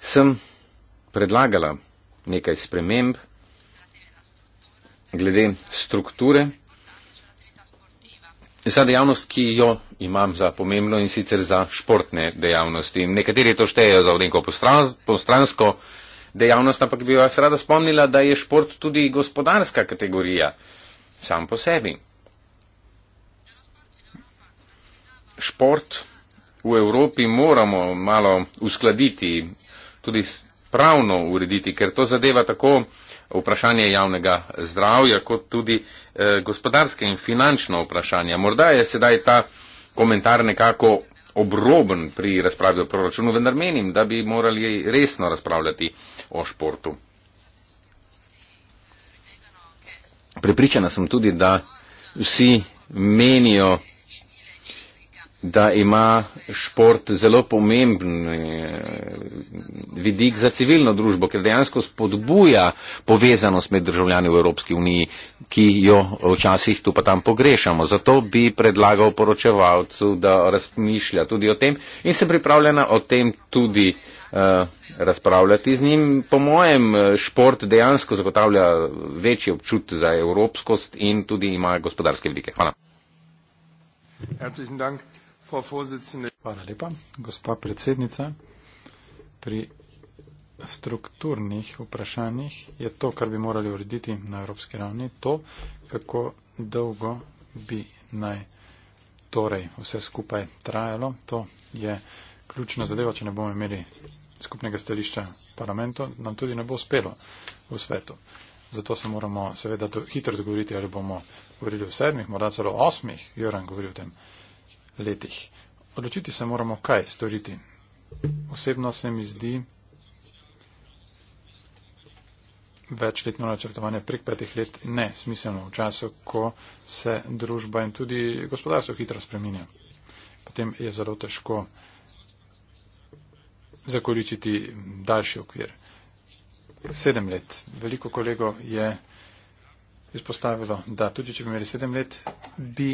sem predlagala nekaj sprememb glede strukture za dejavnost, ki jo imam za pomembno in sicer za športne dejavnosti. Nekateri to štejejo za vdenko postransko dejavnost, ampak bi vas rada spomnila, da je šport tudi gospodarska kategorija, sam po sebi. Šport v Evropi moramo malo uskladiti, tudi pravno urediti, ker to zadeva tako vprašanje javnega zdravja, kot tudi eh, gospodarske in finančno vprašanje. Morda je sedaj ta komentar nekako obroben pri razpravi o proračunu, vendar menim, da bi morali resno razpravljati o športu. Pripričana sem tudi, da vsi menijo, da ima šport zelo pomemben eh, vidik za civilno družbo, ker dejansko spodbuja povezanost med državljani v Evropski uniji, ki jo včasih tu pa tam pogrešamo. Zato bi predlagal poročevalcu, da razmišlja tudi o tem in se pripravljena o tem tudi uh, razpravljati z njim. Po mojem, eh, šport dejansko zagotavlja večji občut za evropskost in tudi ima gospodarske vidike. Hvala. Herzlichen Dank. Hvala lepa, gospa predsednica. Pri strukturnih vprašanjih je to, kar bi morali urediti na evropski ravni, to, kako dolgo bi naj torej vse skupaj trajalo. To je ključna zadeva, če ne bomo imeli skupnega stališča parlamentu, nam tudi ne bo uspelo v svetu. Zato se moramo seveda hitro dogovoriti, ali bomo govorili o sedmih, morda celo osmih, Joran govori o tem letih. Odločiti se moramo, kaj storiti. Osebno se mi zdi večletno načrtovanje prek petih let ne smiselno v času, ko se družba in tudi gospodarstvo hitro spreminja. Potem je zelo težko zakoličiti daljši okvir. Sedem let. Veliko kolego je izpostavilo, da tudi če bi imeli sedem let, bi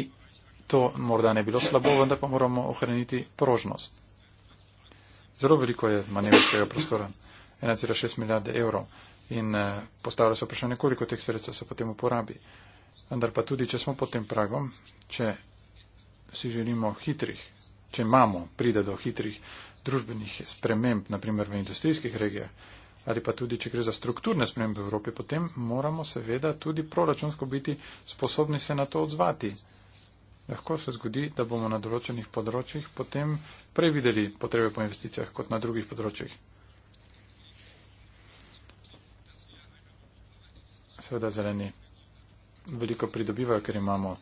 to morda ne bilo slabo, vendar pa moramo ohraniti prožnost. Zelo veliko je manevrskega prostora, 1,6 milijarde evrov in eh, postavlja se vprašanje, koliko teh sredstev se potem uporabi. Vendar pa tudi, če smo pod tem pragom, če si želimo hitrih, če imamo, pride do hitrih družbenih sprememb, naprimer v industrijskih regijah, ali pa tudi, če gre za strukturne spremembe v Evropi, potem moramo seveda tudi proračunsko biti sposobni se na to odzvati. Lahko se zgodi, da bomo na določenih področjih potem prej videli potrebe po investicijah kot na drugih področjih. Seveda zeleni veliko pridobivajo, ker imamo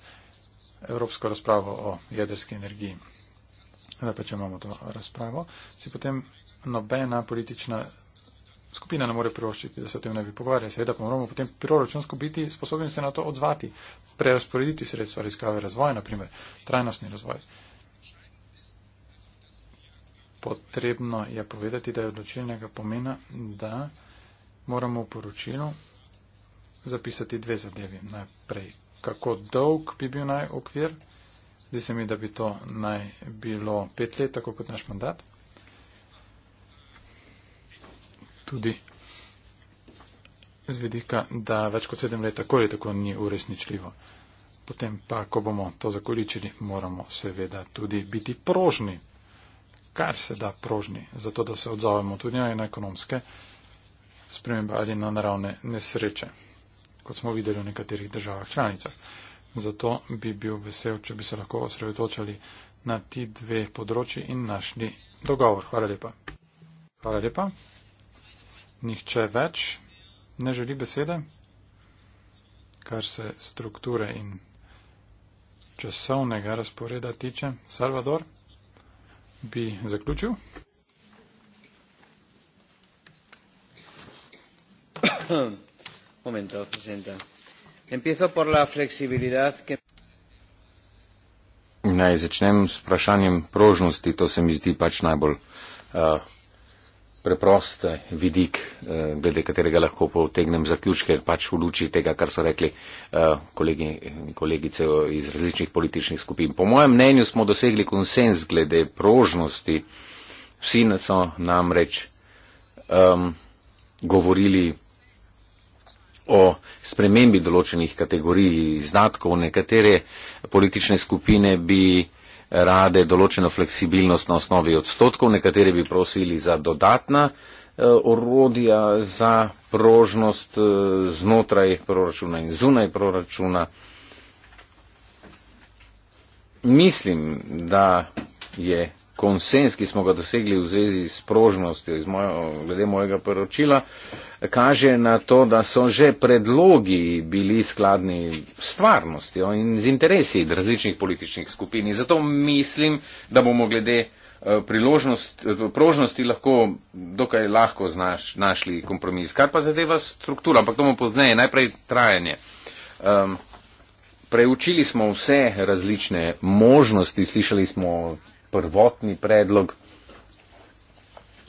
evropsko razpravo o jedrski energiji. Da pa če imamo to razpravo, si potem nobena politična skupina ne more privoščiti, da se o tem ne bi pogovarjali. Seveda pa moramo potem proračunsko biti sposobni se na to odzvati, prerasporediti sredstva raziskave razvoja, naprimer trajnostni razvoj. Potrebno je povedati, da je odločilnega pomena, da moramo v poročilu zapisati dve zadevi. Najprej, kako dolg bi bil naj okvir, zdi se mi, da bi to naj bilo pet let, tako kot naš mandat. tudi z vidika, da več kot sedem let tako ali tako ni uresničljivo. Potem pa, ko bomo to zakoličili, moramo seveda tudi biti prožni, kar se da prožni, zato da se odzovemo tudi na ekonomske spremembe ali na naravne nesreče, kot smo videli v nekaterih državah članicah. Zato bi bil vesel, če bi se lahko osredotočali na ti dve področji in našli dogovor. Hvala lepa. Hvala lepa. Nihče več ne želi besede, kar se strukture in časovnega razporeda tiče. Salvador bi zaključil. Momento, presidenta. Empiezo por la flexibilidad que. Naj začnem s vprašanjem prožnosti, to se mi zdi pač najbolj uh, preprost eh, vidik, eh, glede katerega lahko potegnem zaključke pač v luči tega, kar so rekli eh, kolegi in kolegice iz različnih političnih skupin. Po mojem mnenju smo dosegli konsens glede prožnosti. Vsi so namreč um, govorili o spremembi določenih kategorij izdatkov. Nekatere politične skupine bi rade določeno fleksibilnost na osnovi odstotkov, nekateri bi prosili za dodatna eh, orodja za prožnost eh, znotraj proračuna in zunaj proračuna. Mislim, da je konsens, ki smo ga dosegli v zvezi s prožnostjo mojo, glede mojega poročila, kaže na to, da so že predlogi bili skladni s stvarnostjo in z interesi različnih političnih skupin. Zato mislim, da bomo glede eh, eh, prožnosti lahko dokaj lahko znaš, našli kompromis. Kar pa zadeva struktura, ampak to bomo pozneje, najprej trajanje. Um, preučili smo vse različne možnosti, slišali smo prvotni predlog,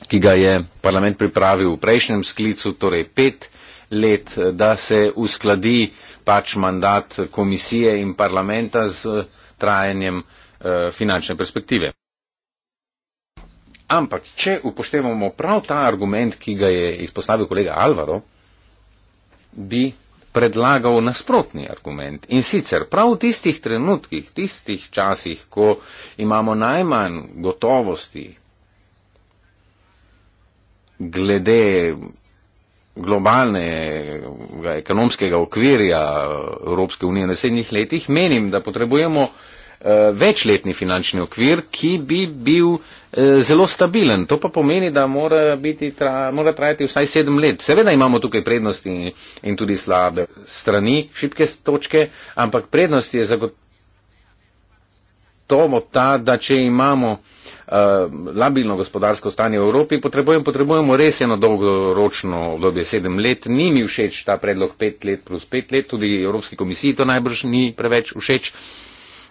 ki ga je parlament pripravil v prejšnjem sklicu, torej pet let, eh, da se uskladi pač mandat komisije in parlamenta z trajanjem eh, finančne perspektive. Ampak, če upoštevamo prav ta argument, ki ga je izpostavil kolega Alvaro, bi predlagal nasprotni argument. In sicer prav v tistih trenutkih, tistih časih, ko imamo najmanj gotovosti glede globalnega ekonomskega okvirja Evropske unije v naslednjih letih, menim, da potrebujemo Eh, večletni finančni okvir, ki bi bil eh, zelo stabilen. To pa pomeni, da mora, biti, tra, mora trajati vsaj sedem let. Seveda imamo tukaj prednosti in tudi slabe strani, šibke točke, ampak prednost je zagotovo ta, da če imamo uh, labilno gospodarsko stanje v Evropi, potrebujemo, potrebujemo res eno dolgoročno obdobje sedem let. Ni mi všeč ta predlog pet let plus pet let, tudi Evropski komisiji to najbrž ni preveč všeč. Uh,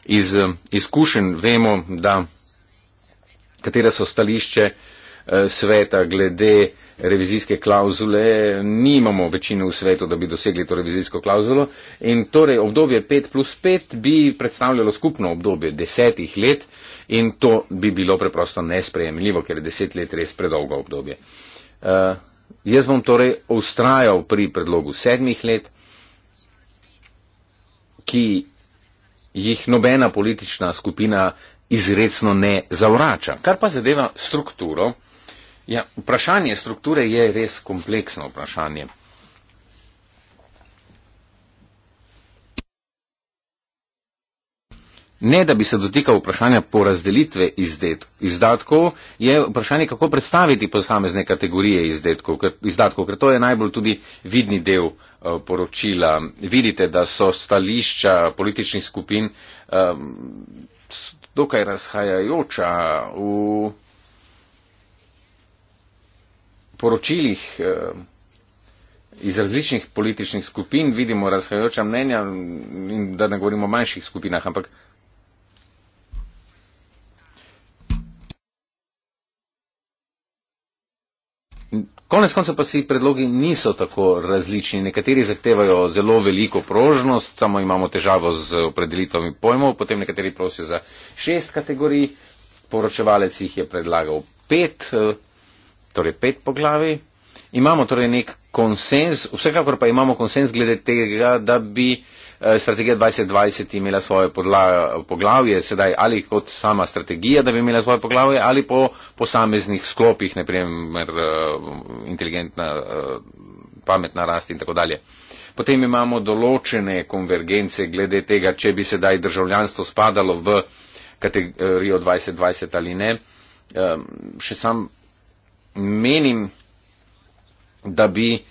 iz eh, izkušenj vemo, da katera so stališče eh, sveta glede revizijske klauzule. Nimamo večine v svetu, da bi dosegli to revizijsko klauzulo. In torej obdobje 5 plus 5 bi predstavljalo skupno obdobje desetih let in to bi bilo preprosto nesprejemljivo, ker je deset let res predolgo obdobje. Uh, jaz bom torej ustrajal pri predlogu sedmih let, ki jih nobena politična skupina izredno ne zavrača. Kar pa zadeva strukturo, ja, vprašanje strukture je res kompleksno vprašanje. Ne, da bi se dotikal vprašanja porazdelitve izdatkov, je vprašanje, kako predstaviti posamezne kategorije izdatkov, ker to je najbolj tudi vidni del uh, Eh, poročila. Vidite, da so stališča političnih skupin dokaj razhajajoča v poročilih iz različnih političnih skupin. Vidimo razhajajoča mnenja in da ne govorimo o manjših skupinah, ampak Konec konca pa si predlogi niso tako različni. Nekateri zahtevajo zelo veliko prožnost, samo imamo težavo z opredelitvami pojmov, potem nekateri prosijo za šest kategorij, poročevalec jih je predlagal pet, eh, torej pet poglavi. Imamo torej nek konsens, vsekakor pa imamo konsens glede tega, da bi eh, strategija 2020 imela svoje podla, poglavje, sedaj ali kot sama strategija, da bi imela svoje poglavje, ali po posameznih sklopih, naprimer eh, inteligentna, eh, pametna rast in tako dalje. Potem imamo določene konvergence glede tega, če bi sedaj državljanstvo spadalo v kategorijo 2020 ali ne. Še sam menim, da bi eh,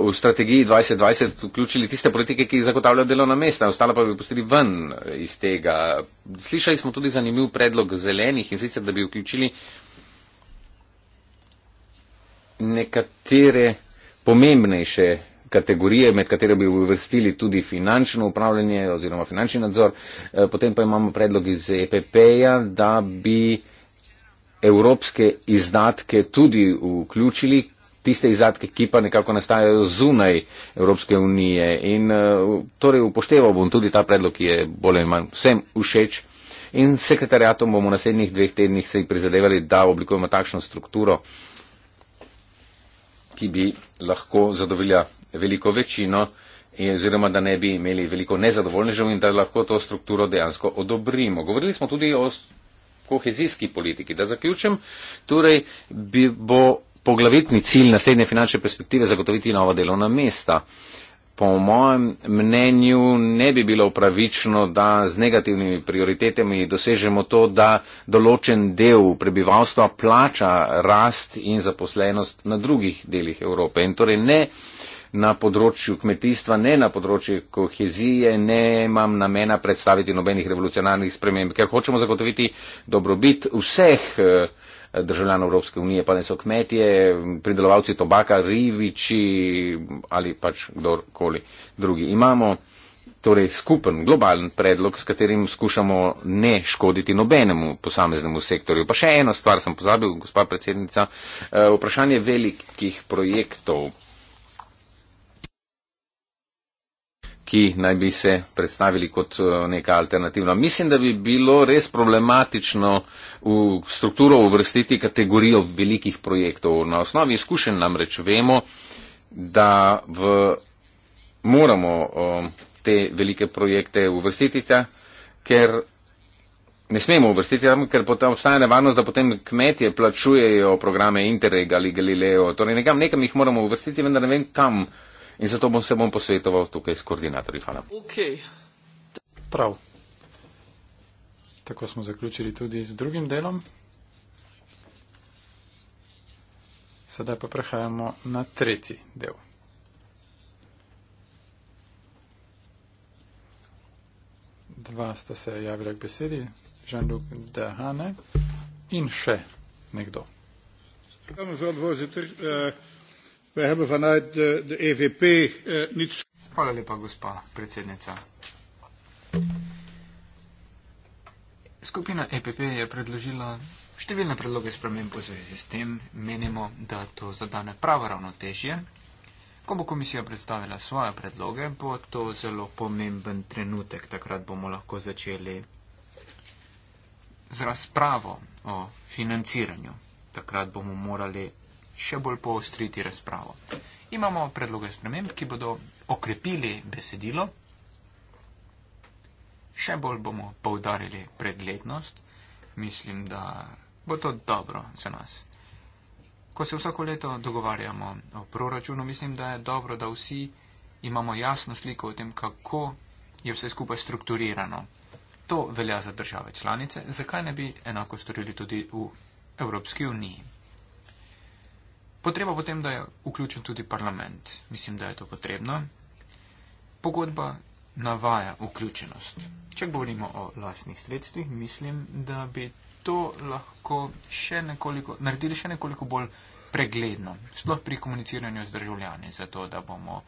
v strategiji 2020 vključili tiste politike, ki zagotavljajo delovna mesta, ostala pa bi postili ven eh, iz tega. Slišali smo tudi zanimiv predlog zelenih in sicer, da bi vključili nekatere pomembnejše kategorije, med katere bi uvrstili tudi finančno upravljanje oziroma finančni nadzor. Eh, potem pa imamo predlog iz EPP-ja, da bi evropske izdatke tudi vključili, tiste izdatke, ki pa nekako nastajajo zunaj Evropske unije. In eh, torej upošteval bom tudi ta predlog, ki je bolj ali manj vsem všeč. In s sekretarjatom bomo v naslednjih dveh tednih se prizadevali, da oblikujemo takšno strukturo, ki bi lahko zadovolja veliko večino oziroma da ne bi imeli veliko nezadovoljnežev in da lahko to strukturo dejansko odobrimo. Govorili smo tudi o kohezijski politiki. Da zaključim, torej bi bo poglavitni cilj naslednje finančne perspektive zagotoviti nova delovna mesta. Po mojem mnenju ne bi bilo upravično, da z negativnimi prioritetami dosežemo to, da določen del prebivalstva plača rast in zaposlenost na drugih delih Evrope. In torej ne na področju kmetijstva, ne na področju kohezije, ne imam namena predstaviti nobenih revolucionarnih sprememb, ker hočemo zagotoviti dobrobit vseh eh, državljanov Evropske unije, pa ne so kmetije, pridelovalci tobaka, riviči ali pač kdorkoli drugi. Imamo torej skupen globalen predlog, s katerim skušamo ne škoditi nobenemu posameznemu sektorju. Pa še eno stvar sem pozabil, gospa predsednica, eh, vprašanje velikih projektov. ki naj bi se predstavili kot eh, neka alternativna. Mislim, da bi bilo res problematično v strukturo uvrstiti kategorijo velikih projektov. Na osnovi izkušenj namreč vemo, da v, moramo eh, te velike projekte uvrstiti, ker ne smemo uvrstiti, ker potem obstaja nevarnost, da potem kmetje plačujejo programe Interreg ali Galileo. Torej, nekam, nekam jih moramo uvrstiti, vendar ne vem kam in zato bom se bom posvetoval tukaj s koordinatorji. Hvala. Okay. Prav. Tako smo zaključili tudi z drugim delom. Sedaj pa prehajamo na tretji del. Dva sta se javila k besedi, Žanluk Dehane in še nekdo. Tam zelo dvoje zjutraj. Eh. We hebben vanuit de, de EVP uh, eh, niets. Hvala lepa, gospa predsednica. Skupina EPP je predložila številne predloge sprememb v zvezi s tem. Menimo, da to zadane pravo ravnotežje. Ko bo komisija predstavila svoje predloge, bo to zelo pomemben trenutek. Takrat bomo lahko začeli z razpravo o financiranju. Takrat bomo morali še bolj poostriti razpravo. Imamo predloge sprememb, ki bodo okrepili besedilo, še bolj bomo poudarili preglednost. Mislim, da bo to dobro za nas. Ko se vsako leto dogovarjamo o proračunu, mislim, da je dobro, da vsi imamo jasno sliko o tem, kako je vse skupaj strukturirano. To velja za države članice, zakaj ne bi enako storili tudi v Evropski uniji. Potreba potem, da je vključen tudi parlament. Mislim, da je to potrebno. Pogodba navaja vključenost. Če govorimo o lastnih sredstvih, mislim, da bi to lahko še nekoliko, naredili še nekoliko bolj pregledno. Sploh pri komuniciranju z državljani, zato da bomo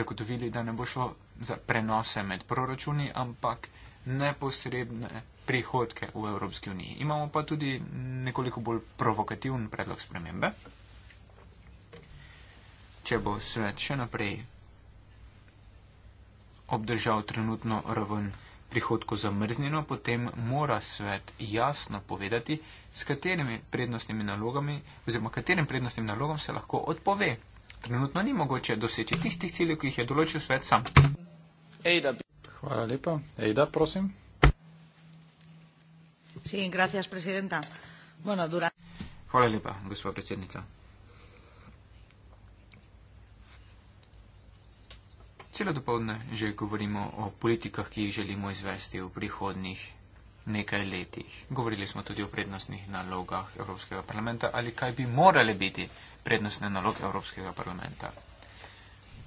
zagotovili, da ne bo šlo za prenose med proračuni, ampak neposredne prihodke v Evropski uniji. Imamo pa tudi nekoliko bolj provokativen predlog spremembe če bo svet še naprej obdržal trenutno raven prihodko zamrznjeno, potem mora svet jasno povedati, s katerimi prednostnimi nalogami oziroma katerim prednostnim nalogam se lahko odpove. Trenutno ni mogoče doseči tistih ciljev, ki jih je določil svet sam. Ejda. Hvala lepa. Ejda, prosim. Sí, gracias, presidenta. Bueno, dura. Hvala lepa, gospod predsednica. Celo dopoledne že govorimo o politikah, ki jih želimo izvesti v prihodnih nekaj letih. Govorili smo tudi o prednostnih nalogah Evropskega parlamenta ali kaj bi morale biti prednostne naloge Evropskega parlamenta.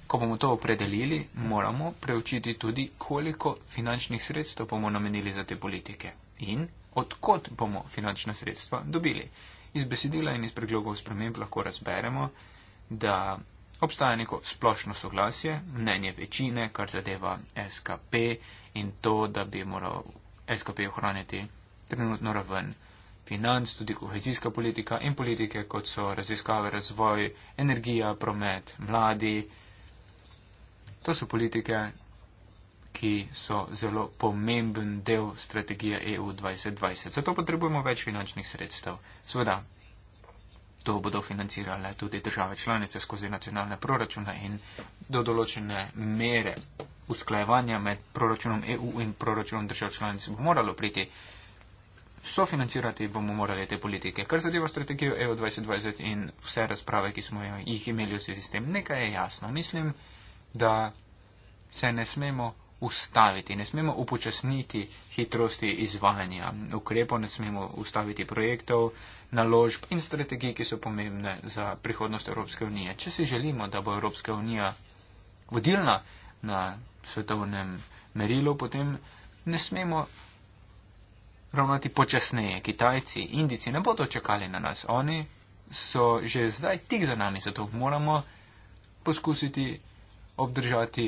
Ko bomo to opredelili, moramo preučiti tudi, koliko finančnih sredstev bomo namenili za te politike in odkot bomo finančna sredstva dobili. Iz besedila in iz preglogov sprememb lahko razberemo, da obstaja neko splošno soglasje, mnenje večine, kar zadeva SKP in to, da bi moral SKP ohraniti trenutno raven financ, tudi kohezijska politika in politike, kot so raziskave, razvoj, energija, promet, mladi. To so politike, ki so zelo pomemben del strategije EU 2020. Zato potrebujemo več finančnih sredstev. Sveda, To bodo financirale tudi države članice skozi nacionalne proračune in do določene mere usklajevanja med proračunom EU in proračunom držav članic bo moralo priti. Sofinancirati bomo morali te politike. Kar zadeva strategijo EU 2020 in vse razprave, ki smo jih imeli v sistem, nekaj je jasno. Mislim, da se ne smemo ustaviti, ne smemo upočasniti hitrosti izvajanja ukrepov, ne smemo ustaviti projektov, naložb in strategij, ki so pomembne za prihodnost Evropske unije. Če si želimo, da bo Evropska unija vodilna na svetovnem merilu, potem ne smemo ravnati počasneje. Kitajci, Indici ne bodo čakali na nas. Oni so že zdaj tik za nami, zato moramo poskusiti obdržati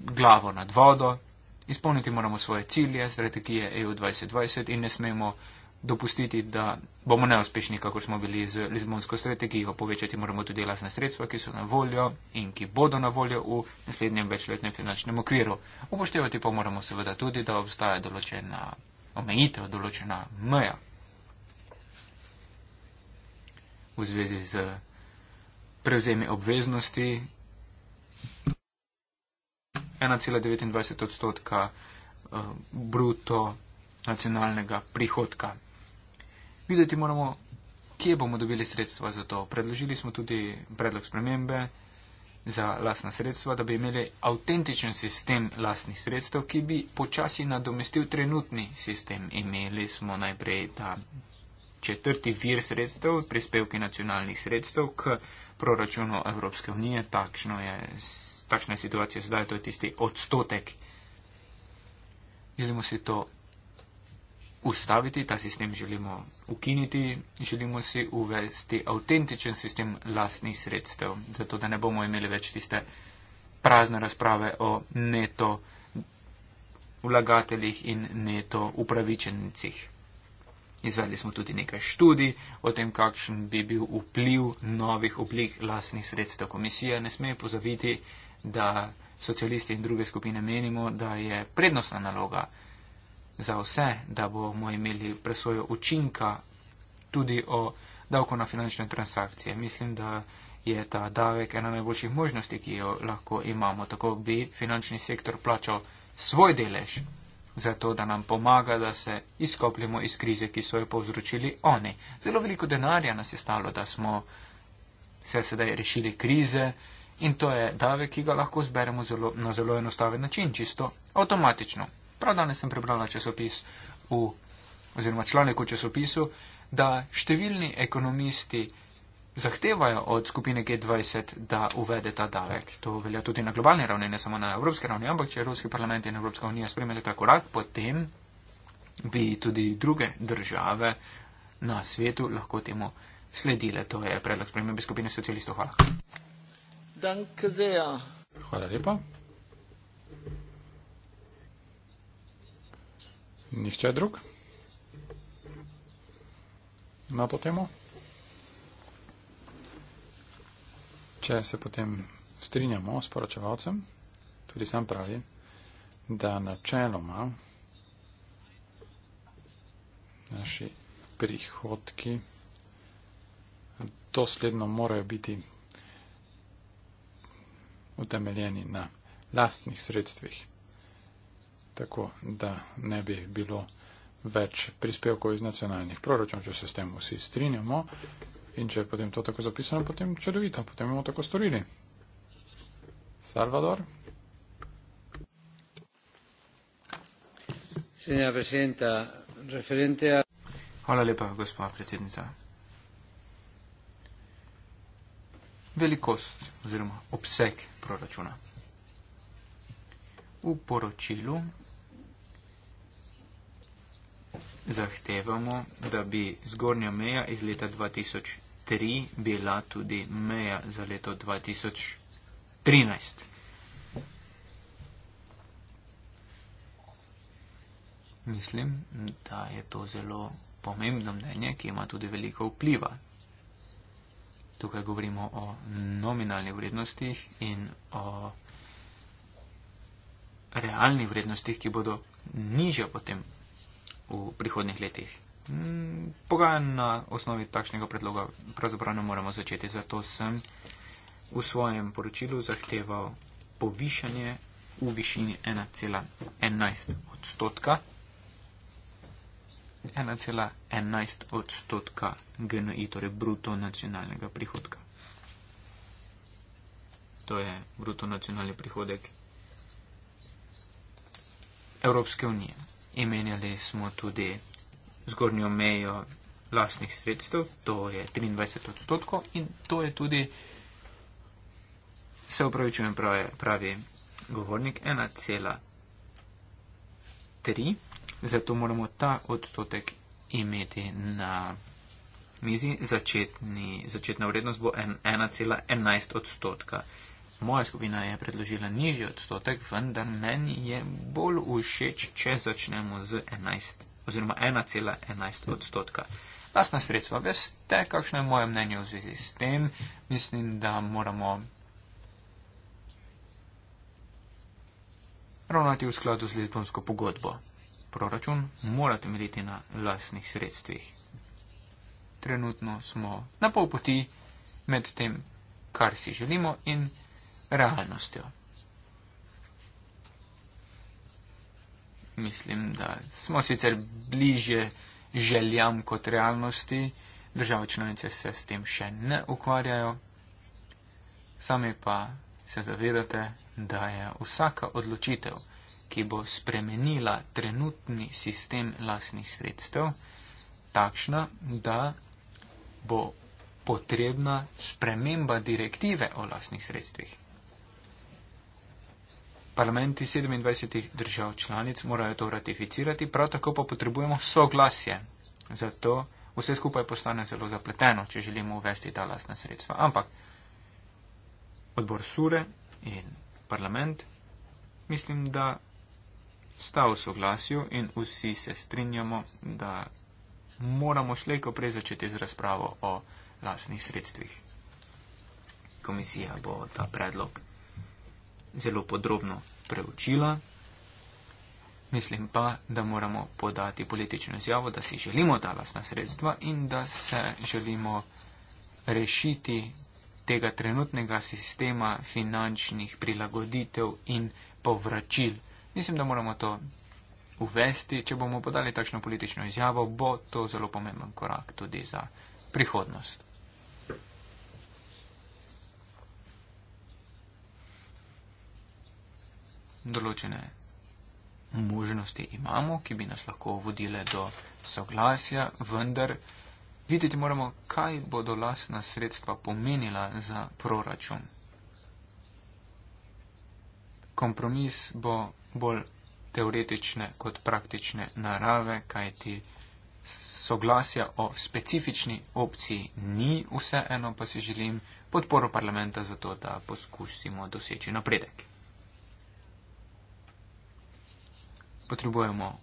glavo nad vodo, izpolniti moramo svoje cilje, strategije EU 2020 in ne smemo dopustiti, da bomo neuspešni, kako smo bili z Lizbonsko strategijo. Povečati moramo tudi lasne sredstva, ki so na voljo in ki bodo na voljo v naslednjem večletnem finančnem okviru. Upoštevati pa moramo seveda tudi, da obstaja določena omejitev, določena meja v zvezi z prevzemi obveznosti. 1,29 odstotka eh, bruto nacionalnega prihodka. Videti moramo, kje bomo dobili sredstva za to. Predložili smo tudi predlog spremembe za lasna sredstva, da bi imeli avtentičen sistem lasnih sredstev, ki bi počasi nadomestil trenutni sistem. Imeli smo najprej ta četrti vir sredstev, prispevki nacionalnih sredstev, k proračunu Evropske unije. Je, takšna je situacija zdaj, to je tisti odstotek. Želimo si to ustaviti, ta sistem želimo ukiniti, želimo si uvesti avtentičen sistem lastnih sredstev, zato da ne bomo imeli več tiste prazne razprave o neto vlagateljih in neto upravičencih. Izvedli smo tudi nekaj študij o tem, kakšen bi bil vpliv novih oblik lastnih sredstev. Komisija ne sme pozaviti, da socialisti in druge skupine menimo, da je prednostna naloga za vse, da bomo imeli presojo učinka tudi o davko na finančne transakcije. Mislim, da je ta davek ena najboljših možnosti, ki jo lahko imamo. Tako bi finančni sektor plačal svoj delež zato da nam pomaga, da se izkopljemo iz krize, ki so jo povzročili oni. Zelo veliko denarja nas je stalo, da smo se sedaj rešili krize in to je davek, ki ga lahko zberemo zelo, na zelo enostaven način, čisto avtomatično. Prav danes sem prebrala časopis v, oziroma članek v časopisu, da številni ekonomisti zahtevajo od skupine G20, da uvede ta davek. To velja tudi na globalni ravni, ne samo na evropski ravni, ampak če Evropski parlament in Evropska unija spremljata ta korak, potem bi tudi druge države na svetu lahko temu sledile. To je predlog spremembe skupine socialistov. Hvala. Hvala lepa. Nihče drug na to temo? Če se potem strinjamo s poročevalcem, tudi sam pravi, da načeloma naši prihodki dosledno morajo biti utemeljeni na lastnih sredstvih, tako da ne bi bilo več prispevkov iz nacionalnih proračunov, če se s tem vsi strinjamo, In če je potem to tako zapisano, potem čudovito, potem bomo tako storili. Salvador. Hvala lepa, gospa predsednica. Velikost oziroma obseg proračuna. V poročilu zahtevamo, da bi zgornja meja iz leta 2003 bila tudi meja za leto 2013. Mislim, da je to zelo pomembno mnenje, ki ima tudi veliko vpliva. Tukaj govorimo o nominalnih vrednostih in o realnih vrednostih, ki bodo nižje potem v prihodnih letih. Mm, Pogajan na osnovi takšnega predloga pravzaprav ne moremo začeti, zato sem v svojem poročilu zahteval povišanje v višini 1,11 odstotka. 1,11 odstotka GNI, torej bruto nacionalnega prihodka. To je bruto nacionalni prihodek Evropske unije imenjali smo tudi zgornjo mejo lastnih sredstev, to je 23 odstotkov in to je tudi, se upravičujem pravi, pravi govornik, 1,3, zato moramo ta odstotek imeti na mizi, Začetni, začetna vrednost bo 1,11 odstotka. Moja skupina je predložila nižji odstotek, vendar meni je bolj všeč, če začnemo z 11 oziroma 1,11 odstotka. Lastna sredstva, veste, kakšno je moje mnenje v zvezi s tem. Mislim, da moramo ravnati v skladu z Lizbonsko pogodbo. Proračun mora temeljiti na lastnih sredstvih. Trenutno smo na pol poti med tem, kar si želimo in realnostjo. Mislim, da smo sicer bliže željam kot realnosti, države članice se s tem še ne ukvarjajo, sami pa se zavedate, da je vsaka odločitev, ki bo spremenila trenutni sistem lasnih sredstev, takšna, da bo potrebna sprememba direktive o lasnih sredstvih. Parlamenti 27 držav članic morajo to ratificirati, prav tako pa potrebujemo soglasje. Zato vse skupaj postane zelo zapleteno, če želimo uvesti ta lasna sredstva. Ampak odbor Sure in parlament mislim, da sta v soglasju in vsi se strinjamo, da moramo slejko prej začeti z razpravo o lasnih sredstvih. Komisija bo ta predlog zelo podrobno preučila. Mislim pa, da moramo podati politično izjavo, da si želimo ta lasna sredstva in da se želimo rešiti tega trenutnega sistema finančnih prilagoditev in povračil. Mislim, da moramo to uvesti. Če bomo podali takšno politično izjavo, bo to zelo pomemben korak tudi za prihodnost. določene možnosti imamo, ki bi nas lahko vodile do soglasja, vendar videti moramo, kaj bodo lasna sredstva pomenila za proračun. Kompromis bo bolj teoretične kot praktične narave, kajti soglasja o specifični opciji ni vseeno, pa si želim podporo parlamenta za to, da poskusimo doseči napredek. potrebujemo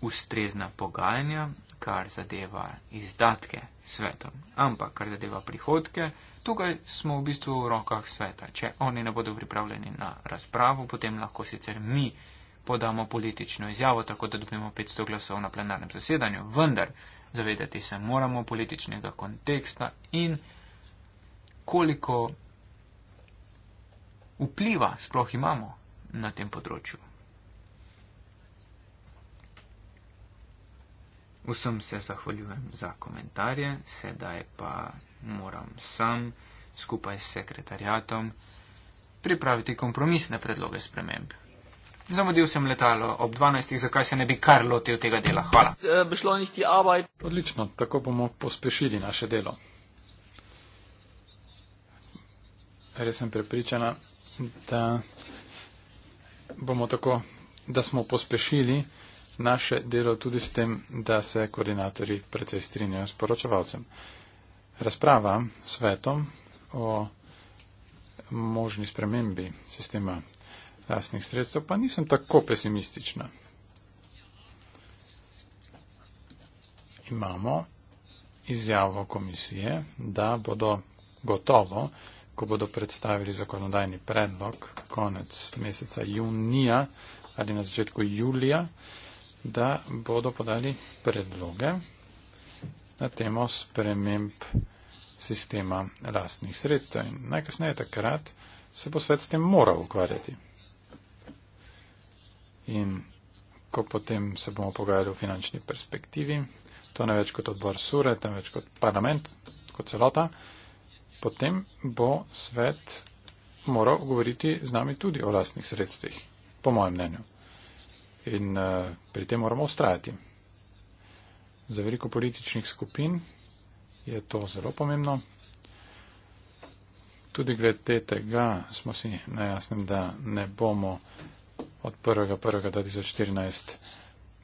ustrezna pogajanja, kar zadeva izdatke svetom, ampak kar zadeva prihodke, tukaj smo v bistvu v rokah sveta. Če oni ne bodo pripravljeni na razpravo, potem lahko sicer mi podamo politično izjavo, tako da dobimo 500 glasov na plenarnem zasedanju, vendar zavedati se moramo političnega konteksta in koliko vpliva sploh imamo na tem področju. Vsem se zahvaljujem za komentarje, sedaj pa moram sam skupaj s sekretarjatom pripraviti kompromisne predloge sprememb. Zamudil sem letalo ob 12. zakaj se ne bi kar lotil tega dela. Hvala. Eh, Odlično, tako bomo pospešili naše delo. Res sem prepričana, da bomo tako, da smo pospešili naše delo tudi s tem, da se koordinatori precej strinjajo s poročevalcem. Razprava s svetom o možni spremembi sistema lastnih sredstev, pa nisem tako pesimistična. Imamo izjavo komisije, da bodo gotovo, ko bodo predstavili zakonodajni predlog konec meseca junija ali na začetku julija, da bodo podali predloge na temo sprememb sistema lastnih sredstev. In najkasneje takrat se bo svet s tem moral ukvarjati. In ko potem se bomo pogajali v finančni perspektivi, to ne več kot odbor Sure, tam več kot parlament, kot celota, potem bo svet moral govoriti z nami tudi o lastnih sredstvih, po mojem mnenju. In uh, pri tem moramo ustrajati. Za veliko političnih skupin je to zelo pomembno. Tudi glede tega smo si najjasnem, da ne bomo od 1.1.2014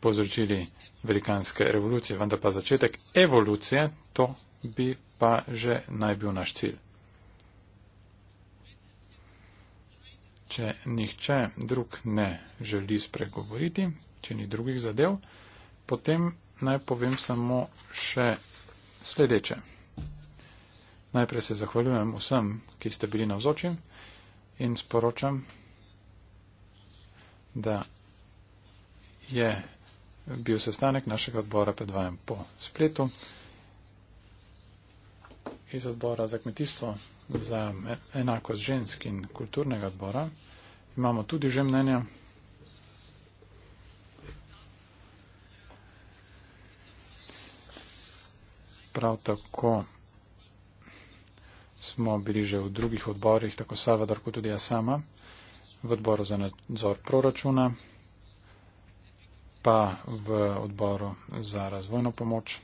povzročili velikanske revolucije, vendar pa začetek evolucije, to bi pa že naj bil naš cilj. če nihče drug ne želi spregovoriti, če ni drugih zadev, potem naj povem samo še sledeče. Najprej se zahvaljujem vsem, ki ste bili navzočim in sporočam, da je bil sestanek našega odbora predvajan po spletu iz odbora za kmetijstvo, za enakost žensk in kulturnega odbora. Imamo tudi že mnenja. Prav tako smo bili že v drugih odborih, tako Salvador kot tudi jaz sama, v odboru za nadzor proračuna, pa v odboru za razvojno pomoč.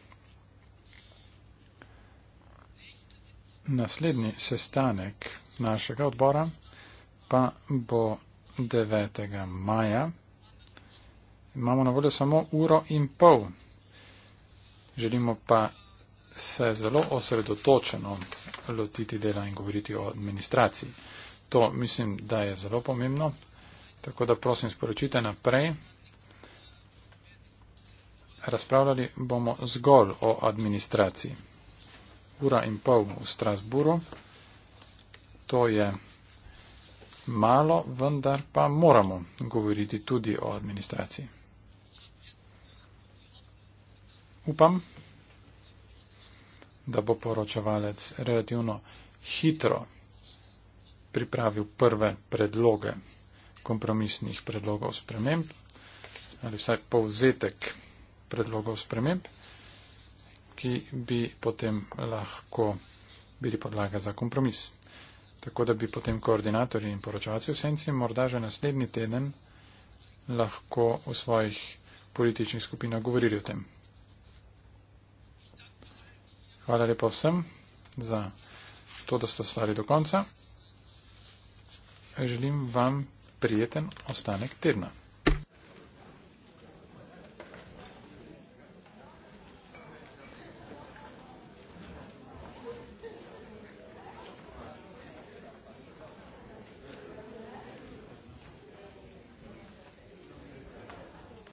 Naslednji sestanek našega odbora pa bo 9. maja. Imamo na voljo samo uro in pol. Želimo pa se zelo osredotočeno lotiti dela in govoriti o administraciji. To mislim, da je zelo pomembno. Tako da prosim, sporočite naprej. Razpravljali bomo zgolj o administraciji ura in pol v Strasburu. To je malo, vendar pa moramo govoriti tudi o administraciji. Upam, da bo poročevalec relativno hitro pripravil prve predloge kompromisnih predlogov sprememb ali vsaj povzetek predlogov sprememb ki bi potem lahko bili podlaga za kompromis. Tako da bi potem koordinatorji in poročavci v senci morda že naslednji teden lahko v svojih političnih skupinah govorili o tem. Hvala lepo vsem za to, da ste ostali do konca. Želim vam prijeten ostanek tedna.